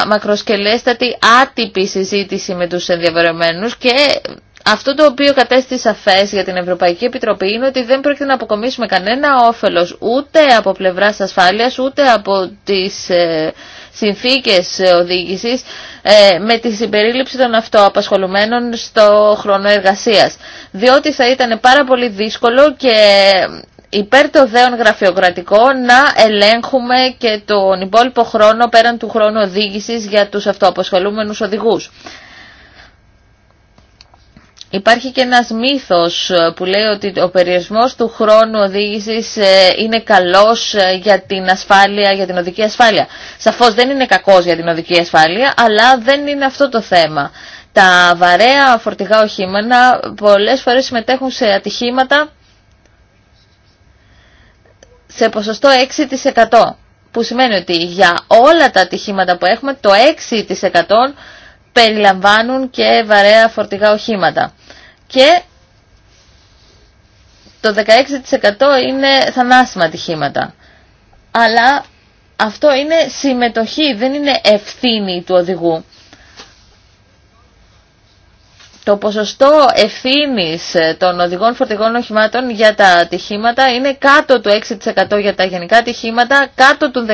μακροσκελέστατη άτυπη συζήτηση με τους ενδιαφερομένους και αυτό το οποίο κατέστησε σαφέ για την Ευρωπαϊκή Επιτροπή είναι ότι δεν πρόκειται να αποκομίσουμε κανένα όφελος ούτε από πλευράς ασφάλειας ούτε από τις ε, συνθήκες οδήγησης ε, με τη συμπερίληψη των αυτοαπασχολουμένων στο χρόνο εργασίας. Διότι θα ήταν πάρα πολύ δύσκολο και υπέρ το δέον γραφειοκρατικό να ελέγχουμε και τον υπόλοιπο χρόνο πέραν του χρόνου οδήγησης για τους αυτοαποσχολούμενους οδηγούς. Υπάρχει και ένας μύθος που λέει ότι ο περιορισμός του χρόνου οδήγησης ε, είναι καλός ε, για την ασφάλεια, για την οδική ασφάλεια. Σαφώς δεν είναι κακός για την οδική ασφάλεια, αλλά δεν είναι αυτό το θέμα. Τα βαρέα φορτηγά οχήματα πολλές φορές συμμετέχουν σε ατυχήματα σε ποσοστό 6% που σημαίνει ότι για όλα τα ατυχήματα που έχουμε το 6% περιλαμβάνουν και βαρέα φορτηγά οχήματα. Και το 16% είναι θανάσιμα ατυχήματα. Αλλά αυτό είναι συμμετοχή, δεν είναι ευθύνη του οδηγού το ποσοστό ευθύνη των οδηγών φορτηγών οχημάτων για τα ατυχήματα είναι κάτω του 6% για τα γενικά ατυχήματα, κάτω του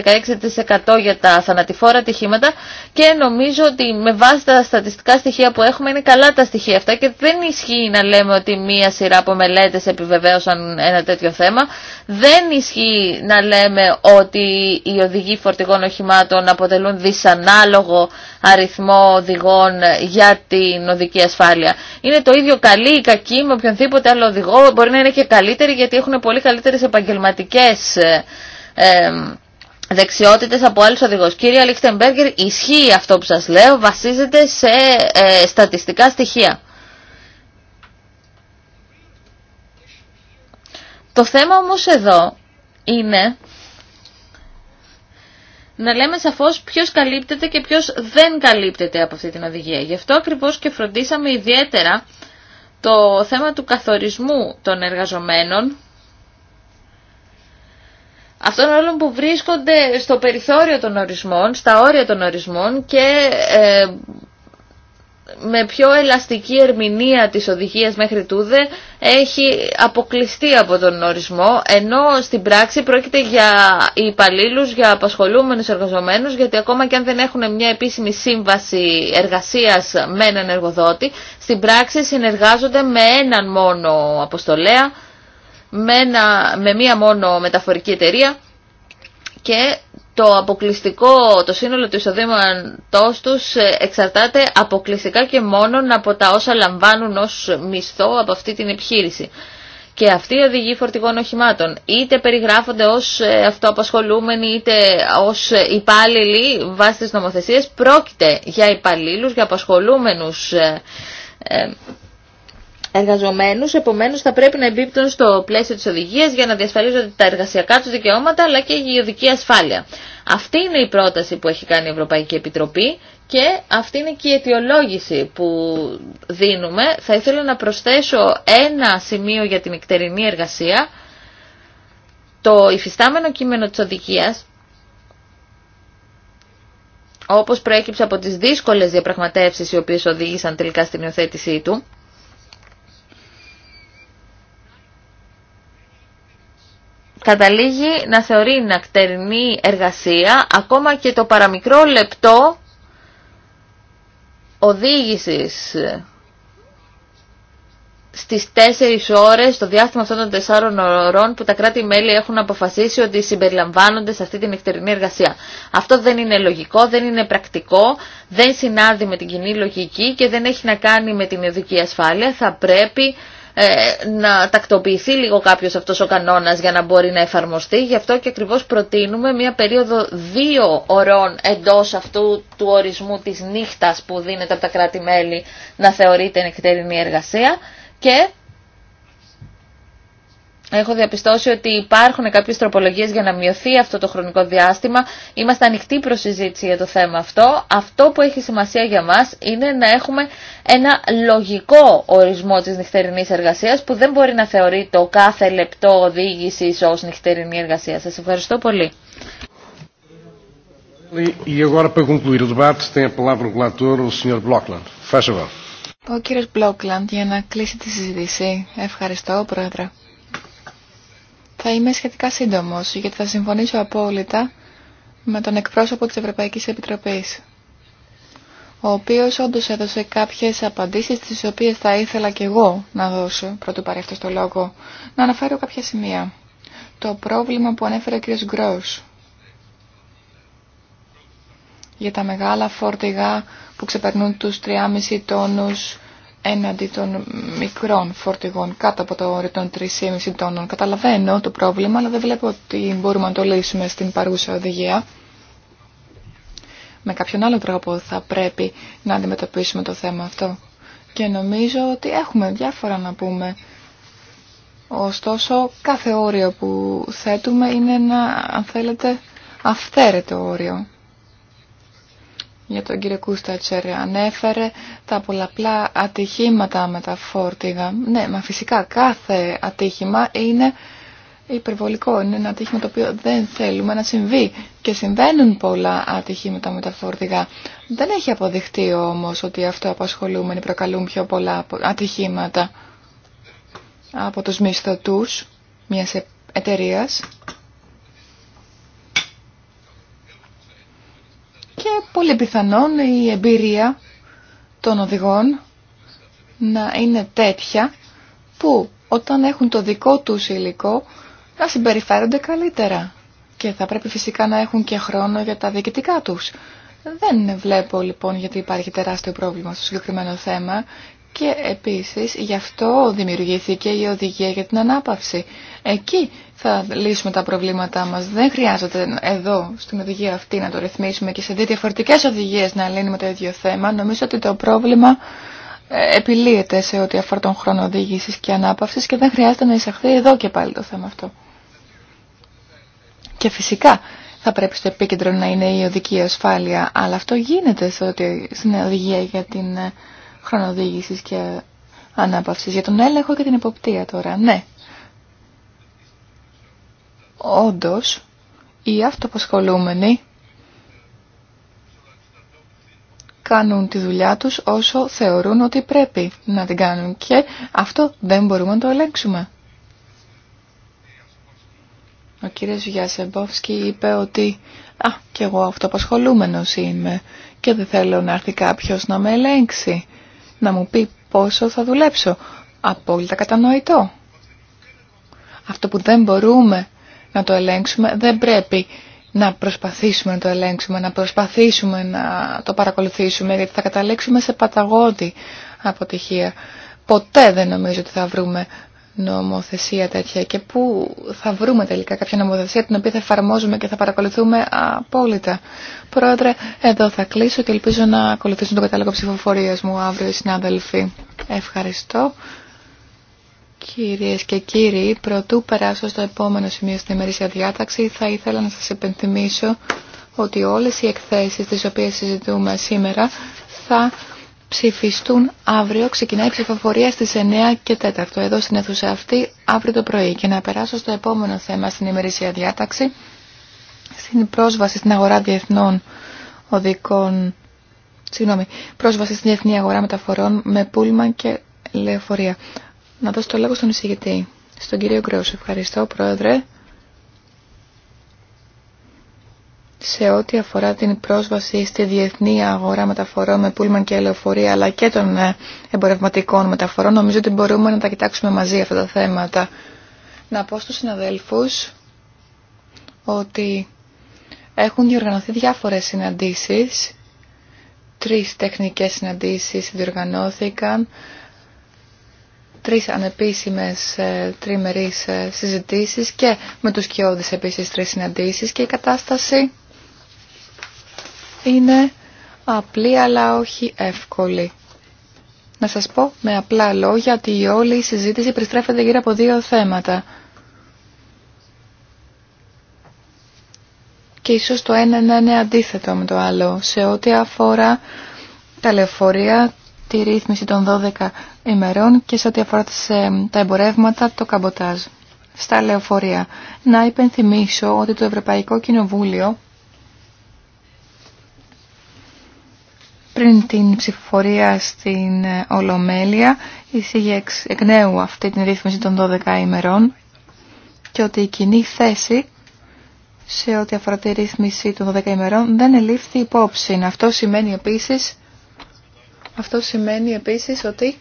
16% για τα θανατηφόρα ατυχήματα και νομίζω ότι με βάση τα στατιστικά στοιχεία που έχουμε είναι καλά τα στοιχεία αυτά και δεν ισχύει να λέμε ότι μία σειρά από μελέτες επιβεβαίωσαν ένα τέτοιο θέμα. Δεν ισχύει να λέμε ότι οι οδηγοί φορτηγών οχημάτων αποτελούν δυσανάλογο αριθμό οδηγών για την οδική ασφάλεια είναι το ίδιο καλή ή κακή με οποιονδήποτε άλλο οδηγό. Μπορεί να είναι και καλύτερη γιατί έχουν πολύ καλύτερε επαγγελματικέ ε, δεξιότητες από άλλους οδηγούς. Κύριε Λίχτεμπέργκερ, ισχύει αυτό που σας λέω, βασίζεται σε ε, στατιστικά στοιχεία. Το θέμα όμως εδώ είναι να λέμε σαφώς ποιος καλύπτεται και ποιος δεν καλύπτεται από αυτή την οδηγία. Γι' αυτό ακριβώς και φροντίσαμε ιδιαίτερα το θέμα του καθορισμού των εργαζομένων αυτών όλων που βρίσκονται στο περιθώριο των ορισμών, στα όρια των ορισμών και ε, με πιο ελαστική ερμηνεία της οδηγίας μέχρι τούδε έχει αποκλειστεί από τον ορισμό, ενώ στην πράξη πρόκειται για υπαλλήλου, για απασχολούμενους εργαζομένους, γιατί ακόμα και αν δεν έχουν μια επίσημη σύμβαση εργασίας με έναν εργοδότη, στην πράξη συνεργάζονται με έναν μόνο αποστολέα, με, με μία μόνο μεταφορική εταιρεία και το αποκλειστικό, το σύνολο του εισοδήματός τους ε, εξαρτάται αποκλειστικά και μόνο από τα όσα λαμβάνουν ως μισθό από αυτή την επιχείρηση. Και αυτοί οι οδηγοί φορτηγών οχημάτων είτε περιγράφονται ως ε, αυτοαπασχολούμενοι είτε ως υπάλληλοι βάσει της νομοθεσίες πρόκειται για υπαλλήλους, για απασχολούμενους ε, εργαζομένους, επομένως θα πρέπει να εμπίπτουν στο πλαίσιο της οδηγίας για να διασφαλίζονται τα εργασιακά τους δικαιώματα αλλά και η υγειοδική ασφάλεια. Αυτή είναι η πρόταση που έχει κάνει η Ευρωπαϊκή Επιτροπή και αυτή είναι και η αιτιολόγηση που δίνουμε. Θα ήθελα να προσθέσω ένα σημείο για την εκτερινή εργασία. Το υφιστάμενο κείμενο της οδηγίας όπως προέκυψε από τις δύσκολες διαπραγματεύσεις οι οποίες οδήγησαν τελικά στην υιοθέτησή του, καταλήγει να θεωρεί νακτερινή εργασία ακόμα και το παραμικρό λεπτό οδήγησης στις 4 ώρες, το διάστημα αυτών των 4 ωρών που τα κράτη-μέλη έχουν αποφασίσει ότι συμπεριλαμβάνονται σε αυτή την εκτερινή εργασία. Αυτό δεν είναι λογικό, δεν είναι πρακτικό, δεν συνάδει με την κοινή λογική και δεν έχει να κάνει με την ειδική ασφάλεια. Θα πρέπει ε, να τακτοποιηθεί λίγο κάποιος αυτός ο κανόνας για να μπορεί να εφαρμοστεί. Γι' αυτό και ακριβώς προτείνουμε μία περίοδο δύο ωρών εντός αυτού του ορισμού της νύχτας που δίνεται από τα κράτη-μέλη να θεωρείται νεκτερινή εργασία και Έχω διαπιστώσει ότι υπάρχουν κάποιες τροπολογίες για να μειωθεί αυτό το χρονικό διάστημα. Είμαστε ανοιχτοί προ συζήτηση για το θέμα αυτό. Αυτό που έχει σημασία για μας είναι να έχουμε ένα λογικό ορισμό της νυχτερινής εργασίας που δεν μπορεί να θεωρεί το κάθε λεπτό οδήγηση ως νυχτερινή εργασία. Σας ευχαριστώ πολύ. Ο κύριος Μπλόκλαντ για να κλείσει τη συζήτηση. Ευχαριστώ, Πρόεδρε. Θα είμαι σχετικά σύντομος, γιατί θα συμφωνήσω απόλυτα με τον εκπρόσωπο της Ευρωπαϊκής Επιτροπής, ο οποίος όντως έδωσε κάποιες απαντήσεις τις οποίες θα ήθελα και εγώ να δώσω, πρώτου παρέχοντα το λόγο, να αναφέρω κάποια σημεία. Το πρόβλημα που ανέφερε ο κ. Γκρός για τα μεγάλα φορτηγά που ξεπερνούν τους 3,5 τόνους έναντι των μικρών φορτηγών κάτω από το όριο των 3,5 τόνων. Καταλαβαίνω το πρόβλημα, αλλά δεν βλέπω ότι μπορούμε να το λύσουμε στην παρούσα οδηγία. Με κάποιον άλλο τρόπο θα πρέπει να αντιμετωπίσουμε το θέμα αυτό. Και νομίζω ότι έχουμε διάφορα να πούμε. Ωστόσο, κάθε όριο που θέτουμε είναι ένα, αν θέλετε, αυθαίρετο όριο για τον κύριο Κούστατσερ ανέφερε τα πολλαπλά ατυχήματα με τα φόρτιγα. Ναι, μα φυσικά κάθε ατύχημα είναι υπερβολικό. Είναι ένα ατύχημα το οποίο δεν θέλουμε να συμβεί και συμβαίνουν πολλά ατυχήματα με τα φόρτιγα. Δεν έχει αποδειχτεί όμως ότι αυτό απασχολούμενοι προκαλούν πιο πολλά ατυχήματα από τους μισθωτούς μιας εταιρείας και πολύ πιθανόν η εμπειρία των οδηγών να είναι τέτοια που όταν έχουν το δικό τους υλικό να συμπεριφέρονται καλύτερα και θα πρέπει φυσικά να έχουν και χρόνο για τα διοικητικά τους. Δεν βλέπω λοιπόν γιατί υπάρχει τεράστιο πρόβλημα στο συγκεκριμένο θέμα και επίσης γι' αυτό δημιουργήθηκε η οδηγία για την ανάπαυση. Εκεί θα λύσουμε τα προβλήματά μας. Δεν χρειάζεται εδώ στην οδηγία αυτή να το ρυθμίσουμε και σε δύο διαφορετικές οδηγίες να λύνουμε το ίδιο θέμα. Νομίζω ότι το πρόβλημα ε, επιλύεται σε ό,τι αφορά τον χρόνο οδήγησης και ανάπαυσης και δεν χρειάζεται να εισαχθεί εδώ και πάλι το θέμα αυτό. Και φυσικά θα πρέπει στο επίκεντρο να είναι η οδική ασφάλεια, αλλά αυτό γίνεται ό,τι στην οδηγία για την ε, χρόνο χρονοδήγηση και ανάπαυσης. Για τον έλεγχο και την υποπτία τώρα, ναι, Όντως, οι αυτοπασχολούμενοι κάνουν τη δουλειά τους όσο θεωρούν ότι πρέπει να την κάνουν και αυτό δεν μπορούμε να το ελέγξουμε. Ο κύριος Βιασεμπόφσκι είπε ότι «Α, κι εγώ αυτοπασχολούμενος είμαι και δεν θέλω να έρθει κάποιος να με ελέγξει, να μου πει πόσο θα δουλέψω». Απόλυτα κατανοητό. Αυτό που δεν μπορούμε να το ελέγξουμε. Δεν πρέπει να προσπαθήσουμε να το ελέγξουμε, να προσπαθήσουμε να το παρακολουθήσουμε, γιατί θα καταλήξουμε σε παταγώδη αποτυχία. Ποτέ δεν νομίζω ότι θα βρούμε νομοθεσία τέτοια και πού θα βρούμε τελικά κάποια νομοθεσία την οποία θα εφαρμόζουμε και θα παρακολουθούμε απόλυτα. Πρόεδρε, εδώ θα κλείσω και ελπίζω να ακολουθήσουν τον κατάλογο ψηφοφορία μου αύριο οι συνάδελφοι. Ευχαριστώ. Κυρίες και κύριοι, πρωτού περάσω στο επόμενο σημείο στην ημερήσια διάταξη, θα ήθελα να σας επενθυμίσω ότι όλες οι εκθέσεις τις οποίες συζητούμε σήμερα θα ψηφιστούν αύριο. Ξεκινάει η ψηφοφορία στις 9 και 4. Εδώ στην αίθουσα αυτή αύριο το πρωί. Και να περάσω στο επόμενο θέμα στην ημερήσια διάταξη. Στην πρόσβαση στην αγορά διεθνών οδικών... Συγγνώμη, πρόσβαση στην διεθνή αγορά μεταφορών με Πούλμα και λεωφορεία να δώσω το λόγο στον εισηγητή, στον κύριο Γκρός. Ευχαριστώ, Πρόεδρε. σε ό,τι αφορά την πρόσβαση στη διεθνή αγορά μεταφορών με πούλμαν και ελεοφορία αλλά και των ε, εμπορευματικών μεταφορών νομίζω ότι μπορούμε να τα κοιτάξουμε μαζί αυτά τα θέματα. Να πω στους συναδέλφους ότι έχουν διοργανωθεί διάφορες συναντήσεις. Τρεις τεχνικές συναντήσεις διοργανώθηκαν τρεις ανεπίσημες ε, τριμερείς ε, συζητήσεις και με τους κοιόδης επίσης τρεις συναντήσεις και η κατάσταση είναι απλή αλλά όχι εύκολη. Να σας πω με απλά λόγια ότι όλη η συζήτηση περιστρέφεται γύρω από δύο θέματα. Και ίσως το ένα να είναι αντίθετο με το άλλο σε ό,τι αφορά τα λεωφορεία, τη ρύθμιση των 12 ημερών και σε ό,τι αφορά τα εμπορεύματα, το καμποτάζ στα λεωφορεία. Να υπενθυμίσω ότι το Ευρωπαϊκό Κοινοβούλιο πριν την ψηφοφορία στην ε, Ολομέλεια εισήγε εκ νέου αυτή την ρύθμιση των 12 ημερών και ότι η κοινή θέση σε ό,τι αφορά τη ρύθμιση των 12 ημερών δεν ελήφθη υπόψη. Αυτό σημαίνει επίσης αυτό σημαίνει επίσης ότι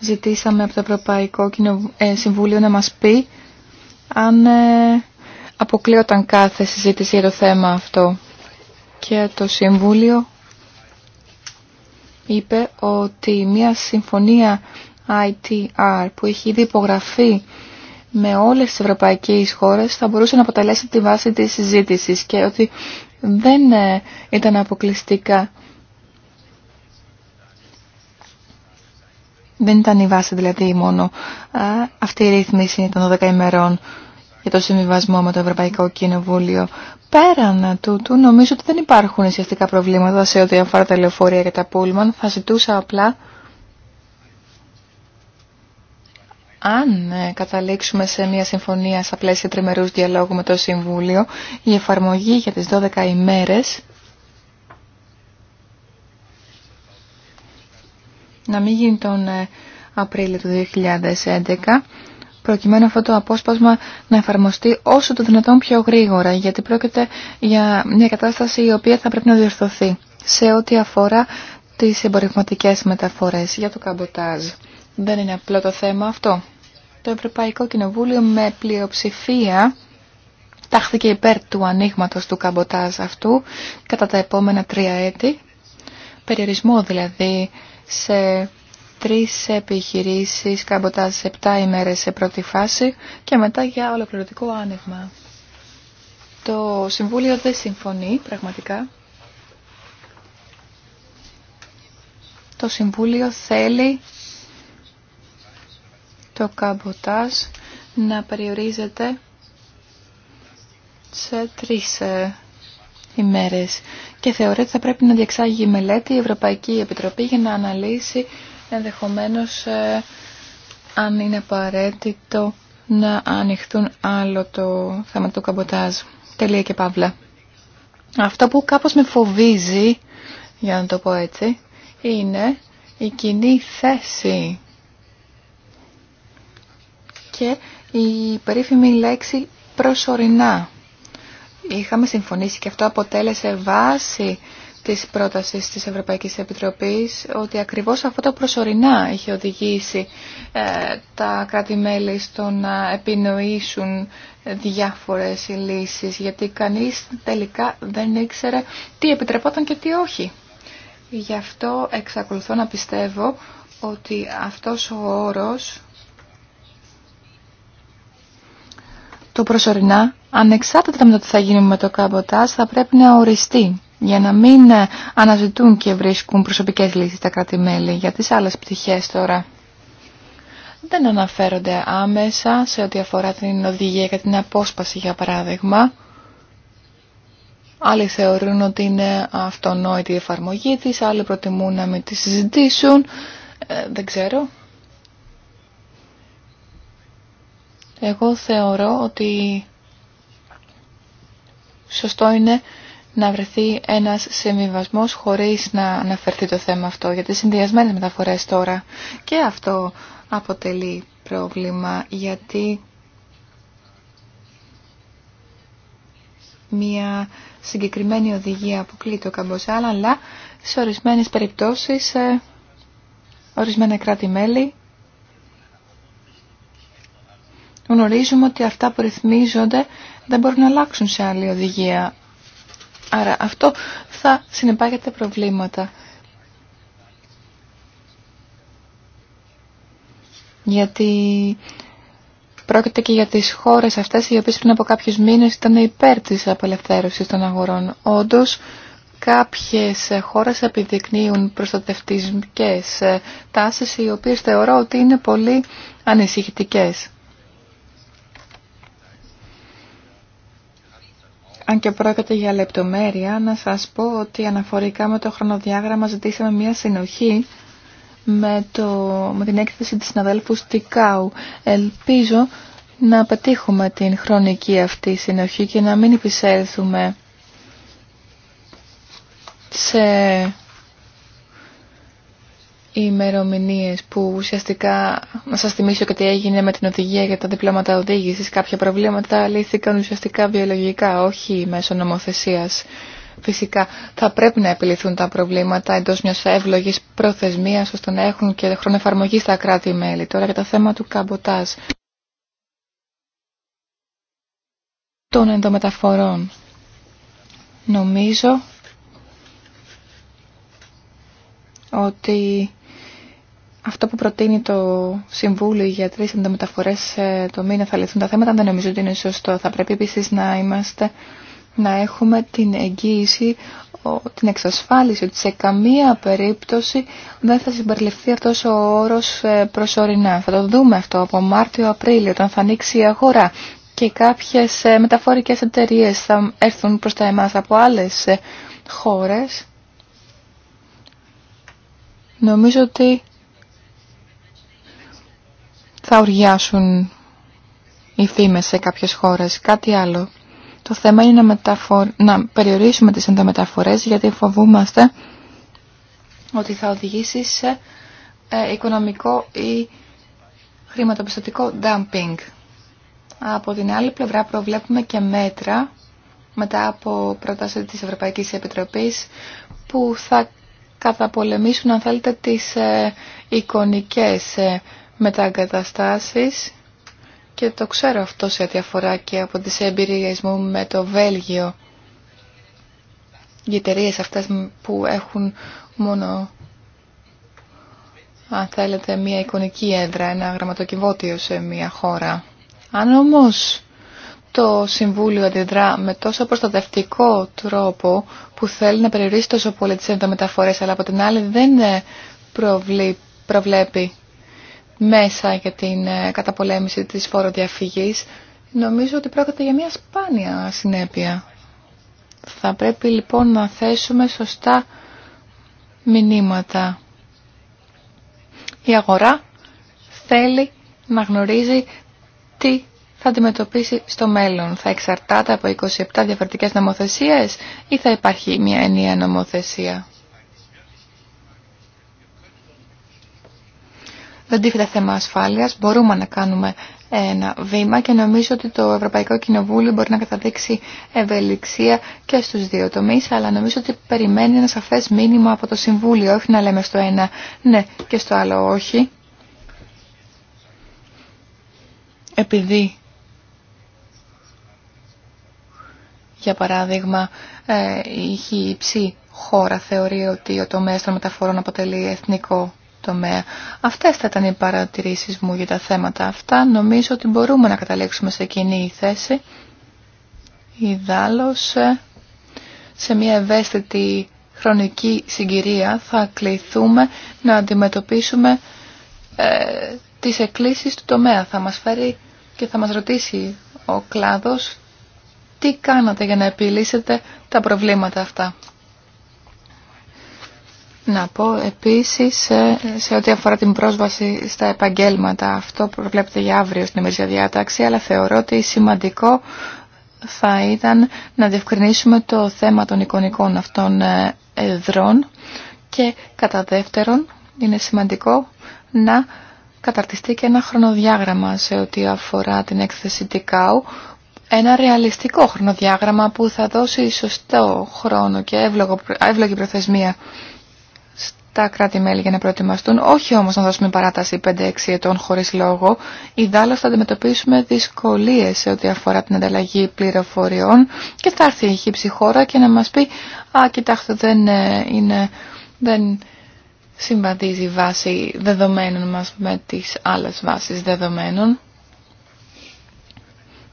ζητήσαμε από το Ευρωπαϊκό ε, Συμβούλιο να μας πει αν ε, αποκλείονταν κάθε συζήτηση για το θέμα αυτό. Και το Συμβούλιο είπε ότι μια συμφωνία ITR που έχει ήδη υπογραφεί με όλες τις ευρωπαϊκές χώρες θα μπορούσε να αποτελέσει τη βάση της συζήτησης και ότι δεν ε, ήταν αποκλειστικά Δεν ήταν η βάση δηλαδή μόνο αυτή η ρύθμιση των 12 ημερών για το συμβιβασμό με το Ευρωπαϊκό Κοινοβούλιο. Πέραν τούτου, νομίζω ότι δεν υπάρχουν ουσιαστικά προβλήματα σε ό,τι αφορά τα λεωφορεία και τα πούλμαν. Θα ζητούσα απλά, αν ε, καταλήξουμε σε μια συμφωνία στα πλαίσια τριμερούς διαλόγου με το Συμβούλιο, η εφαρμογή για τις 12 ημέρες να μην γίνει τον ε, Απρίλιο του 2011 προκειμένου αυτό το απόσπασμα να εφαρμοστεί όσο το δυνατόν πιο γρήγορα, γιατί πρόκειται για μια κατάσταση η οποία θα πρέπει να διορθωθεί σε ό,τι αφορά τις εμπορευματικές μεταφορές για το καμποτάζ. Δεν είναι απλό το θέμα αυτό. Το Ευρωπαϊκό Κοινοβούλιο με πλειοψηφία τάχθηκε υπέρ του ανοίγματο του καμποτάζ αυτού κατά τα επόμενα τρία έτη, περιορισμό δηλαδή σε τρεις επιχειρήσεις καμποτάζ σε 7 ημέρες σε πρώτη φάση και μετά για ολοκληρωτικό άνοιγμα. Το Συμβούλιο δεν συμφωνεί πραγματικά. Το Συμβούλιο θέλει το καμποτάζ να περιορίζεται σε τρεις ε, ημέρες και θεωρεί ότι θα πρέπει να διεξάγει η μελέτη η Ευρωπαϊκή Επιτροπή για να αναλύσει ενδεχομένως ε, αν είναι απαραίτητο να ανοιχτούν άλλο το θέμα του καμποτάζ. Τελεία και παύλα. Αυτό που κάπως με φοβίζει, για να το πω έτσι, είναι η κοινή θέση και η περίφημη λέξη προσωρινά είχαμε συμφωνήσει και αυτό αποτέλεσε βάση της πρότασης της Ευρωπαϊκής Επιτροπής ότι ακριβώς αυτό το προσωρινά είχε οδηγήσει ε, τα κράτη-μέλη στο να επινοήσουν διάφορες λύσεις γιατί κανείς τελικά δεν ήξερε τι επιτρεπόταν και τι όχι. Γι' αυτό εξακολουθώ να πιστεύω ότι αυτός ο όρος το προσωρινά, ανεξάρτητα με το τι θα γίνει με το καμποτάζ, θα πρέπει να οριστεί για να μην ε, αναζητούν και βρίσκουν προσωπικές λύσεις τα κράτη-μέλη για τις άλλες πτυχές τώρα. Δεν αναφέρονται άμεσα σε ό,τι αφορά την οδηγία και την απόσπαση για παράδειγμα. Άλλοι θεωρούν ότι είναι αυτονόητη η εφαρμογή της, άλλοι προτιμούν να μην τη συζητήσουν. Ε, δεν ξέρω. Εγώ θεωρώ ότι σωστό είναι να βρεθεί ένας συμβιβασμό χωρίς να αναφερθεί το θέμα αυτό για συνδυασμένες μεταφορές τώρα. Και αυτό αποτελεί πρόβλημα γιατί μια συγκεκριμένη οδηγία αποκλεί το καμποζάλα αλλά σε ορισμένες περιπτώσεις ε, ορισμένα κράτη-μέλη γνωρίζουμε ότι αυτά που ρυθμίζονται δεν μπορούν να αλλάξουν σε άλλη οδηγία. Άρα αυτό θα συνεπάγεται προβλήματα. Γιατί πρόκειται και για τις χώρες αυτές οι οποίες πριν από κάποιους μήνες ήταν υπέρ της απελευθέρωσης των αγορών. Όντως, κάποιες χώρες επιδεικνύουν προστατευτισμικές τάσεις οι οποίες θεωρώ ότι είναι πολύ ανησυχητικές. Αν και πρόκειται για λεπτομέρεια, να σας πω ότι αναφορικά με το χρονοδιάγραμμα ζητήσαμε μια συνοχή με, το, με την έκθεση της συναδέλφου Στικάου. Ελπίζω να πετύχουμε την χρονική αυτή συνοχή και να μην επισέλθουμε σε οι ημερομηνίε που ουσιαστικά, να σα θυμίσω και τι έγινε με την οδηγία για τα διπλώματα οδήγηση. κάποια προβλήματα λύθηκαν ουσιαστικά βιολογικά, όχι μέσω νομοθεσίας. Φυσικά θα πρέπει να επιληθούν τα προβλήματα εντό μια εύλογη προθεσμία ώστε να έχουν και χρόνο εφαρμογή στα κράτη-μέλη. Τώρα για το θέμα του καμποτάζ των ενδομεταφορών. Νομίζω ότι αυτό που προτείνει το Συμβούλιο για τρει ανταμεταφορές ε, το μήνα θα λυθούν τα θέματα, δεν νομίζω ότι είναι σωστό. Θα πρέπει επίση να είμαστε, να έχουμε την εγγύηση, την εξασφάλιση ότι σε καμία περίπτωση δεν θα συμπεριληφθεί αυτός ο όρος ε, προσωρινά. Θα το δούμε αυτό από Μάρτιο-Απρίλιο, όταν θα ανοίξει η αγορά και κάποιες ε, μεταφορικές εταιρείες θα έρθουν προς τα εμάς από άλλες χώρες. Νομίζω ότι θα οργιάσουν οι φήμες σε κάποιες χώρες. Κάτι άλλο. Το θέμα είναι να, μεταφορ... να περιορίσουμε τις ανταμεταφορές γιατί φοβούμαστε ότι θα οδηγήσει σε ε, οικονομικό ή χρηματοπιστωτικό dumping. Από την άλλη πλευρά προβλέπουμε και μέτρα μετά από πρόταση της Ευρωπαϊκής Επιτροπής που θα καταπολεμήσουν αν θέλετε τις ε, εικονικές ε, τα μεταγκαταστάσεις και το ξέρω αυτό σε διαφορά και από τις εμπειρίες μου με το Βέλγιο. Οι εταιρείε αυτές που έχουν μόνο, αν θέλετε, μια εικονική έδρα, ένα γραμματοκιβώτιο σε μια χώρα. Αν όμως το Συμβούλιο αντιδρά με τόσο προστατευτικό τρόπο που θέλει να περιορίσει τόσο πολύ τις αλλά από την άλλη δεν ε, προβλέπει μέσα για την ε, καταπολέμηση της φοροδιαφυγής, νομίζω ότι πρόκειται για μια σπάνια συνέπεια. Θα πρέπει λοιπόν να θέσουμε σωστά μηνύματα. Η αγορά θέλει να γνωρίζει τι θα αντιμετωπίσει στο μέλλον. Θα εξαρτάται από 27 διαφορετικές νομοθεσίες ή θα υπάρχει μια ενιαία νομοθεσία. Δεν τίθεται θέμα ασφάλειας. Μπορούμε να κάνουμε ένα βήμα και νομίζω ότι το Ευρωπαϊκό Κοινοβούλιο μπορεί να καταδείξει ευελιξία και στους δύο τομείς, αλλά νομίζω ότι περιμένει ένα σαφές μήνυμα από το Συμβούλιο, όχι να λέμε στο ένα ναι και στο άλλο όχι. Επειδή, για παράδειγμα, ε, η χύψη χώρα θεωρεί ότι ο τομέας των μεταφορών αποτελεί εθνικό τομέα. Αυτές θα ήταν οι παρατηρήσεις μου για τα θέματα αυτά. Νομίζω ότι μπορούμε να καταλήξουμε σε κοινή θέση. Ιδάλλως, ε, σε μια ευαίσθητη χρονική συγκυρία θα κληθούμε να αντιμετωπίσουμε ε, τις εκκλήσεις του τομέα. Θα μας φέρει και θα μας ρωτήσει ο κλάδος τι κάνατε για να επιλύσετε τα προβλήματα αυτά. Να πω επίσης ε, σε ό,τι αφορά την πρόσβαση στα επαγγέλματα. Αυτό προβλέπεται για αύριο στην ημερήσια διάταξη, αλλά θεωρώ ότι σημαντικό θα ήταν να διευκρινίσουμε το θέμα των εικονικών αυτών ε, εδρών και κατά δεύτερον είναι σημαντικό να καταρτιστεί και ένα χρονοδιάγραμμα σε ό,τι αφορά την έκθεση Τικάου ένα ρεαλιστικό χρονοδιάγραμμα που θα δώσει σωστό χρόνο και εύλογη προθεσμία τα κράτη-μέλη για να προετοιμαστούν, όχι όμως να δώσουμε παράταση 5-6 ετών χωρίς λόγο. Ιδάλλως θα αντιμετωπίσουμε δυσκολίες σε ό,τι αφορά την ανταλλαγή πληροφοριών και θα έρθει η χύψη χώρα και να μας πει «Α, κοιτάξτε, δεν, ε, είναι, δεν συμβαδίζει η βάση δεδομένων μας με τις άλλες βάσεις δεδομένων».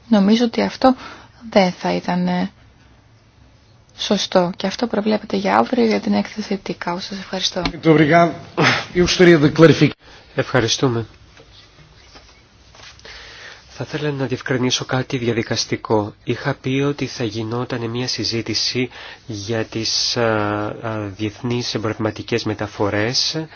Νομίζω ότι αυτό δεν θα ήταν ε, Σωστό. Και αυτό προβλέπετε για αύριο για την έκθεση ΤΙΚΑΟ. Σας ευχαριστώ. Ευχαριστούμε. Θα ήθελα να διευκρινίσω κάτι διαδικαστικό. Είχα πει ότι θα γινόταν μια συζήτηση για τις α, α, διεθνείς εμπορευματικές μεταφορές,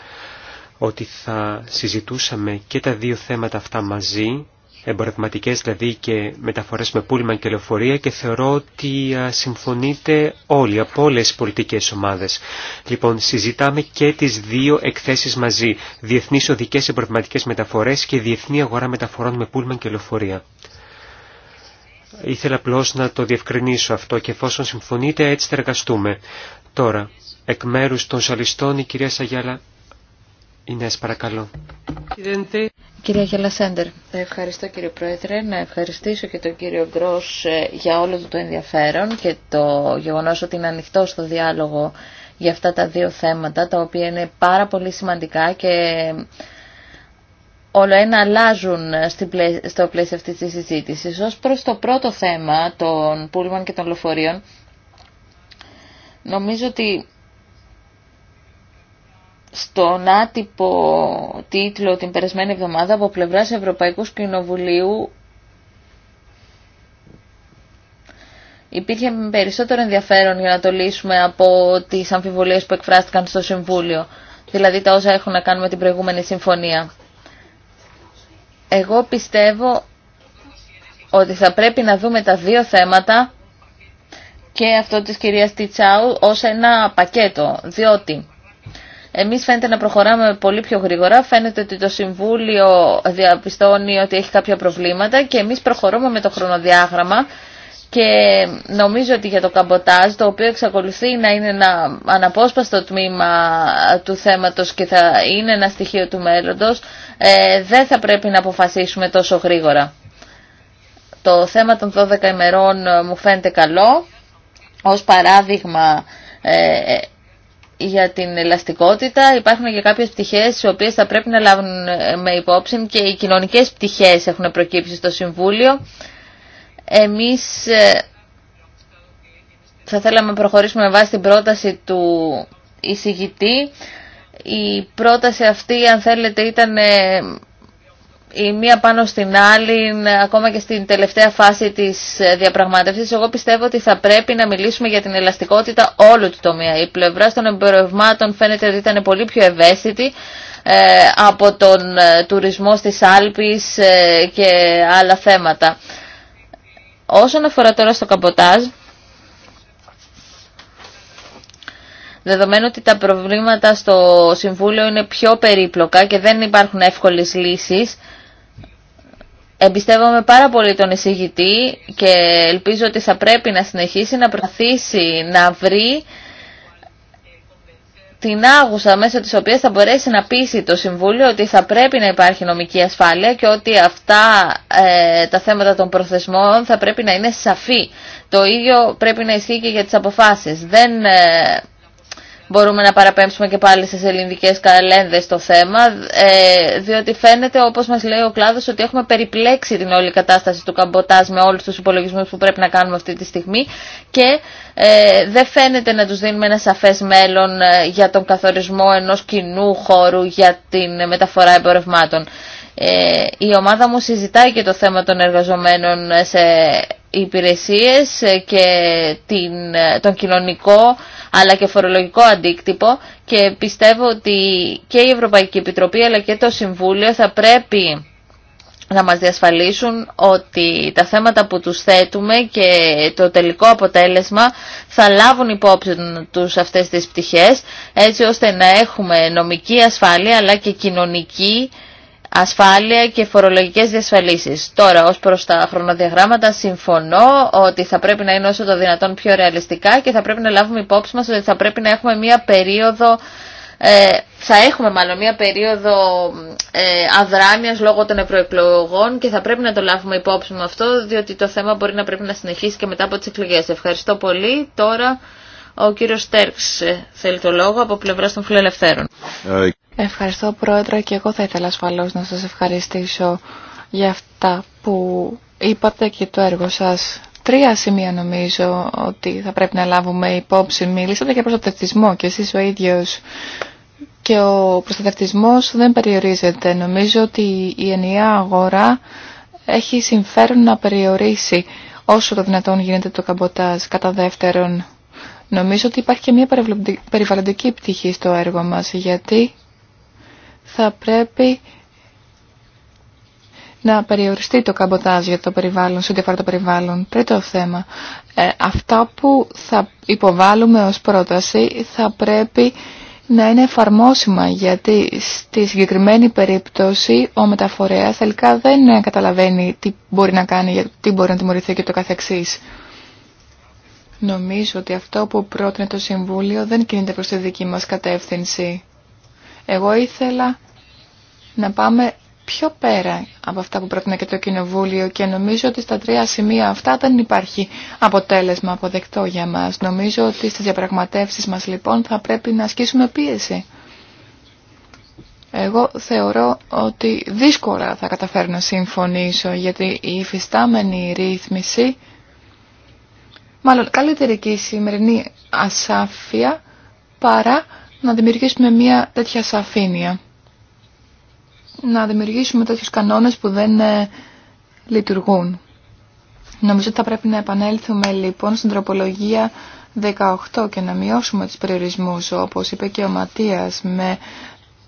ότι θα συζητούσαμε και τα δύο θέματα αυτά μαζί εμπορευματικές δηλαδή και μεταφορές με πούλμαν και λεωφορεία και θεωρώ ότι συμφωνείτε όλοι από όλες τις πολιτικές ομάδες. Λοιπόν, συζητάμε και τις δύο εκθέσεις μαζί, διεθνείς οδικές εμπορευματικές μεταφορές και διεθνή αγορά μεταφορών με πούλμαν και λεωφορεία. Ήθελα απλώ να το διευκρινίσω αυτό και εφόσον συμφωνείτε έτσι θα εργαστούμε. Τώρα, εκ μέρου των σαλιστών η κυρία Σαγιάλα Ινές παρακαλώ. Κυρία Γελασέντερ. Ε, ευχαριστώ κύριε Πρόεδρε. Να ευχαριστήσω και τον κύριο Γκρός ε, για όλο το ενδιαφέρον και το γεγονός ότι είναι ανοιχτό στο διάλογο για αυτά τα δύο θέματα, τα οποία είναι πάρα πολύ σημαντικά και όλο ένα αλλάζουν στο πλαίσιο αυτής της συζήτησης. Ως προς το πρώτο θέμα των πούλμαν και των λοφορείων, νομίζω ότι στον άτυπο τίτλο την περασμένη εβδομάδα από πλευράς Ευρωπαϊκού Κοινοβουλίου υπήρχε περισσότερο ενδιαφέρον για να το λύσουμε από τις αμφιβολίες που εκφράστηκαν στο Συμβούλιο, δηλαδή τα όσα έχουν να κάνουν με την προηγούμενη συμφωνία. Εγώ πιστεύω ότι θα πρέπει να δούμε τα δύο θέματα και αυτό της κυρίας Τιτσάου ως ένα πακέτο, διότι εμείς φαίνεται να προχωράμε πολύ πιο γρήγορα. Φαίνεται ότι το Συμβούλιο διαπιστώνει ότι έχει κάποια προβλήματα και εμείς προχωρούμε με το χρονοδιάγραμμα και νομίζω ότι για το καμποτάζ, το οποίο εξακολουθεί να είναι ένα αναπόσπαστο τμήμα του θέματος και θα είναι ένα στοιχείο του μέλλοντος, ε, δεν θα πρέπει να αποφασίσουμε τόσο γρήγορα. Το θέμα των 12 ημερών μου φαίνεται καλό. Ως παράδειγμα ε, για την ελαστικότητα υπάρχουν και κάποιες πτυχές οι οποίες θα πρέπει να λάβουν ε, με υπόψη και οι κοινωνικές πτυχές έχουν προκύψει στο Συμβούλιο. Εμείς ε, θα θέλαμε να προχωρήσουμε με βάση την πρόταση του εισηγητή. Η πρόταση αυτή, αν θέλετε, ήταν ε, η μία πάνω στην άλλη, ακόμα και στην τελευταία φάση της ε, διαπραγμάτευσης, εγώ πιστεύω ότι θα πρέπει να μιλήσουμε για την ελαστικότητα όλου του τομέα. Η πλευρά των εμπορευμάτων φαίνεται ότι ήταν πολύ πιο ευαίσθητη ε, από τον ε, τουρισμό στις Άλπεις και άλλα θέματα. Όσον αφορά τώρα στο καμποτάζ, δεδομένου ότι τα προβλήματα στο Συμβούλιο είναι πιο περίπλοκα και δεν υπάρχουν εύκολες λύσεις, Εμπιστεύομαι πάρα πολύ τον εισηγητή και ελπίζω ότι θα πρέπει να συνεχίσει να προσπαθήσει να βρει την άγουσα μέσω της οποίας θα μπορέσει να πείσει το Συμβούλιο ότι θα πρέπει να υπάρχει νομική ασφάλεια και ότι αυτά ε, τα θέματα των προθεσμών θα πρέπει να είναι σαφή. Το ίδιο πρέπει να ισχύει και για τις αποφάσεις. Ε, μπορούμε να παραπέμψουμε και πάλι στις ελληνικές καλένδες το θέμα, ε, διότι φαίνεται, όπως μας λέει ο κλάδος, ότι έχουμε περιπλέξει την όλη κατάσταση του καμποτάζ με όλους τους υπολογισμούς που πρέπει να κάνουμε αυτή τη στιγμή και ε, δεν φαίνεται να τους δίνουμε ένα σαφές μέλλον ε, για τον καθορισμό ενός κοινού χώρου για την μεταφορά εμπορευμάτων. Η ομάδα μου συζητάει και το θέμα των εργαζομένων σε υπηρεσίες ε, και ε, τον κοινωνικό αλλά και φορολογικό αντίκτυπο και πιστεύω ότι και η Ευρωπαϊκή Επιτροπή αλλά και το Συμβούλιο θα πρέπει να μας διασφαλίσουν ότι τα θέματα που τους θέτουμε και το τελικό αποτέλεσμα θα λάβουν υπόψη τους αυτές τις πτυχές έτσι ώστε να έχουμε νομική ασφάλεια αλλά και κοινωνική ασφάλεια και φορολογικές διασφαλίσεις. Τώρα, ως προς τα χρονοδιαγράμματα, συμφωνώ ότι θα πρέπει να είναι όσο το δυνατόν πιο ρεαλιστικά και θα πρέπει να λάβουμε υπόψη μας ότι θα πρέπει να έχουμε μία περίοδο ε, θα έχουμε μάλλον μια περίοδο ε, αδράνειας λόγω των ευρωεκλογών και θα πρέπει να το λάβουμε υπόψη με αυτό διότι το θέμα μπορεί να πρέπει να συνεχίσει και μετά από τις εκλογές. Ευχαριστώ πολύ. Τώρα ο κύριος Στέρξ ε, θέλει το λόγο από πλευρά των φιλελευθέρων. Ευχαριστώ Πρόεδρε και εγώ θα ήθελα ασφαλώς να σας ευχαριστήσω για αυτά που είπατε και το έργο σας. Τρία σημεία νομίζω ότι θα πρέπει να λάβουμε υπόψη. Μιλήσατε για προστατευτισμό και εσείς ο ίδιος και ο προστατευτισμός δεν περιορίζεται. Νομίζω ότι η ενιαία αγορά έχει συμφέρον να περιορίσει όσο το δυνατόν γίνεται το καμποτάζ. Κατά δεύτερον, Νομίζω ότι υπάρχει και μια περιβαλλοντική πτυχή στο έργο μας, γιατί θα πρέπει να περιοριστεί το καμποτάζ για το περιβάλλον, σε ό,τι αφορά το περιβάλλον. Τρίτο θέμα. Ε, αυτά που θα υποβάλουμε ως πρόταση θα πρέπει να είναι εφαρμόσιμα, γιατί στη συγκεκριμένη περίπτωση ο μεταφορέας τελικά δεν καταλαβαίνει τι μπορεί να κάνει, τι μπορεί να τιμωρηθεί και το καθεξής. Νομίζω ότι αυτό που πρότεινε το Συμβούλιο δεν κινείται προς τη δική μας κατεύθυνση. Εγώ ήθελα να πάμε πιο πέρα από αυτά που πρότεινε και το Κοινοβούλιο και νομίζω ότι στα τρία σημεία αυτά δεν υπάρχει αποτέλεσμα αποδεκτό για μας. Νομίζω ότι στις διαπραγματεύσεις μας λοιπόν θα πρέπει να ασκήσουμε πίεση. Εγώ θεωρώ ότι δύσκολα θα καταφέρω να συμφωνήσω γιατί η υφιστάμενη ρύθμιση μάλλον καλύτερη και η σημερινή ασάφεια παρά να δημιουργήσουμε μια τέτοια σαφήνεια. Να δημιουργήσουμε τέτοιους κανόνες που δεν ε, λειτουργούν. Νομίζω ότι θα πρέπει να επανέλθουμε λοιπόν στην τροπολογία 18 και να μειώσουμε τις περιορισμούς όπως είπε και ο Ματίας με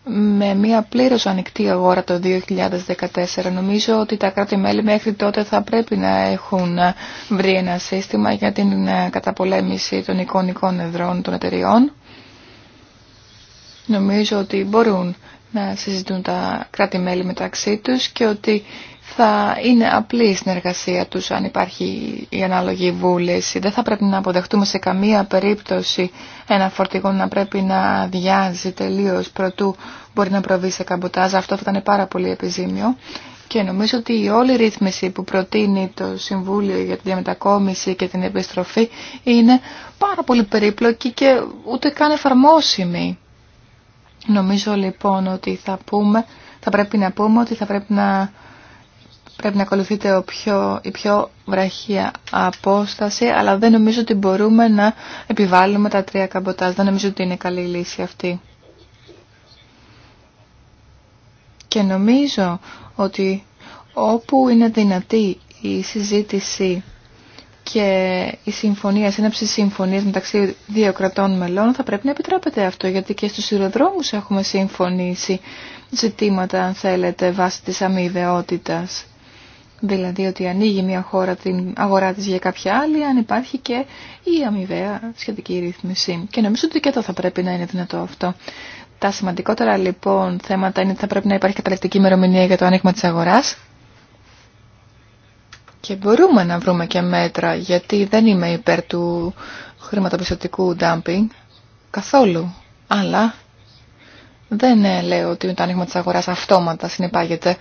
με μια πλήρως ανοιχτή αγορά το 2014. Νομίζω ότι τα κράτη-μέλη μέχρι τότε θα πρέπει να έχουν βρει ένα σύστημα για την ε, καταπολέμηση των εικονικών εδρών των εταιριών. Νομίζω ότι μπορούν να συζητούν τα κράτη-μέλη μεταξύ τους και ότι θα είναι απλή η συνεργασία τους αν υπάρχει η ανάλογη βούληση. Δεν θα πρέπει να αποδεχτούμε σε καμία περίπτωση ένα φορτηγό να πρέπει να διάζει τελείως προτού μπορεί να προβεί σε καμποτάζ. Αυτό θα ήταν πάρα πολύ επιζήμιο. Και νομίζω ότι η όλη ρύθμιση που προτείνει το Συμβούλιο για τη διαμετακόμιση και την επιστροφή είναι πάρα πολύ περίπλοκη και ούτε καν εφαρμόσιμη. Νομίζω λοιπόν ότι θα, πούμε, θα πρέπει να πούμε ότι θα πρέπει να πρέπει να ακολουθείται ο η πιο βραχία απόσταση, αλλά δεν νομίζω ότι μπορούμε να επιβάλλουμε τα τρία καμποτάζ. Δεν νομίζω ότι είναι καλή λύση αυτή. Και νομίζω ότι όπου είναι δυνατή η συζήτηση και η συμφωνία, η σύναψη συμφωνία μεταξύ δύο κρατών μελών θα πρέπει να επιτρέπεται αυτό, γιατί και στους σειροδρόμους έχουμε συμφωνήσει ζητήματα, αν θέλετε, βάσει της αμοιβαιότητας. Δηλαδή ότι ανοίγει μια χώρα την αγορά της για κάποια άλλη, αν υπάρχει και η αμοιβαία σχετική ρύθμιση. Και νομίζω ότι και εδώ θα πρέπει να είναι δυνατό αυτό. Τα σημαντικότερα λοιπόν θέματα είναι ότι θα πρέπει να υπάρχει καταληκτική ημερομηνία για το ανοίγμα της αγοράς. Και μπορούμε να βρούμε και μέτρα, γιατί δεν είμαι υπέρ του χρηματοπιστωτικού dumping καθόλου. Αλλά δεν λέω ότι το άνοιγμα της αγοράς αυτόματα συνεπάγεται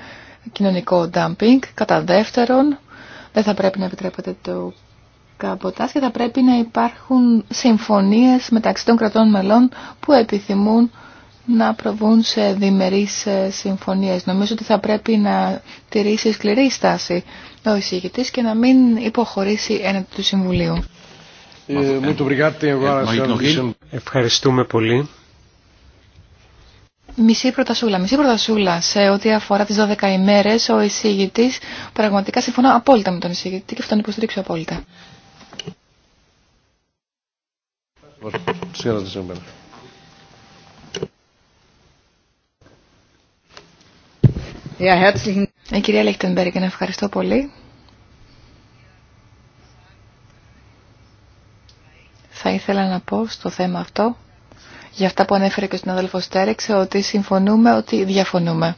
κοινωνικό dumping. Κατά δεύτερον, δεν θα πρέπει να επιτρέπεται το καμποτάς και θα πρέπει να υπάρχουν συμφωνίες μεταξύ των κρατών μελών που επιθυμούν να προβούν σε διμερείς ε, συμφωνίες. Νομίζω ότι θα πρέπει να τηρήσει σκληρή στάση ο εισηγητής και να μην υποχωρήσει ένα του Συμβουλίου. Ε, ε, Ευχαριστούμε πολύ. Μισή προτασούλα. Μισή σε ό,τι αφορά τις 12 ημέρες ο εισηγητής. Πραγματικά συμφωνώ απόλυτα με τον εισηγητή και αυτόν τον υποστηρίξω απόλυτα. Η κυρία να ευχαριστώ πολύ. Θα ήθελα να πω στο θέμα αυτό για αυτά που ανέφερε και ο συνάδελφο Στέρεξ, ότι συμφωνούμε ότι διαφωνούμε.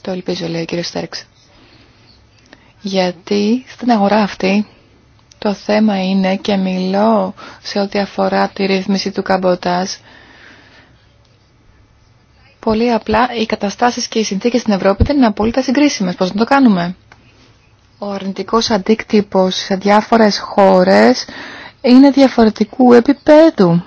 Το ελπίζω, λέει ο κύριο Στέρεξ. Γιατί στην αγορά αυτή το θέμα είναι και μιλώ σε ό,τι αφορά τη ρύθμιση του καμποτάζ. Πολύ απλά οι καταστάσεις και οι συνθήκες στην Ευρώπη δεν είναι απόλυτα συγκρίσιμες. Πώς να το κάνουμε. Ο αρνητικός αντίκτυπος σε διάφορες χώρες είναι διαφορετικού επίπεδου.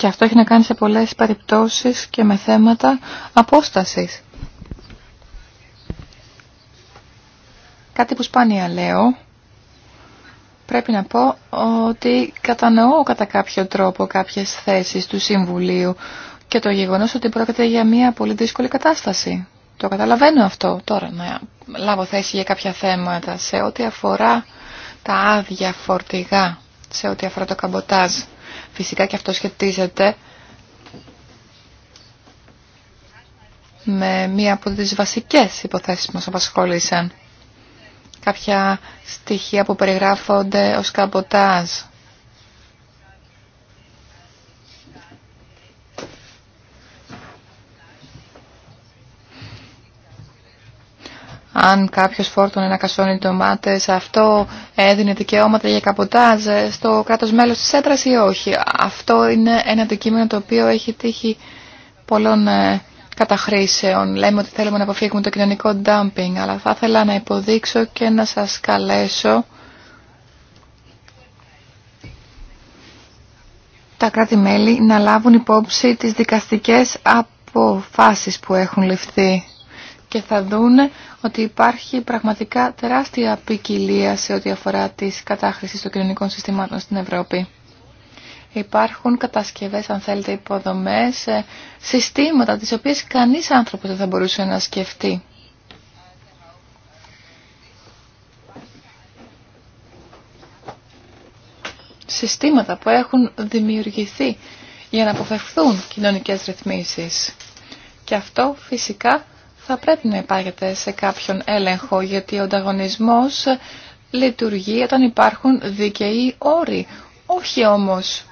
Και αυτό έχει να κάνει σε πολλές περιπτώσεις και με θέματα απόστασης. Κάτι που σπάνια λέω, πρέπει να πω ότι κατανοώ κατά κάποιο τρόπο κάποιες θέσεις του Συμβουλίου και το γεγονός ότι πρόκειται για μια πολύ δύσκολη κατάσταση. Το καταλαβαίνω αυτό τώρα, να λάβω θέση για κάποια θέματα σε ό,τι αφορά τα άδεια φορτηγά, σε ό,τι αφορά το καμποτάζ. Φυσικά και αυτό σχετίζεται με μία από τις βασικές υποθέσεις που μας απασχόλησαν. Κάποια στοιχεία που περιγράφονται ως καμποτάζ αν κάποιος φόρτωνε να κασώνει ντομάτες, αυτό έδινε δικαιώματα για καποτάζ στο κράτος μέλος της έντρας ή όχι. Αυτό είναι ένα αντικείμενο το οποίο έχει τύχει πολλών ε, καταχρήσεων. Λέμε ότι θέλουμε να αποφύγουμε το κοινωνικό dumping, αλλά θα ήθελα να υποδείξω και να σας καλέσω τα κράτη-μέλη να λάβουν υπόψη τις δικαστικές αποφάσεις που έχουν ληφθεί και θα δούνε ότι υπάρχει πραγματικά τεράστια ποικιλία σε ό,τι αφορά τις κατάχρηση των κοινωνικών συστημάτων στην Ευρώπη. Υπάρχουν κατασκευές, αν θέλετε, υποδομές, ε, συστήματα, τις οποίες κανείς άνθρωπος δεν θα μπορούσε να σκεφτεί. Συστήματα που έχουν δημιουργηθεί για να αποφευθούν κοινωνικές ρυθμίσεις. Και αυτό φυσικά θα πρέπει να υπάρχετε σε κάποιον έλεγχο, γιατί ο ανταγωνισμός λειτουργεί όταν υπάρχουν δικαιοί όροι. Όχι όμως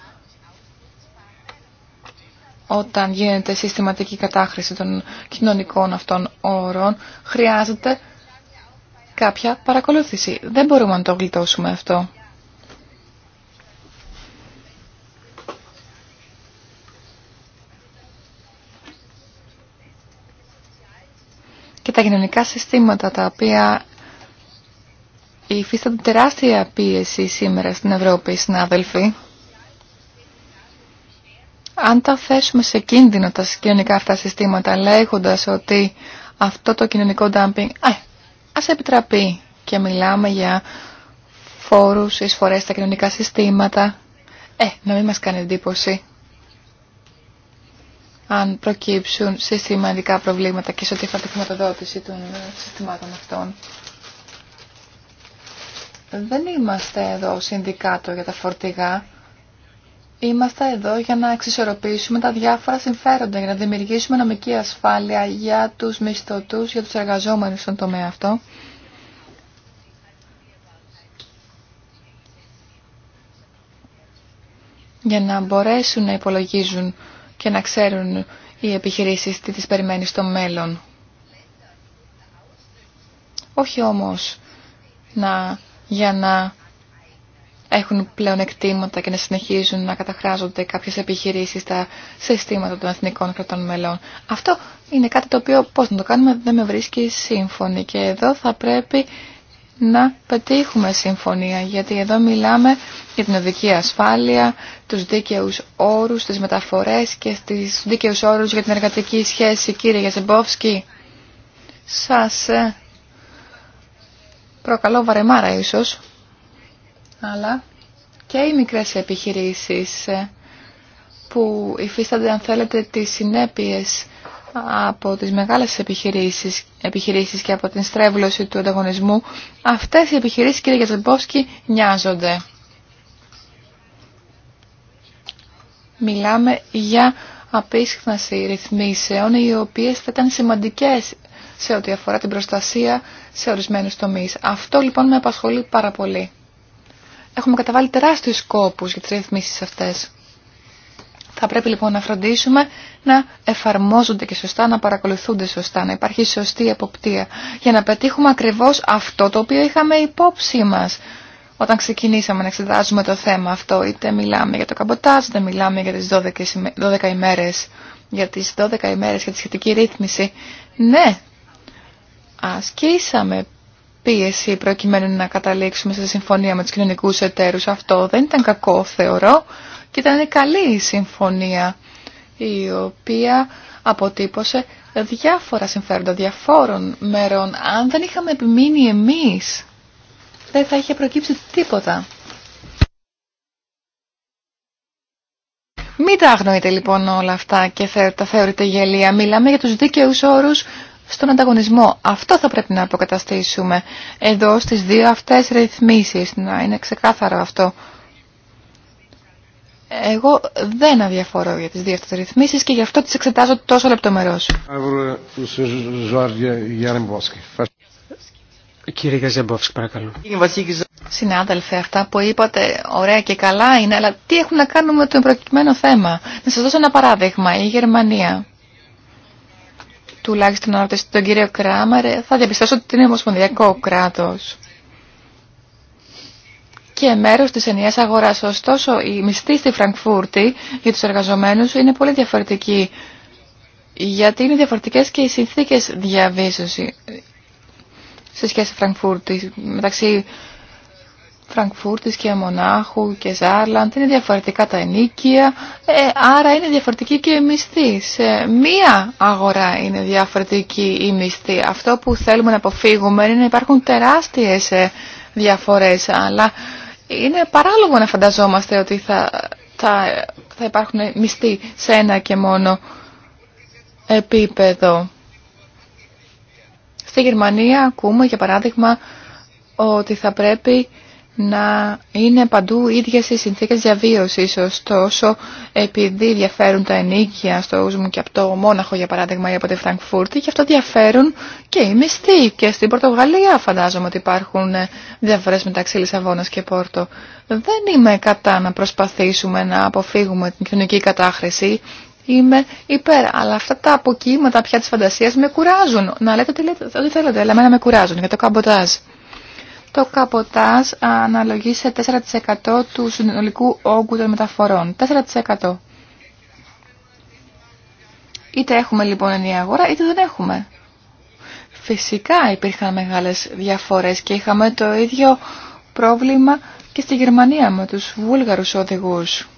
όταν γίνεται συστηματική κατάχρηση των κοινωνικών αυτών όρων, χρειάζεται κάποια παρακολούθηση. Δεν μπορούμε να το γλιτώσουμε αυτό. τα κοινωνικά συστήματα τα οποία υφίστανται τεράστια πίεση σήμερα στην Ευρώπη, συνάδελφοι. Αν τα θέσουμε σε κίνδυνο τα κοινωνικά αυτά συστήματα λέγοντας ότι αυτό το κοινωνικό ντάμπινγκ α, ας επιτραπεί και μιλάμε για φόρους, εισφορές στα κοινωνικά συστήματα, ε, να μην μας κάνει εντύπωση αν προκύψουν συστηματικά προβλήματα και σε ό,τι αφορά τη χρηματοδότηση των συστημάτων αυτών. Δεν είμαστε εδώ συνδικάτο για τα φορτηγά. Είμαστε εδώ για να εξισορροπήσουμε τα διάφορα συμφέροντα, για να δημιουργήσουμε νομική ασφάλεια για τους μισθωτούς, για τους εργαζόμενους στον τομέα αυτό. Για να μπορέσουν να υπολογίζουν και να ξέρουν οι επιχειρήσεις τι τις περιμένει στο μέλλον. Όχι όμως να, για να έχουν πλέον εκτίματα και να συνεχίζουν να καταχράζονται κάποιες επιχειρήσεις στα συστήματα των εθνικών κρατών μελών. Αυτό είναι κάτι το οποίο πώς να το κάνουμε δεν με βρίσκει σύμφωνη και εδώ θα πρέπει να πετύχουμε συμφωνία, γιατί εδώ μιλάμε για την οδική ασφάλεια, τους δίκαιους όρους, τις μεταφορές και τις δίκαιους όρους για την εργατική σχέση. Κύριε Γιασεμπόφσκι, σας ε, προκαλώ βαρεμάρα ίσως, αλλά και οι μικρές επιχειρήσεις ε, που υφίστανται αν θέλετε τις συνέπειες από τις μεγάλες επιχειρήσεις, επιχειρήσεις και από την στρέβλωση του ανταγωνισμού, αυτές οι επιχειρήσεις, κύριε Γιατζεμπόσκι, νοιάζονται. Μιλάμε για απίσχναση ρυθμίσεων, οι οποίες θα ήταν σημαντικές σε ό,τι αφορά την προστασία σε ορισμένους τομείς. Αυτό λοιπόν με απασχολεί πάρα πολύ. Έχουμε καταβάλει τεράστιους σκόπους για τις ρυθμίσεις αυτές. Θα πρέπει λοιπόν να φροντίσουμε να εφαρμόζονται και σωστά, να παρακολουθούνται σωστά, να υπάρχει σωστή εποπτεία για να πετύχουμε ακριβώς αυτό το οποίο είχαμε υπόψη μας όταν ξεκινήσαμε να εξετάζουμε το θέμα αυτό. Είτε μιλάμε για το καμποτάζ, είτε μιλάμε για τις 12 ημέρες, για τις 12 ημέρες για τη σχετική ρύθμιση. Ναι, ασκήσαμε πίεση προκειμένου να καταλήξουμε σε συμφωνία με τους κοινωνικούς εταίρους. Αυτό δεν ήταν κακό, θεωρώ. Και ήταν καλή η συμφωνία η οποία αποτύπωσε διάφορα συμφέροντα διαφόρων μέρων. Αν δεν είχαμε επιμείνει εμείς, δεν θα είχε προκύψει τίποτα. Μην τα αγνοείτε λοιπόν όλα αυτά και τα θεωρείτε γελία. Μιλάμε για τους δίκαιους όρους στον ανταγωνισμό. Αυτό θα πρέπει να αποκαταστήσουμε εδώ στις δύο αυτές ρυθμίσεις. Να είναι ξεκάθαρο αυτό. Εγώ δεν αδιαφορώ για τις δύο ρυθμίσεις και γι' αυτό τις εξετάζω τόσο λεπτομερώς. Κύριε Γαζεμπόφσκ, παρακαλώ. Συνάδελφε, αυτά που είπατε ωραία και καλά είναι, αλλά τι έχουν να κάνουν με το προκειμένο θέμα. Να σας δώσω ένα παράδειγμα. Η Γερμανία, τουλάχιστον να ρωτήσετε τον κύριο Κράμαρε, θα διαπιστώσω ότι είναι ομοσπονδιακό κράτος και μέρο τη ενιαίας αγορά, Ωστόσο, η μισθή στη Φραγκφούρτη για τους εργαζομένου είναι πολύ διαφορετική, γιατί είναι διαφορετικέ και οι συνθήκες διαβίωση σε σχέση Φραγκφούρτη, μεταξύ Φραγκφούρτης και Μονάχου και Ζάρλαντ, είναι διαφορετικά τα ενίκια, ε, άρα είναι διαφορετική και η μισθή. Σε μία αγορά είναι διαφορετική η μισθή. Αυτό που θέλουμε να αποφύγουμε είναι να υπάρχουν τεράστιε ε, διαφορές, αλλά είναι παράλογο να φανταζόμαστε ότι θα, θα, θα υπάρχουν μισθοί σε ένα και μόνο επίπεδο. Στη Γερμανία ακούμε για παράδειγμα ότι θα πρέπει να είναι παντού ίδιες οι συνθήκες διαβίωσης. Ωστόσο, επειδή διαφέρουν τα ενίκια στο Ούσμου και από το Μόναχο, για παράδειγμα, ή από τη Φραγκφούρτη, και αυτό διαφέρουν και οι μισθοί. Και στην Πορτογαλία φαντάζομαι ότι υπάρχουν ε, διαφορές μεταξύ Λισαβόνας και Πόρτο. Δεν είμαι κατά να προσπαθήσουμε να αποφύγουμε την κοινωνική κατάχρηση. Είμαι υπέρ, αλλά αυτά τα αποκύματα πια της φαντασίας με κουράζουν. Να λέτε ότι, θέλετε, αλλά εμένα με κουράζουν για το καμποτάζ το καποτάζ αναλογεί σε 4% του συνολικού όγκου των μεταφορών. 4%. Είτε έχουμε λοιπόν ενιαία αγορά είτε δεν έχουμε. Φυσικά υπήρχαν μεγάλες διαφορές και είχαμε το ίδιο πρόβλημα και στη Γερμανία με τους βούλγαρους οδηγούς.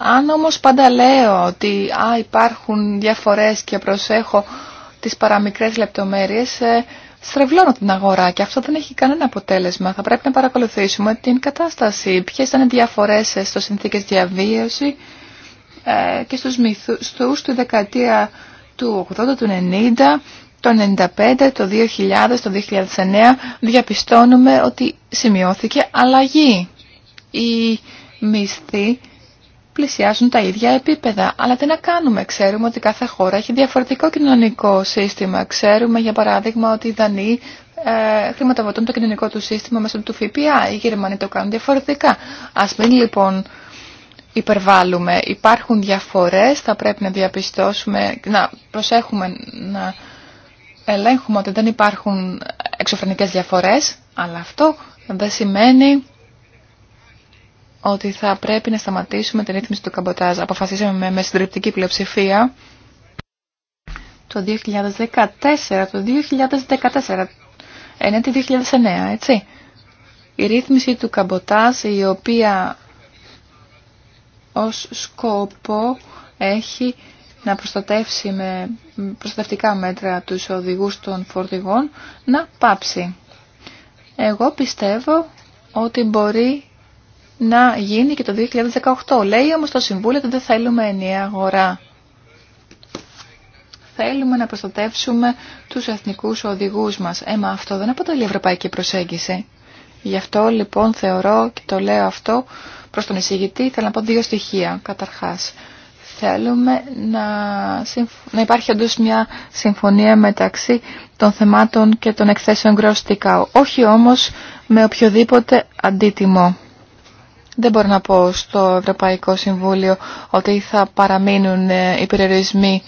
Αν όμως πάντα λέω ότι α, υπάρχουν διαφορές και προσέχω τις παραμικρές λεπτομέρειες, ε, Στρεβλώνω την αγορά και αυτό δεν έχει κανένα αποτέλεσμα. Θα πρέπει να παρακολουθήσουμε την κατάσταση, Ποιε ήταν οι διαφορές ε, στο συνθήκε διαβίωση ε, και στους μυθού του δεκαετία του 80, του 90, το 95, το 2000, το 2009 διαπιστώνουμε ότι σημειώθηκε αλλαγή. η μισθοί πλησιάζουν τα ίδια επίπεδα. Αλλά τι να κάνουμε, ξέρουμε ότι κάθε χώρα έχει διαφορετικό κοινωνικό σύστημα. Ξέρουμε για παράδειγμα ότι οι Δανείοι ε, χρηματοδοτούν το κοινωνικό του σύστημα μέσω του ΦΠΑ. Οι Γερμανοί το κάνουν διαφορετικά. Ας μην λοιπόν υπερβάλλουμε. Υπάρχουν διαφορές, θα πρέπει να διαπιστώσουμε, να προσέχουμε, να ελέγχουμε ότι δεν υπάρχουν εξωφρενικέ διαφορέ, αλλά αυτό δεν σημαίνει ότι θα πρέπει να σταματήσουμε την ρύθμιση του καμποτάζ. Αποφασίσαμε με συντριπτική πλειοψηφία το 2014, το 2014, ενέτη 2009, έτσι. Η ρύθμιση του καμποτάζ η οποία ως σκόπο έχει να προστατεύσει με προστατευτικά μέτρα τους οδηγούς των φορτηγών να πάψει. Εγώ πιστεύω ότι μπορεί να γίνει και το 2018. Λέει όμως το Συμβούλιο ότι δεν θέλουμε ενιαία αγορά. Θέλουμε να προστατεύσουμε τους εθνικούς οδηγούς μας. Έμα ε, αυτό δεν αποτελεί ευρωπαϊκή προσέγγιση. Γι' αυτό λοιπόν θεωρώ και το λέω αυτό προς τον εισηγητή θέλω να πω δύο στοιχεία καταρχάς. Θέλουμε να, να υπάρχει όντω μια συμφωνία μεταξύ των θεμάτων και των εκθέσεων Gross Όχι όμως με οποιοδήποτε αντίτιμο. Δεν μπορώ να πω στο Ευρωπαϊκό Συμβούλιο ότι θα παραμείνουν ε, οι περιορισμοί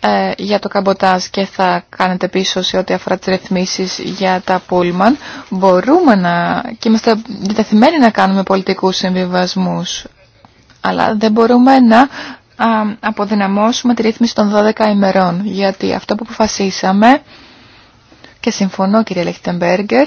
ε, για το καμποτάζ και θα κάνετε πίσω σε ό,τι αφορά τις ρυθμίσεις για τα πούλμαν. Μπορούμε να και είμαστε διτεθειμένοι να κάνουμε πολιτικούς συμβιβασμούς, αλλά δεν μπορούμε να αποδυναμώσουμε τη ρύθμιση των 12 ημερών, γιατί αυτό που αποφασίσαμε και συμφωνώ κύριε Λεχτεμπέργκερ,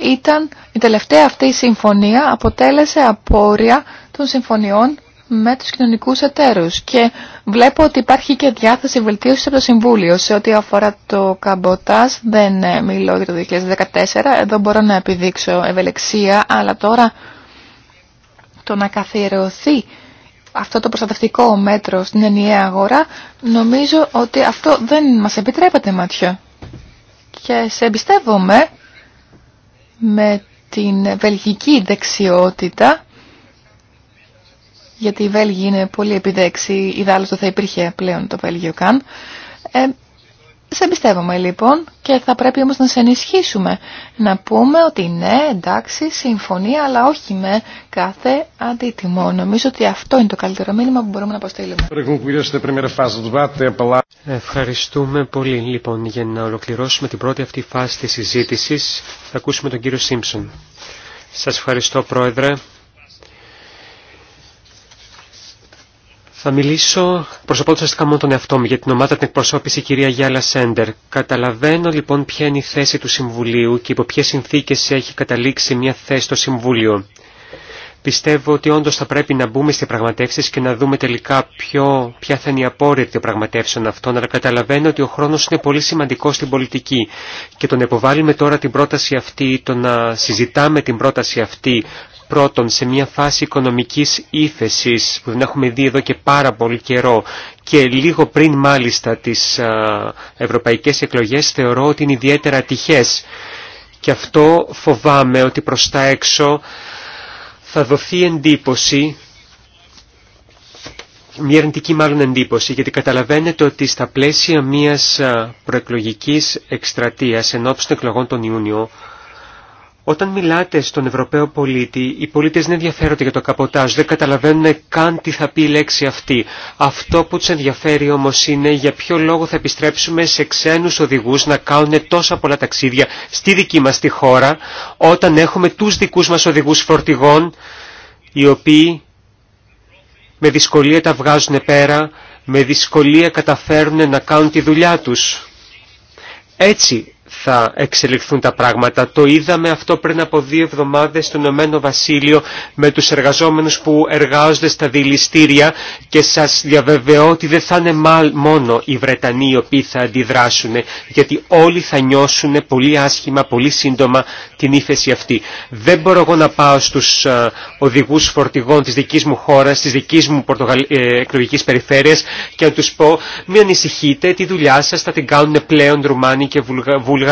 ήταν η τελευταία αυτή η συμφωνία αποτέλεσε απόρρια των συμφωνιών με τους κοινωνικούς εταίρους και βλέπω ότι υπάρχει και διάθεση βελτίωσης από το Συμβούλιο σε ό,τι αφορά το ΚΑΜΠΟΤΑΣ. δεν ε, μιλώ για το 2014 εδώ μπορώ να επιδείξω ευελεξία αλλά τώρα το να καθιερωθεί αυτό το προστατευτικό μέτρο στην ενιαία αγορά νομίζω ότι αυτό δεν μας επιτρέπεται ματιό και σε εμπιστεύομαι με την βελγική δεξιότητα, γιατί οι Βέλγοι είναι πολύ επιδέξιοι, ιδάλλως δεν θα υπήρχε πλέον το Βέλγιο καν, ε, σε εμπιστεύομαι λοιπόν και θα πρέπει όμως να σε ενισχύσουμε. Να πούμε ότι ναι, εντάξει, συμφωνία, αλλά όχι με κάθε αντίτιμο. Νομίζω ότι αυτό είναι το καλύτερο μήνυμα που μπορούμε να αποστείλουμε. Ευχαριστούμε πολύ. Λοιπόν, για να ολοκληρώσουμε την πρώτη αυτή φάση της συζήτησης, θα ακούσουμε τον κύριο Σίμψον. Σας ευχαριστώ, Πρόεδρε. Θα μιλήσω προσωπώντας αστικά μόνο τον εαυτό μου για την ομάδα την εκπροσώπηση η κυρία Γιάλα Σέντερ. Καταλαβαίνω λοιπόν ποια είναι η θέση του Συμβουλίου και υπό ποιε συνθήκε έχει καταλήξει μια θέση στο Συμβούλιο. Πιστεύω ότι όντω θα πρέπει να μπούμε στι πραγματεύσεις και να δούμε τελικά ποιο, ποια θα είναι η απόρριτη των πραγματεύσεων αυτών, αλλά καταλαβαίνω ότι ο χρόνο είναι πολύ σημαντικό στην πολιτική και το να υποβάλουμε τώρα την πρόταση αυτή, το να συζητάμε την πρόταση αυτή Πρώτον, σε μια φάση οικονομικής ύφεσης που δεν έχουμε δει εδώ και πάρα πολύ καιρό και λίγο πριν μάλιστα τις ευρωπαϊκές εκλογές θεωρώ ότι είναι ιδιαίτερα ατυχές. Και αυτό φοβάμαι ότι προς τα έξω θα δοθεί εντύπωση μια αρνητική μάλλον εντύπωση, γιατί καταλαβαίνετε ότι στα πλαίσια μιας προεκλογικής εκστρατείας ενώπιση των εκλογών τον Ιούνιο, όταν μιλάτε στον Ευρωπαίο πολίτη, οι πολίτες δεν ενδιαφέρονται για το καποτάζ, δεν καταλαβαίνουν καν τι θα πει η λέξη αυτή. Αυτό που τους ενδιαφέρει όμως είναι για ποιο λόγο θα επιστρέψουμε σε ξένους οδηγούς να κάνουν τόσα πολλά ταξίδια στη δική μας τη χώρα, όταν έχουμε τους δικούς μας οδηγούς φορτηγών, οι οποίοι με δυσκολία τα βγάζουν πέρα, με δυσκολία καταφέρουν να κάνουν τη δουλειά τους. Έτσι θα εξελιχθούν τα πράγματα. Το είδαμε αυτό πριν από δύο εβδομάδες στον Ηνωμένο Βασίλειο με τους εργαζόμενους που εργάζονται στα δηληστήρια και σας διαβεβαιώ ότι δεν θα είναι μόνο οι Βρετανοί οι οποίοι θα αντιδράσουν γιατί όλοι θα νιώσουν πολύ άσχημα, πολύ σύντομα την ύφεση αυτή. Δεν μπορώ εγώ να πάω στους ε, οδηγούς φορτηγών της δικής μου χώρας, της δικής μου Πορτογαλ... Ε, εκλογικής περιφέρειας και να τους πω μην ανησυχείτε, τη δουλειά σας θα την κάνουν πλέον Ρουμάνοι και Βουλγα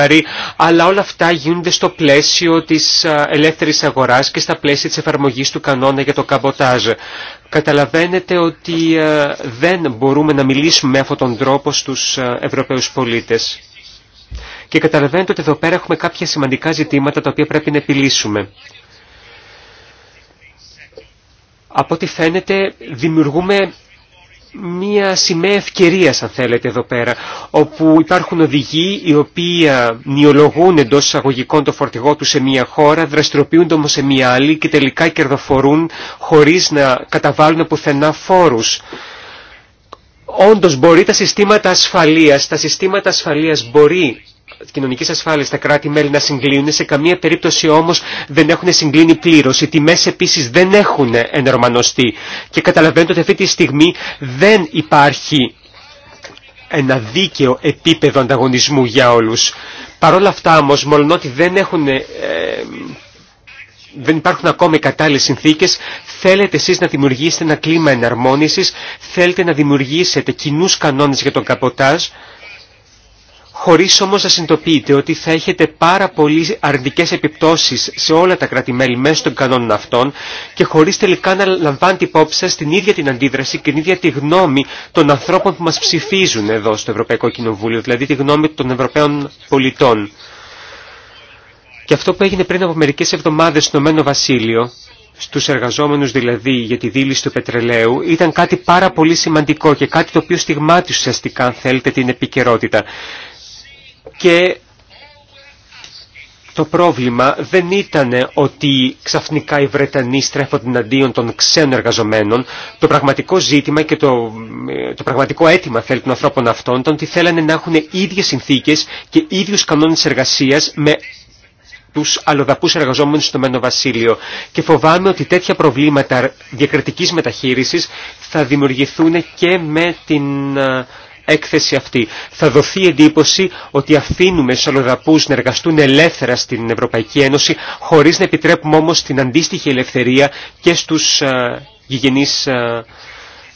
αλλά όλα αυτά γίνονται στο πλαίσιο της ελεύθερης αγοράς και στα πλαίσια της εφαρμογής του κανόνα για το καμποτάζ. Καταλαβαίνετε ότι δεν μπορούμε να μιλήσουμε με αυτόν τον τρόπο στους Ευρωπαίους πολίτες. Και καταλαβαίνετε ότι εδώ πέρα έχουμε κάποια σημαντικά ζητήματα τα οποία πρέπει να επιλύσουμε. Από ό,τι φαίνεται δημιουργούμε μία σημαία ευκαιρία, αν θέλετε, εδώ πέρα, όπου υπάρχουν οδηγοί οι οποίοι νιολογούν εντό εισαγωγικών το φορτηγό του σε μία χώρα, δραστηριοποιούνται όμω σε μία άλλη και τελικά κερδοφορούν χωρί να καταβάλουν πουθενά φόρου. Όντω μπορεί τα συστήματα ασφαλείας, τα συστήματα ασφαλείας μπορεί κοινωνική ασφάλεια στα κράτη-μέλη να συγκλίνουν, σε καμία περίπτωση όμω δεν έχουν συγκλίνει πλήρω. Οι τιμέ επίση δεν έχουν ενερμανωστεί Και καταλαβαίνετε ότι αυτή τη στιγμή δεν υπάρχει ένα δίκαιο επίπεδο ανταγωνισμού για όλους. παρόλα αυτά όμως, μόλον ότι δεν, έχουν, ε, δεν υπάρχουν ακόμα οι κατάλληλες συνθήκες, θέλετε εσείς να δημιουργήσετε ένα κλίμα εναρμόνισης, θέλετε να δημιουργήσετε κοινούς κανόνες για τον καποτάζ, χωρίς όμως να συνειδητοποιείτε ότι θα έχετε πάρα πολύ αρνητικές επιπτώσεις σε όλα τα κράτη-μέλη μέσω των κανόνων αυτών και χωρίς τελικά να λαμβάνετε υπόψη σας την ίδια την αντίδραση και την ίδια τη γνώμη των ανθρώπων που μας ψηφίζουν εδώ στο Ευρωπαϊκό Κοινοβούλιο, δηλαδή τη γνώμη των Ευρωπαίων πολιτών. Και αυτό που έγινε πριν από μερικές εβδομάδες στο Μένο Βασίλειο, στους εργαζόμενους δηλαδή για τη δίληση του πετρελαίου ήταν κάτι πάρα πολύ σημαντικό και κάτι το οποίο στιγμάτισε ουσιαστικά αν θέλετε την επικαιρότητα και το πρόβλημα δεν ήταν ότι ξαφνικά οι Βρετανοί στρέφονται εναντίον των ξένων εργαζομένων. Το πραγματικό ζήτημα και το, το πραγματικό αίτημα θέλει των ανθρώπων αυτών ήταν ότι θέλανε να έχουν ίδιες συνθήκες και ίδιους κανόνες εργασίας με τους αλλοδαπούς εργαζόμενους στο Μένο Βασίλειο. Και φοβάμαι ότι τέτοια προβλήματα διακριτικής μεταχείρισης θα δημιουργηθούν και με την έκθεση αυτή. Θα δοθεί εντύπωση ότι αφήνουμε στου να εργαστούν ελεύθερα στην Ευρωπαϊκή Ένωση, χωρίς να επιτρέπουμε όμως την αντίστοιχη ελευθερία και στους ε, γηγενείς ε,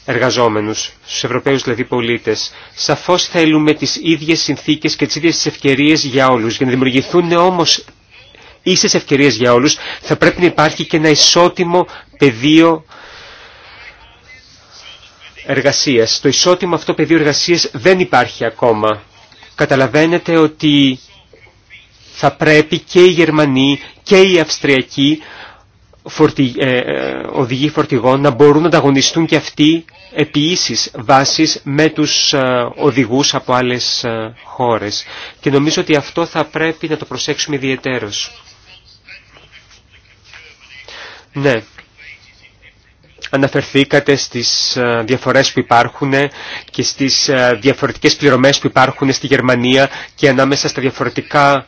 εργαζόμενους, στους Ευρωπαίους δηλαδή πολίτες. Σαφώς θέλουμε τις ίδιες συνθήκες και τις ίδιες τις ευκαιρίες για όλους. Για να δημιουργηθούν όμως ίσες ευκαιρίες για όλους, θα πρέπει να υπάρχει και ένα ισότιμο πεδίο εργασίας. Το ισότιμο αυτό πεδίο εργασίας δεν υπάρχει ακόμα. Καταλαβαίνετε ότι θα πρέπει και οι Γερμανοί και οι Αυστριακοί ε, ε, οδηγοί φορτηγών να μπορούν να ανταγωνιστούν και αυτοί επί ίσης βάσης με τους ε, οδηγούς από άλλες χώρες. Και νομίζω ότι αυτό θα πρέπει να το προσέξουμε ιδιαίτερος; Ναι, Αναφερθήκατε στις ε, διαφορές που υπάρχουν και στις ε, διαφορετικές πληρωμές που υπάρχουν στη Γερμανία και ανάμεσα στα διαφορετικά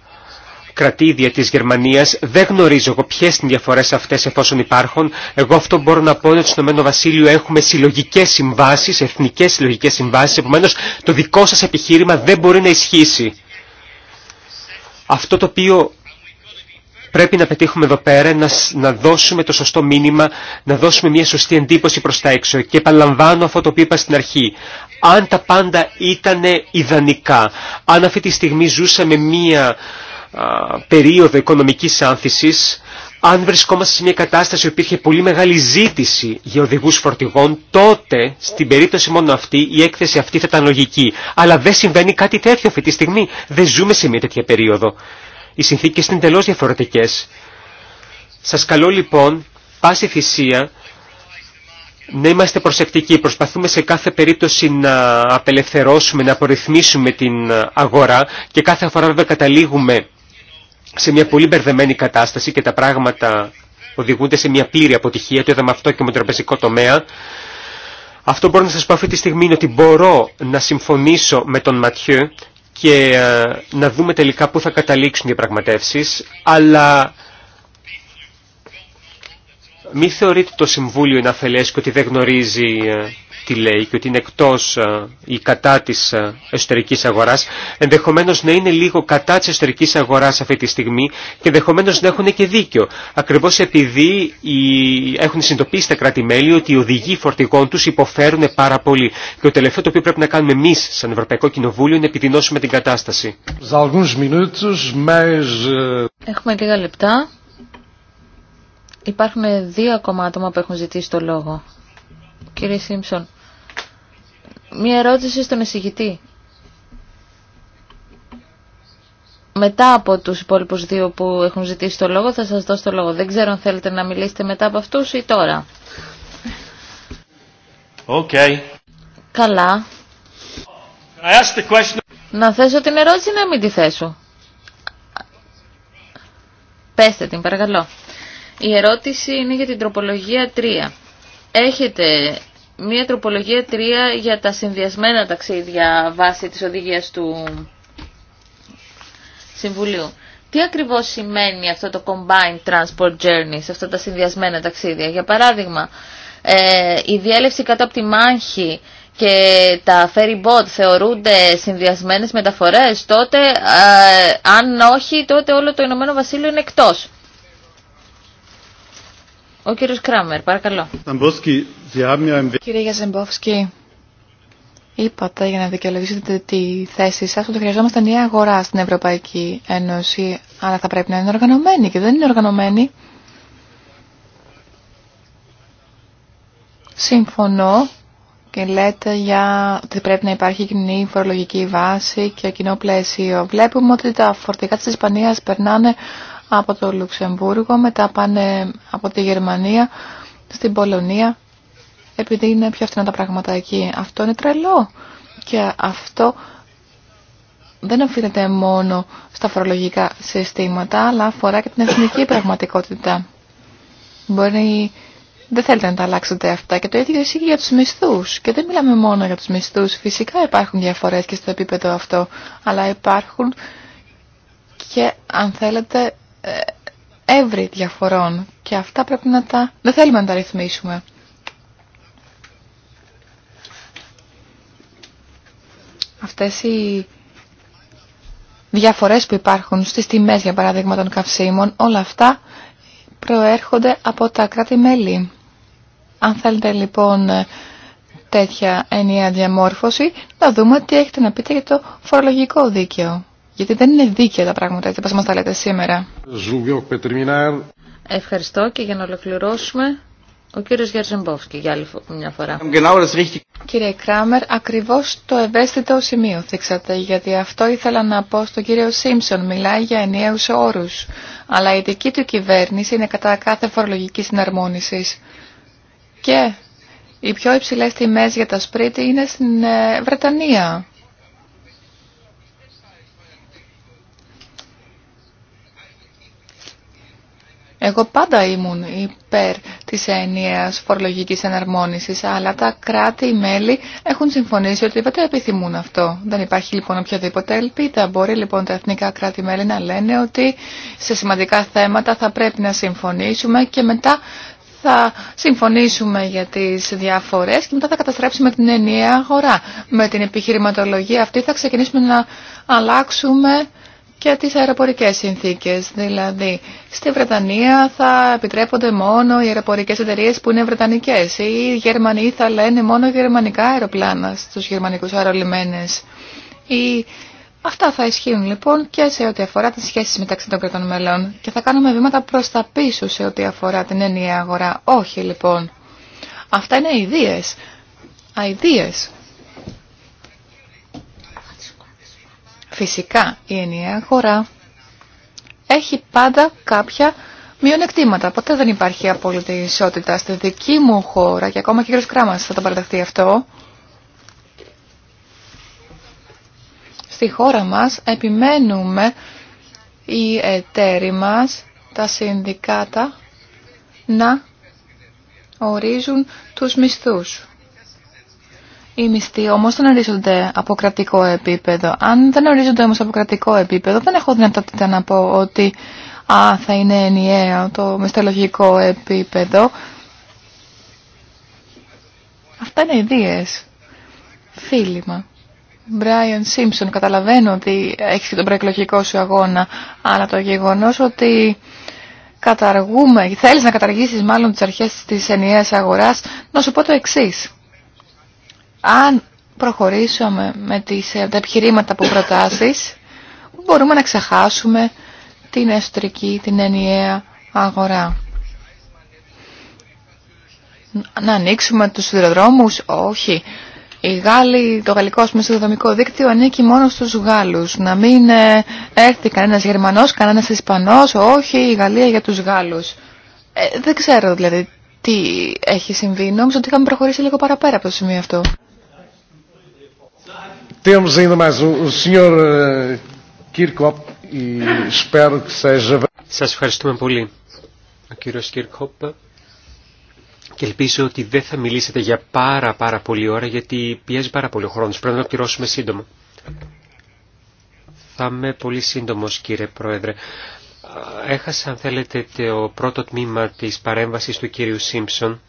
κρατήδια της Γερμανίας. Δεν γνωρίζω εγώ ποιες είναι οι διαφορές αυτές εφόσον υπάρχουν. Εγώ αυτό μπορώ να πω ότι στο Μένο Βασίλειο έχουμε συλλογικές συμβάσεις, εθνικές συλλογικές συμβάσεις, επομένως το δικό σας επιχείρημα δεν μπορεί να ισχύσει. Αυτό το οποίο πρέπει να πετύχουμε εδώ πέρα να, να δώσουμε το σωστό μήνυμα, να δώσουμε μια σωστή εντύπωση προς τα έξω. Και επαναλαμβάνω αυτό το οποίο είπα στην αρχή. Αν τα πάντα ήταν ιδανικά, αν αυτή τη στιγμή ζούσαμε μια περίοδο οικονομικής άνθησης, αν βρισκόμαστε σε μια κατάσταση που υπήρχε πολύ μεγάλη ζήτηση για οδηγού φορτηγών, τότε στην περίπτωση μόνο αυτή η έκθεση αυτή θα ήταν λογική. Αλλά δεν συμβαίνει κάτι τέτοιο αυτή τη στιγμή. Δεν ζούμε σε μια τέτοια περίοδο. Οι συνθήκε είναι τελώς διαφορετικέ. Σας καλώ λοιπόν, πάση θυσία, να είμαστε προσεκτικοί. Προσπαθούμε σε κάθε περίπτωση να απελευθερώσουμε, να απορριθμίσουμε την αγορά και κάθε φορά βέβαια καταλήγουμε σε μια πολύ μπερδεμένη κατάσταση και τα πράγματα οδηγούνται σε μια πλήρη αποτυχία. Το είδαμε αυτό και με τον τραπεζικό τομέα. Αυτό μπορώ να σας πω αυτή τη στιγμή είναι ότι μπορώ να συμφωνήσω με τον Ματιού και ε, να δούμε τελικά πού θα καταλήξουν οι πραγματεύσει, αλλά μη θεωρείτε το Συμβούλιο είναι αφελές και ότι δεν γνωρίζει ε, τι λέει και ότι είναι εκτός ε, ή κατά της ε, εσωτερικής αγοράς, ενδεχομένως να είναι λίγο κατά της εσωτερικής αγοράς αυτή τη στιγμή και ενδεχομένως να έχουν και δίκιο. Ακριβώς επειδή έχουν συνειδητοποιήσει τα κράτη-μέλη ότι οι οδηγοί φορτηγών τους υποφέρουν πάρα πολύ. Και το τελευταίο το οποίο πρέπει να κάνουμε εμείς σαν Ευρωπαϊκό Κοινοβούλιο είναι να επιδεινώσουμε την κατάσταση. Ε, Έχουμε λίγα λεπτά. Υπάρχουν δύο ακόμα άτομα που έχουν ζητήσει το λόγο. Κύριε Σίμψον, Μία ερώτηση στον εισηγητή. Μετά από τους υπόλοιπους δύο που έχουν ζητήσει το λόγο θα σας δώσω το λόγο. Δεν ξέρω αν θέλετε να μιλήσετε μετά από αυτούς ή τώρα. Okay. Καλά. Να θέσω την ερώτηση ή να μην τη θέσω. Πέστε την παρακαλώ. Η ερώτηση είναι για την τροπολογία 3. Έχετε Μία τροπολογία τρία για τα συνδυασμένα ταξίδια βάσει της οδηγίας του Συμβουλίου. Τι ακριβώς σημαίνει αυτό το combined transport journeys, αυτά τα συνδυασμένα ταξίδια. Για παράδειγμα, ε, η διέλευση κάτω από τη μάχη και τα ferry boat θεωρούνται συνδυασμένες μεταφορές, τότε ε, αν όχι, τότε όλο το Ηνωμένο Βασίλειο είναι εκτός. Ο κύριος Κράμερ, παρακαλώ. Κύριε Γιαζεμπόφσκι, είπατε για να δικαιολογήσετε τη θέση σας ότι χρειαζόμαστε νέα αγορά στην Ευρωπαϊκή Ένωση, αλλά θα πρέπει να είναι οργανωμένη και δεν είναι οργανωμένη. Συμφωνώ και λέτε για ότι πρέπει να υπάρχει κοινή φορολογική βάση και κοινό πλαίσιο. Βλέπουμε ότι τα φορτηγά της Ισπανίας περνάνε από το Λουξεμβούργο, μετά πάνε από τη Γερμανία στην Πολωνία επειδή είναι πιο φθηνά τα πράγματα εκεί. Αυτό είναι τρελό. Και αυτό δεν αφήνεται μόνο στα φορολογικά συστήματα, αλλά αφορά και την εθνική πραγματικότητα. Μπορεί δεν θέλετε να τα αλλάξετε αυτά και το ίδιο ισχύει για τους μισθούς. Και δεν μιλάμε μόνο για τους μισθούς. Φυσικά υπάρχουν διαφορές και στο επίπεδο αυτό, αλλά υπάρχουν και αν θέλετε ε, εύρη διαφορών. Και αυτά πρέπει να Δεν θέλουμε να τα ρυθμίσουμε. Αυτές οι διαφορές που υπάρχουν στις τιμές, για παράδειγμα, των καυσίμων, όλα αυτά προέρχονται από τα κράτη-μέλη. Αν θέλετε λοιπόν τέτοια ενιαία διαμόρφωση, να δούμε τι έχετε να πείτε για το φορολογικό δίκαιο. Γιατί δεν είναι δίκαια τα πράγματα, έτσι όπως μας τα λέτε σήμερα. Ευχαριστώ και για να ολοκληρώσουμε ο κύριος Γερζεμπόφσκι για άλλη μια φορά. Κύριε Κράμερ, ακριβώς το ευαίσθητο σημείο θίξατε, γιατί αυτό ήθελα να πω στον κύριο Σίμψον. Μιλάει για ενιαίους όρους, αλλά η δική του κυβέρνηση είναι κατά κάθε φορολογική συναρμόνιση Και οι πιο υψηλές τιμές για τα σπρίτι είναι στην ε, Βρετανία. Εγώ πάντα ήμουν υπέρ της έννοιας φορολογικής εναρμόνισης, αλλά τα κράτη-μέλη έχουν συμφωνήσει ότι δεν επιθυμούν αυτό. Δεν υπάρχει λοιπόν οποιαδήποτε ελπίδα. Μπορεί λοιπόν τα εθνικά κράτη-μέλη να λένε ότι σε σημαντικά θέματα θα πρέπει να συμφωνήσουμε και μετά θα συμφωνήσουμε για τις διαφορές και μετά θα καταστρέψουμε την ενιαία αγορά. Με την επιχειρηματολογία αυτή θα ξεκινήσουμε να αλλάξουμε και τις αεροπορικές συνθήκες. Δηλαδή, στη Βρετανία θα επιτρέπονται μόνο οι αεροπορικές εταιρείες που είναι βρετανικές ή οι Γερμανοί θα λένε μόνο γερμανικά αεροπλάνα στους γερμανικούς αερολιμένες. Ή... Αυτά θα ισχύουν λοιπόν και σε ό,τι αφορά τις σχέσεις μεταξύ των κρατών μελών και θα κάνουμε βήματα προς τα πίσω σε ό,τι αφορά την ενιαία αγορά. Όχι λοιπόν. Αυτά είναι ιδίες. Αιδίες. Φυσικά η ενιαία χώρα έχει πάντα κάποια μειονεκτήματα. Ποτέ δεν υπάρχει απόλυτη ισότητα στη δική μου χώρα και ακόμα και ο κ. Κράμας θα το παραδεχτεί αυτό. Στη χώρα μας επιμένουμε οι εταίροι μας, τα συνδικάτα, να ορίζουν τους μισθούς. Οι μισθοί όμως δεν ορίζονται από κρατικό επίπεδο. Αν δεν ορίζονται όμως από κρατικό επίπεδο, δεν έχω δυνατότητα να πω ότι α, θα είναι ενιαίο το μισθολογικό επίπεδο. Αυτά είναι ιδίες. Φίλημα. Μπράιον Σίμψον, καταλαβαίνω ότι έχει και τον προεκλογικό σου αγώνα, αλλά το γεγονό, ότι καταργούμε, θέλεις να καταργήσει μάλλον τι αρχέ τη ενιαία αγορά να σου πω το εξή αν προχωρήσουμε με τις, ε, τα επιχειρήματα που προτάσεις, μπορούμε να ξεχάσουμε την εσωτερική, την ενιαία αγορά. Να ανοίξουμε τους σιδηροδρόμους, όχι. Οι το γαλλικό μεσοδομικό δίκτυο ανήκει μόνο στους Γάλλους. Να μην ε, έρθει κανένας Γερμανός, κανένας Ισπανός, όχι η Γαλλία για τους Γάλλους. Ε, δεν ξέρω δηλαδή τι έχει συμβεί. Νόμιζα ότι είχαμε προχωρήσει λίγο παραπέρα από το σημείο αυτό. Temos ainda mais eh, e Σας ευχαριστούμε πολύ, ο κύριος Κίρκοπ. Και ελπίζω ότι δεν θα μιλήσετε για πάρα πάρα πολύ ώρα, γιατί πιέζει πάρα πολύ ο χρόνος. Πρέπει να το πληρώσουμε σύντομα. Θα είμαι πολύ σύντομος, κύριε Πρόεδρε. Έχασα, αν θέλετε, το πρώτο τμήμα της παρέμβασης του κύριου Σίμψον.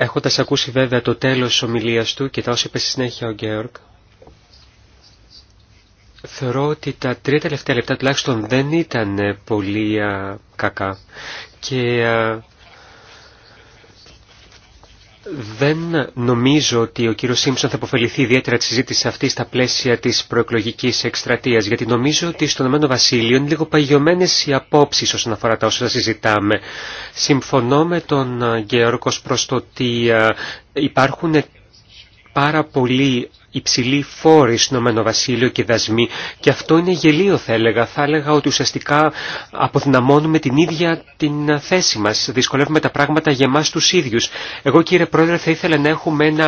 Έχοντας ακούσει βέβαια το τέλος της ομιλίας του και τα όσα είπε στη συνέχεια ο Γκέορκ, θεωρώ ότι τα τρία τελευταία λεπτά τουλάχιστον δεν ήταν ε, πολύ κακά και δεν νομίζω ότι ο κύριο Σίμψον θα αποφεληθεί ιδιαίτερα τη συζήτηση αυτή στα πλαίσια τη προεκλογική εκστρατεία, γιατί νομίζω ότι στον Ηνωμένο Βασίλειο είναι λίγο παγιωμένε οι απόψει όσον αφορά τα όσα συζητάμε. Συμφωνώ με τον Γεώργος προ το ότι ε, υπάρχουν πάρα πολλοί υψηλοί φόρη στο Ηνωμένο Βασίλειο και δασμοί και αυτό είναι γελίο θα έλεγα. Θα έλεγα ότι ουσιαστικά αποδυναμώνουμε την ίδια την θέση μας, δυσκολεύουμε τα πράγματα για εμάς τους ίδιους. Εγώ κύριε Πρόεδρε θα ήθελα να έχουμε ένα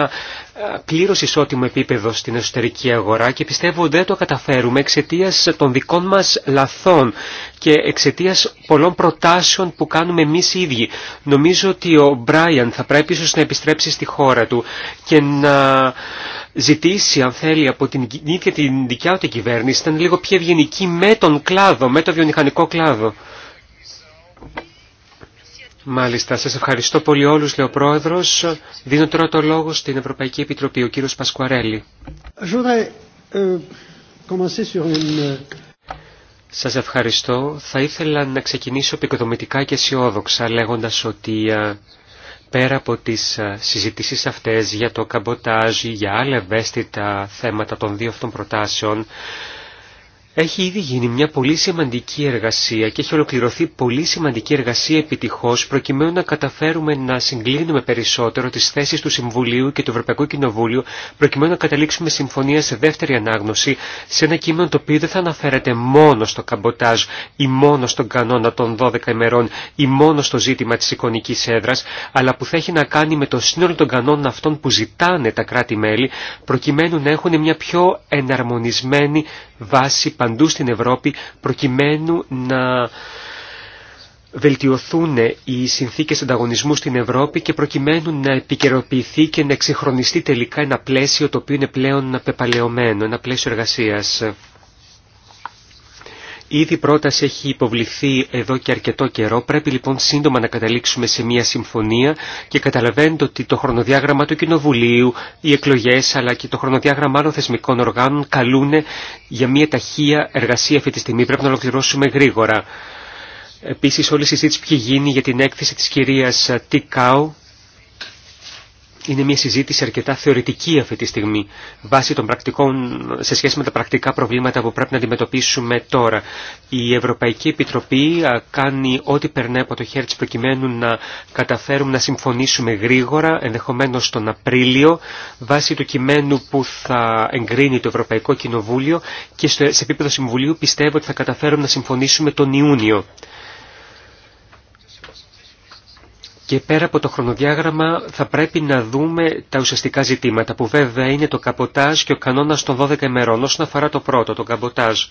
ε, πλήρω ισότιμο επίπεδο στην εσωτερική αγορά και πιστεύω ότι δεν το καταφέρουμε εξαιτία των δικών μα λαθών και εξαιτία πολλών προτάσεων που κάνουμε εμεί οι ίδιοι. Νομίζω ότι ο Μπράιαν θα πρέπει ίσω να επιστρέψει στη χώρα του και να ζητήσει, αν θέλει, από την ίδια την δικιά του κυβέρνηση, ήταν λίγο πιο ευγενική με τον κλάδο, με το βιομηχανικό κλάδο. Μάλιστα, σας ευχαριστώ πολύ όλους, λέει ο Πρόεδρος. Δίνω τώρα το λόγο στην Ευρωπαϊκή Επιτροπή, ο κύριος Πασκουαρέλη. Euh, euh, σας ευχαριστώ. Θα ήθελα να ξεκινήσω επικοδομητικά και αισιόδοξα, λέγοντας ότι ε, πέρα από τις ε, συζητήσεις αυτές για το καμποτάζι, για άλλα ευαίσθητα θέματα των δύο αυτών προτάσεων, έχει ήδη γίνει μια πολύ σημαντική εργασία και έχει ολοκληρωθεί πολύ σημαντική εργασία επιτυχώς προκειμένου να καταφέρουμε να συγκλίνουμε περισσότερο τις θέσεις του Συμβουλίου και του Ευρωπαϊκού Κοινοβούλιο προκειμένου να καταλήξουμε συμφωνία σε δεύτερη ανάγνωση σε ένα κείμενο το οποίο δεν θα αναφέρεται μόνο στο καμποτάζ ή μόνο στον κανόνα των 12 ημερών ή μόνο στο ζήτημα της εικονικής έδρας αλλά που θα έχει να κάνει με το σύνολο των κανόνων αυτών που ζητάνε τα κράτη-μέλη προκειμένου να έχουν μια πιο εναρμονισμένη βάση παντού στην Ευρώπη προκειμένου να βελτιωθούν οι συνθήκες ανταγωνισμού στην Ευρώπη και προκειμένου να επικαιροποιηθεί και να εξυγχρονιστεί τελικά ένα πλαίσιο το οποίο είναι πλέον πεπαλαιωμένο, ένα πλαίσιο εργασίας. Ήδη πρόταση έχει υποβληθεί εδώ και αρκετό καιρό, πρέπει λοιπόν σύντομα να καταλήξουμε σε μια συμφωνία και καταλαβαίνετε ότι το χρονοδιάγραμμα του Κοινοβουλίου, οι εκλογές αλλά και το χρονοδιάγραμμα άλλων θεσμικών οργάνων καλούν για μια ταχεία εργασία αυτή τη στιγμή, πρέπει να ολοκληρώσουμε γρήγορα. Επίσης όλη η συζήτηση που έχει γίνει για την έκθεση της κυρίας Τικάου είναι μια συζήτηση αρκετά θεωρητική αυτή τη στιγμή, βάσει των πρακτικών, σε σχέση με τα πρακτικά προβλήματα που πρέπει να αντιμετωπίσουμε τώρα. Η Ευρωπαϊκή Επιτροπή κάνει ό,τι περνάει από το χέρι της προκειμένου να καταφέρουμε να συμφωνήσουμε γρήγορα, ενδεχομένως τον Απρίλιο, βάσει του κειμένου που θα εγκρίνει το Ευρωπαϊκό Κοινοβούλιο και σε επίπεδο Συμβουλίου πιστεύω ότι θα καταφέρουμε να συμφωνήσουμε τον Ιούνιο. και πέρα από το χρονοδιάγραμμα θα πρέπει να δούμε τα ουσιαστικά ζητήματα που βέβαια είναι το καποτάζ και ο κανόνας των 12 ημερών όσον αφορά το πρώτο, το καποτάζ.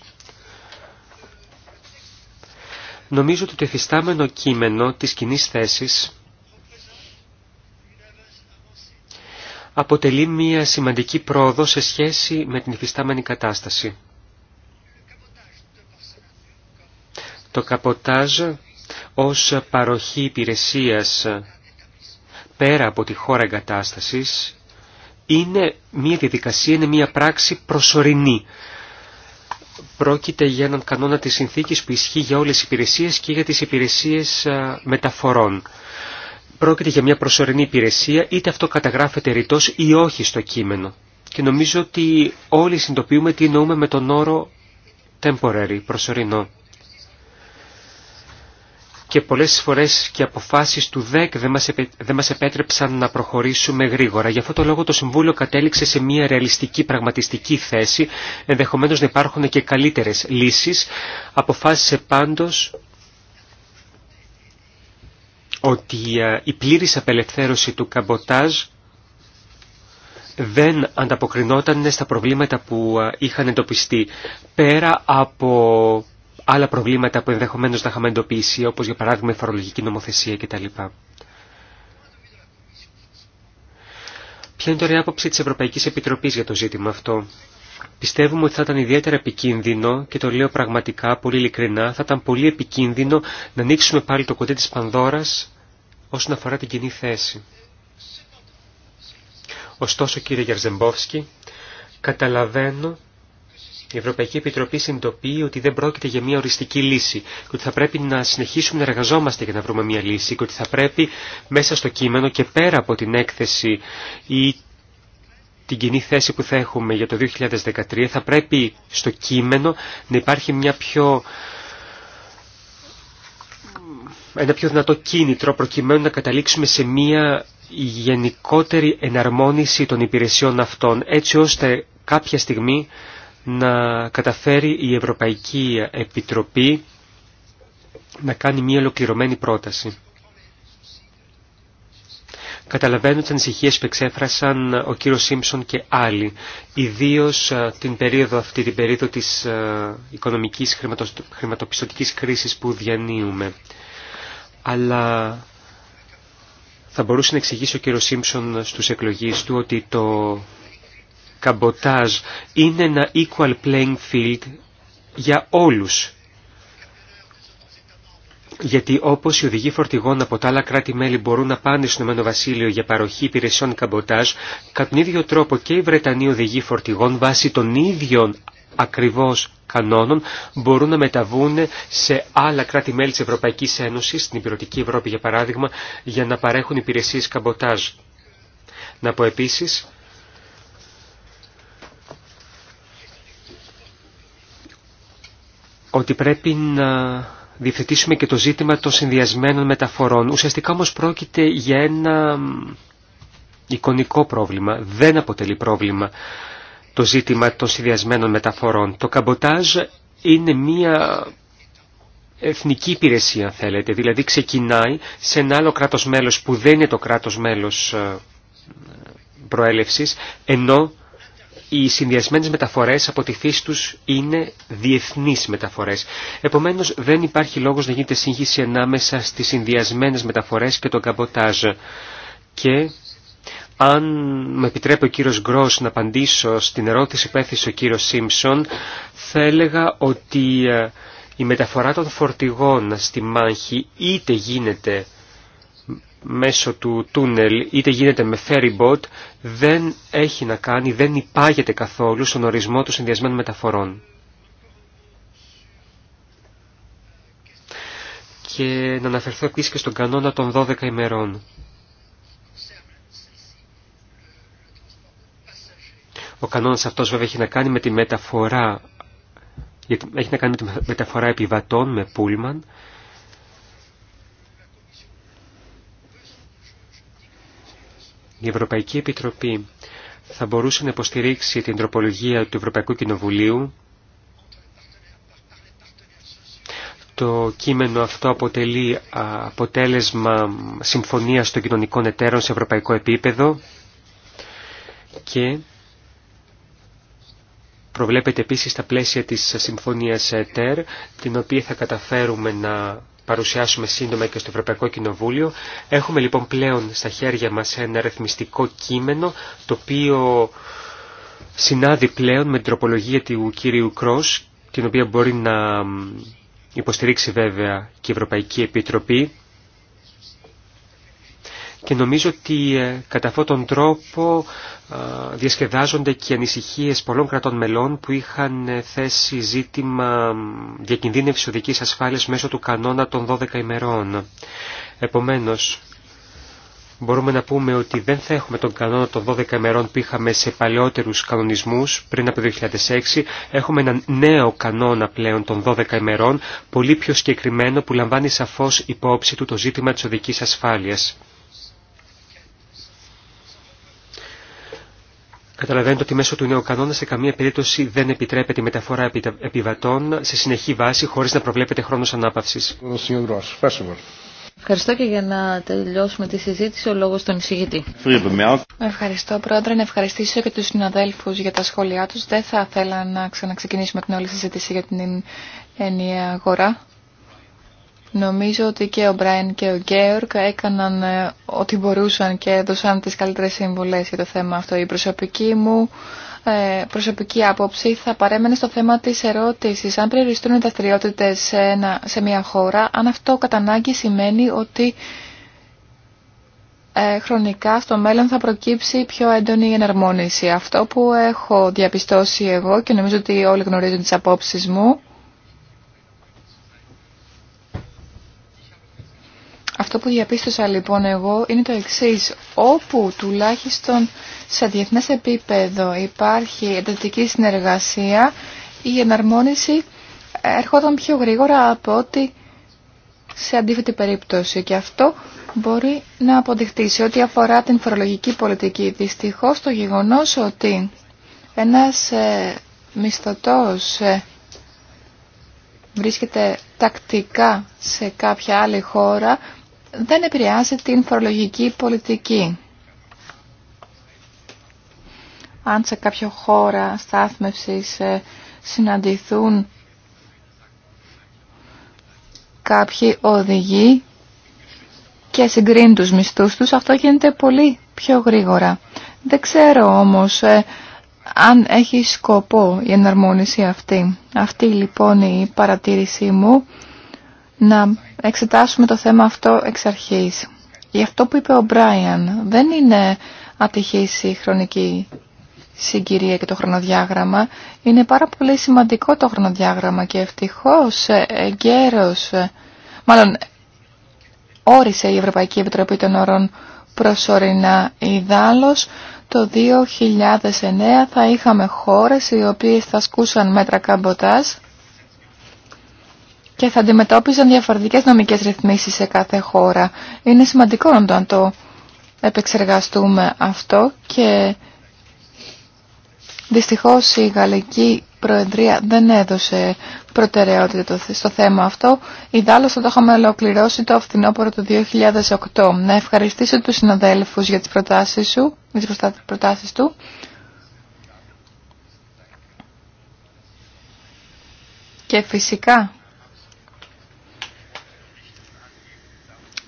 Νομίζω ότι το εφιστάμενο κείμενο της κοινή θέσης αποτελεί μια σημαντική πρόοδο σε σχέση με την υφιστάμενη κατάσταση. Το καποτάζ ως παροχή υπηρεσίας πέρα από τη χώρα εγκατάστασης είναι μια διαδικασία, είναι μια πράξη προσωρινή. Πρόκειται για έναν κανόνα της συνθήκης που ισχύει για όλες τις υπηρεσίες και για τις υπηρεσίες μεταφορών. Πρόκειται για μια προσωρινή υπηρεσία, είτε αυτό καταγράφεται ρητός ή όχι στο κείμενο. Και νομίζω ότι όλοι συντοποιούμε τι εννοούμε με τον όρο temporary, προσωρινό και πολλές φορές και αποφάσεις του ΔΕΚ δεν μας επέτρεψαν να προχωρήσουμε γρήγορα. Γι' αυτό το λόγο το Συμβούλιο κατέληξε σε μια ρεαλιστική πραγματιστική θέση, ενδεχομένως να υπάρχουν και καλύτερες λύσεις. Αποφάσισε πάντως ότι ε, η πλήρης απελευθέρωση του καμποτάζ δεν ανταποκρινόταν στα προβλήματα που ε, είχαν εντοπιστεί. Πέρα από άλλα προβλήματα που ενδεχομένω να είχαμε εντοπίσει, όπως για παράδειγμα η φορολογική νομοθεσία κτλ. Ποια είναι τώρα η άποψη τη Ευρωπαϊκή Επιτροπή για το ζήτημα αυτό. Πιστεύουμε ότι θα ήταν ιδιαίτερα επικίνδυνο και το λέω πραγματικά πολύ ειλικρινά, θα ήταν πολύ επικίνδυνο να ανοίξουμε πάλι το κοντέ τη Πανδώρας όσον αφορά την κοινή θέση. Ωστόσο κύριε Γερζεμπόφσκι, καταλαβαίνω η Ευρωπαϊκή Επιτροπή συνειδητοποιεί ότι δεν πρόκειται για μια οριστική λύση και ότι θα πρέπει να συνεχίσουμε να εργαζόμαστε για να βρούμε μια λύση και ότι θα πρέπει μέσα στο κείμενο και πέρα από την έκθεση ή την κοινή θέση που θα έχουμε για το 2013 θα πρέπει στο κείμενο να υπάρχει μια πιο ένα πιο δυνατό κίνητρο προκειμένου να καταλήξουμε σε μια γενικότερη εναρμόνιση των υπηρεσιών αυτών έτσι ώστε κάποια στιγμή να καταφέρει η Ευρωπαϊκή Επιτροπή να κάνει μια ολοκληρωμένη πρόταση. Καταλαβαίνω τις ανησυχίες που εξέφρασαν ο κύριος Σίμψον και άλλοι, ιδίως ε, την περίοδο αυτή, την περίοδο της ε, οικονομικής χρηματοπιστωτικής κρίσης που διανύουμε. Αλλά θα μπορούσε να εξηγήσει ο κύριος Σίμψον στους εκλογείς του ότι το καμποτάζ είναι ένα equal playing field για όλους. Γιατί όπως οι οδηγοί φορτηγών από τα άλλα κράτη-μέλη μπορούν να πάνε στο Ηνωμένο Βασίλειο για παροχή υπηρεσιών καμποτάζ, κατά τον ίδιο τρόπο και οι Βρετανοί οδηγοί φορτηγών βάσει των ίδιων ακριβώς κανόνων μπορούν να μεταβούν σε άλλα κράτη-μέλη της Ευρωπαϊκής Ένωσης, στην Υπηρετική Ευρώπη για παράδειγμα, για να παρέχουν υπηρεσίες καμποτάζ. Να πω επίσης ότι πρέπει να διευθετήσουμε και το ζήτημα των συνδυασμένων μεταφορών. Ουσιαστικά όμως πρόκειται για ένα εικονικό πρόβλημα. Δεν αποτελεί πρόβλημα το ζήτημα των συνδυασμένων μεταφορών. Το καμποτάζ είναι μία εθνική υπηρεσία, θέλετε. Δηλαδή ξεκινάει σε ένα άλλο κράτος μέλος που δεν είναι το κράτος μέλος ε, προέλευσης, ενώ οι συνδυασμένες μεταφορές από τη φύση τους είναι διεθνείς μεταφορές. Επομένως δεν υπάρχει λόγος να γίνεται σύγχυση ανάμεσα στις συνδυασμένες μεταφορές και τον καμποτάζ. Και αν με επιτρέπει ο κύριος Γκρός να απαντήσω στην ερώτηση που έθεσε ο κύριος Σίμψον, θα έλεγα ότι ε, η μεταφορά των φορτηγών στη μάχη είτε γίνεται μέσω του τούνελ, είτε γίνεται με ferry boat, δεν έχει να κάνει, δεν υπάγεται καθόλου στον ορισμό των συνδυασμένων μεταφορών. Και να αναφερθώ επίσης και στον κανόνα των 12 ημερών. Ο κανόνας αυτός βέβαια έχει να κάνει με τη μεταφορά, έχει να κάνει με τη μεταφορά επιβατών με πούλμαν, η Ευρωπαϊκή Επιτροπή θα μπορούσε να υποστηρίξει την τροπολογία του Ευρωπαϊκού Κοινοβουλίου. Το κείμενο αυτό αποτελεί αποτέλεσμα συμφωνίας των κοινωνικών εταίρων σε ευρωπαϊκό επίπεδο και προβλέπεται επίσης στα πλαίσια της συμφωνίας ΕΤΕΡ, την οποία θα καταφέρουμε να παρουσιάσουμε σύντομα και στο Ευρωπαϊκό Κοινοβούλιο. Έχουμε λοιπόν πλέον στα χέρια μας ένα ρυθμιστικό κείμενο το οποίο συνάδει πλέον με την τροπολογία του κύριου Κρός την οποία μπορεί να υποστηρίξει βέβαια και η Ευρωπαϊκή Επιτροπή και νομίζω ότι ε, κατά αυτόν τον τρόπο ε, διασκεδάζονται και ανησυχίες πολλών κρατών μελών που είχαν ε, θέσει ζήτημα διακινδύνευσης οδικής ασφάλειας μέσω του κανόνα των 12 ημερών. Επομένως, μπορούμε να πούμε ότι δεν θα έχουμε τον κανόνα των 12 ημερών που είχαμε σε παλαιότερους κανονισμούς πριν από το 2006. Έχουμε έναν νέο κανόνα πλέον των 12 ημερών, πολύ πιο συγκεκριμένο που λαμβάνει σαφώς υπόψη του το ζήτημα της οδικής ασφάλειας. Καταλαβαίνετε ότι μέσω του νέου κανόνα σε καμία περίπτωση δεν επιτρέπεται η μεταφορά επιβατών σε συνεχή βάση χωρίς να προβλέπεται χρόνος ανάπαυσης. Ευχαριστώ και για να τελειώσουμε τη συζήτηση ο λόγος στον εισηγητή. Ευχαριστώ πρόεδρε, να ευχαριστήσω και τους συναδέλφους για τα σχόλιά τους. Δεν θα ήθελα να ξαναξεκινήσουμε την όλη συζήτηση για την ενιαία αγορά. Νομίζω ότι και ο Μπράιν και ο Γκέορκ έκαναν ε, ό,τι μπορούσαν και έδωσαν τις καλύτερες συμβουλές για το θέμα αυτό. Η προσωπική μου ε, προσωπική άποψη θα παρέμενε στο θέμα της ερώτησης αν περιοριστούν οι δραστηριότητε σε, μια χώρα, αν αυτό κατά ανάγκη σημαίνει ότι ε, χρονικά στο μέλλον θα προκύψει πιο έντονη εναρμόνιση. Αυτό που έχω διαπιστώσει εγώ και νομίζω ότι όλοι γνωρίζουν τις απόψεις μου Αυτό που διαπίστωσα λοιπόν εγώ είναι το εξής. Όπου τουλάχιστον σε διεθνές επίπεδο υπάρχει εντατική συνεργασία, η εναρμόνιση ερχόταν πιο γρήγορα από ότι σε αντίθετη περίπτωση. Και αυτό μπορεί να αποδειχτεί σε ό,τι αφορά την φορολογική πολιτική. Δυστυχώς το γεγονός ότι ένας ε, μισθωτός ε, βρίσκεται τακτικά σε κάποια άλλη χώρα δεν επηρεάζει την φορολογική πολιτική. Αν σε κάποιο χώρα στάθμευσης ε, συναντηθούν κάποιοι οδηγοί και συγκρίνουν τους μισθούς τους, αυτό γίνεται πολύ πιο γρήγορα. Δεν ξέρω όμως ε, αν έχει σκοπό η εναρμόνιση αυτή. Αυτή λοιπόν η παρατήρησή μου να εξετάσουμε το θέμα αυτό εξ αρχής. Γι' αυτό που είπε ο Μπράιαν, δεν είναι ατυχής η χρονική συγκυρία και το χρονοδιάγραμμα. Είναι πάρα πολύ σημαντικό το χρονοδιάγραμμα και ευτυχώς ε, εγκαίρος, ε, μάλλον όρισε η Ευρωπαϊκή Επιτροπή των Ορών προσωρινά ιδάλως. Το 2009 θα είχαμε χώρες οι οποίες θα σκούσαν μέτρα καμποτάς και θα αντιμετώπιζαν διαφορετικές νομικές ρυθμίσεις σε κάθε χώρα. Είναι σημαντικό να το επεξεργαστούμε αυτό και δυστυχώς η Γαλλική Προεδρία δεν έδωσε προτεραιότητα στο θέμα αυτό. Ιδάλλως θα το είχαμε ολοκληρώσει το φθινόπωρο του 2008. Να ευχαριστήσω τους συναδέλφους για τις προτάσεις, σου, για τις προτάσεις του. Και φυσικά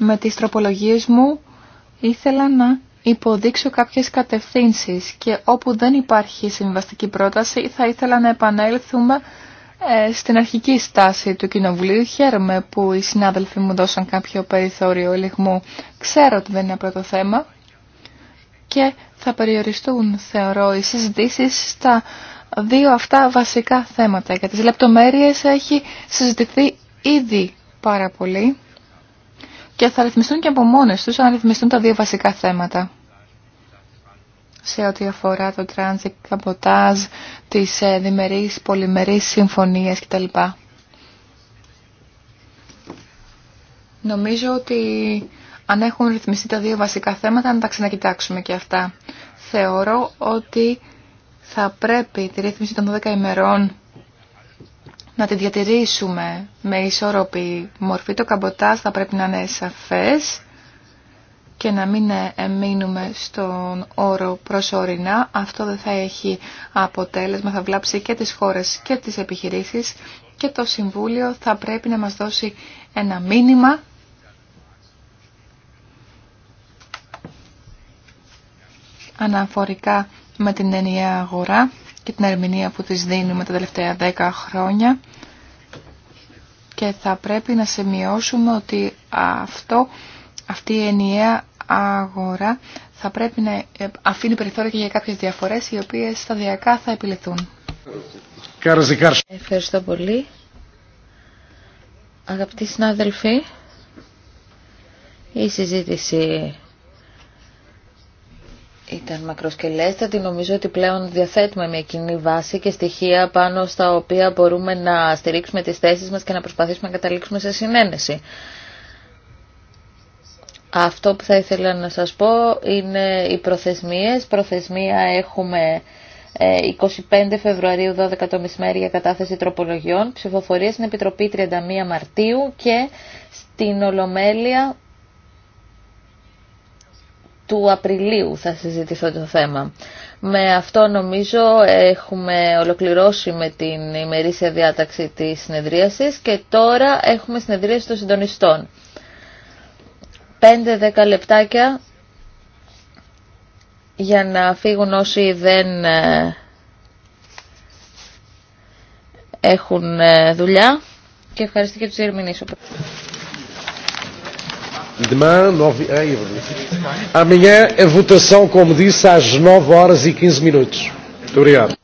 με τις τροπολογίες μου ήθελα να υποδείξω κάποιες κατευθύνσεις και όπου δεν υπάρχει συμβαστική πρόταση θα ήθελα να επανέλθουμε ε, στην αρχική στάση του Κοινοβουλίου. Χαίρομαι που οι συνάδελφοι μου δώσαν κάποιο περιθώριο ελιγμού. Ξέρω ότι δεν είναι πρώτο θέμα και θα περιοριστούν, θεωρώ, οι συζητήσει στα δύο αυτά βασικά θέματα. Για τις λεπτομέρειες έχει συζητηθεί ήδη πάρα πολύ και θα ρυθμιστούν και από μόνες τους αν ρυθμιστούν τα δύο βασικά θέματα σε ό,τι αφορά το τρανζικ, καμποτάζ, τις ε, διμερείς, πολυμερείς συμφωνίες κτλ. Νομίζω ότι αν έχουν ρυθμιστεί τα δύο βασικά θέματα, να τα ξανακοιτάξουμε και αυτά. Θεωρώ ότι θα πρέπει τη ρύθμιση των 12 ημερών να τη διατηρήσουμε με ισόρροπη μορφή. Το καμποτάζ θα πρέπει να είναι σαφές και να μην εμείνουμε στον όρο προσωρινά. Αυτό δεν θα έχει αποτέλεσμα, θα βλάψει και τις χώρες και τις επιχειρήσεις και το Συμβούλιο θα πρέπει να μας δώσει ένα μήνυμα αναφορικά με την ενιαία αγορά και την ερμηνεία που της δίνουμε τα τελευταία 10 χρόνια και θα πρέπει να σημειώσουμε ότι αυτό, αυτή η ενιαία αγορά θα πρέπει να ε, αφήνει περιθώρια και για κάποιες διαφορές οι οποίες σταδιακά θα επιληθούν. Ευχαριστώ πολύ. Αγαπητοί συνάδελφοι, η συζήτηση ήταν μακροσκελέστατη. Νομίζω ότι πλέον διαθέτουμε μια κοινή βάση και στοιχεία πάνω στα οποία μπορούμε να στηρίξουμε τις θέσεις μας και να προσπαθήσουμε να καταλήξουμε σε συνένεση. Αυτό που θα ήθελα να σας πω είναι οι προθεσμίες. Προθεσμία έχουμε 25 ε, Φεβρουαρίου 12 το μεσημέρι για κατάθεση τροπολογιών, ψηφοφορία στην Επιτροπή 31 Μαρτίου και στην Ολομέλεια του Απριλίου θα συζητηθώ το θέμα. Με αυτό νομίζω έχουμε ολοκληρώσει με την ημερήσια διάταξη της συνεδρίασης και τώρα έχουμε συνεδρίαση των συντονιστών. 5-10 λεπτάκια για να φύγουν όσοι δεν ε, έχουν ε, δουλειά και ευχαριστώ και τους ερμηνείς. Demain, 9 Amanhã, a votação, como disse, às 9 horas e 15 minutos. Muito obrigado.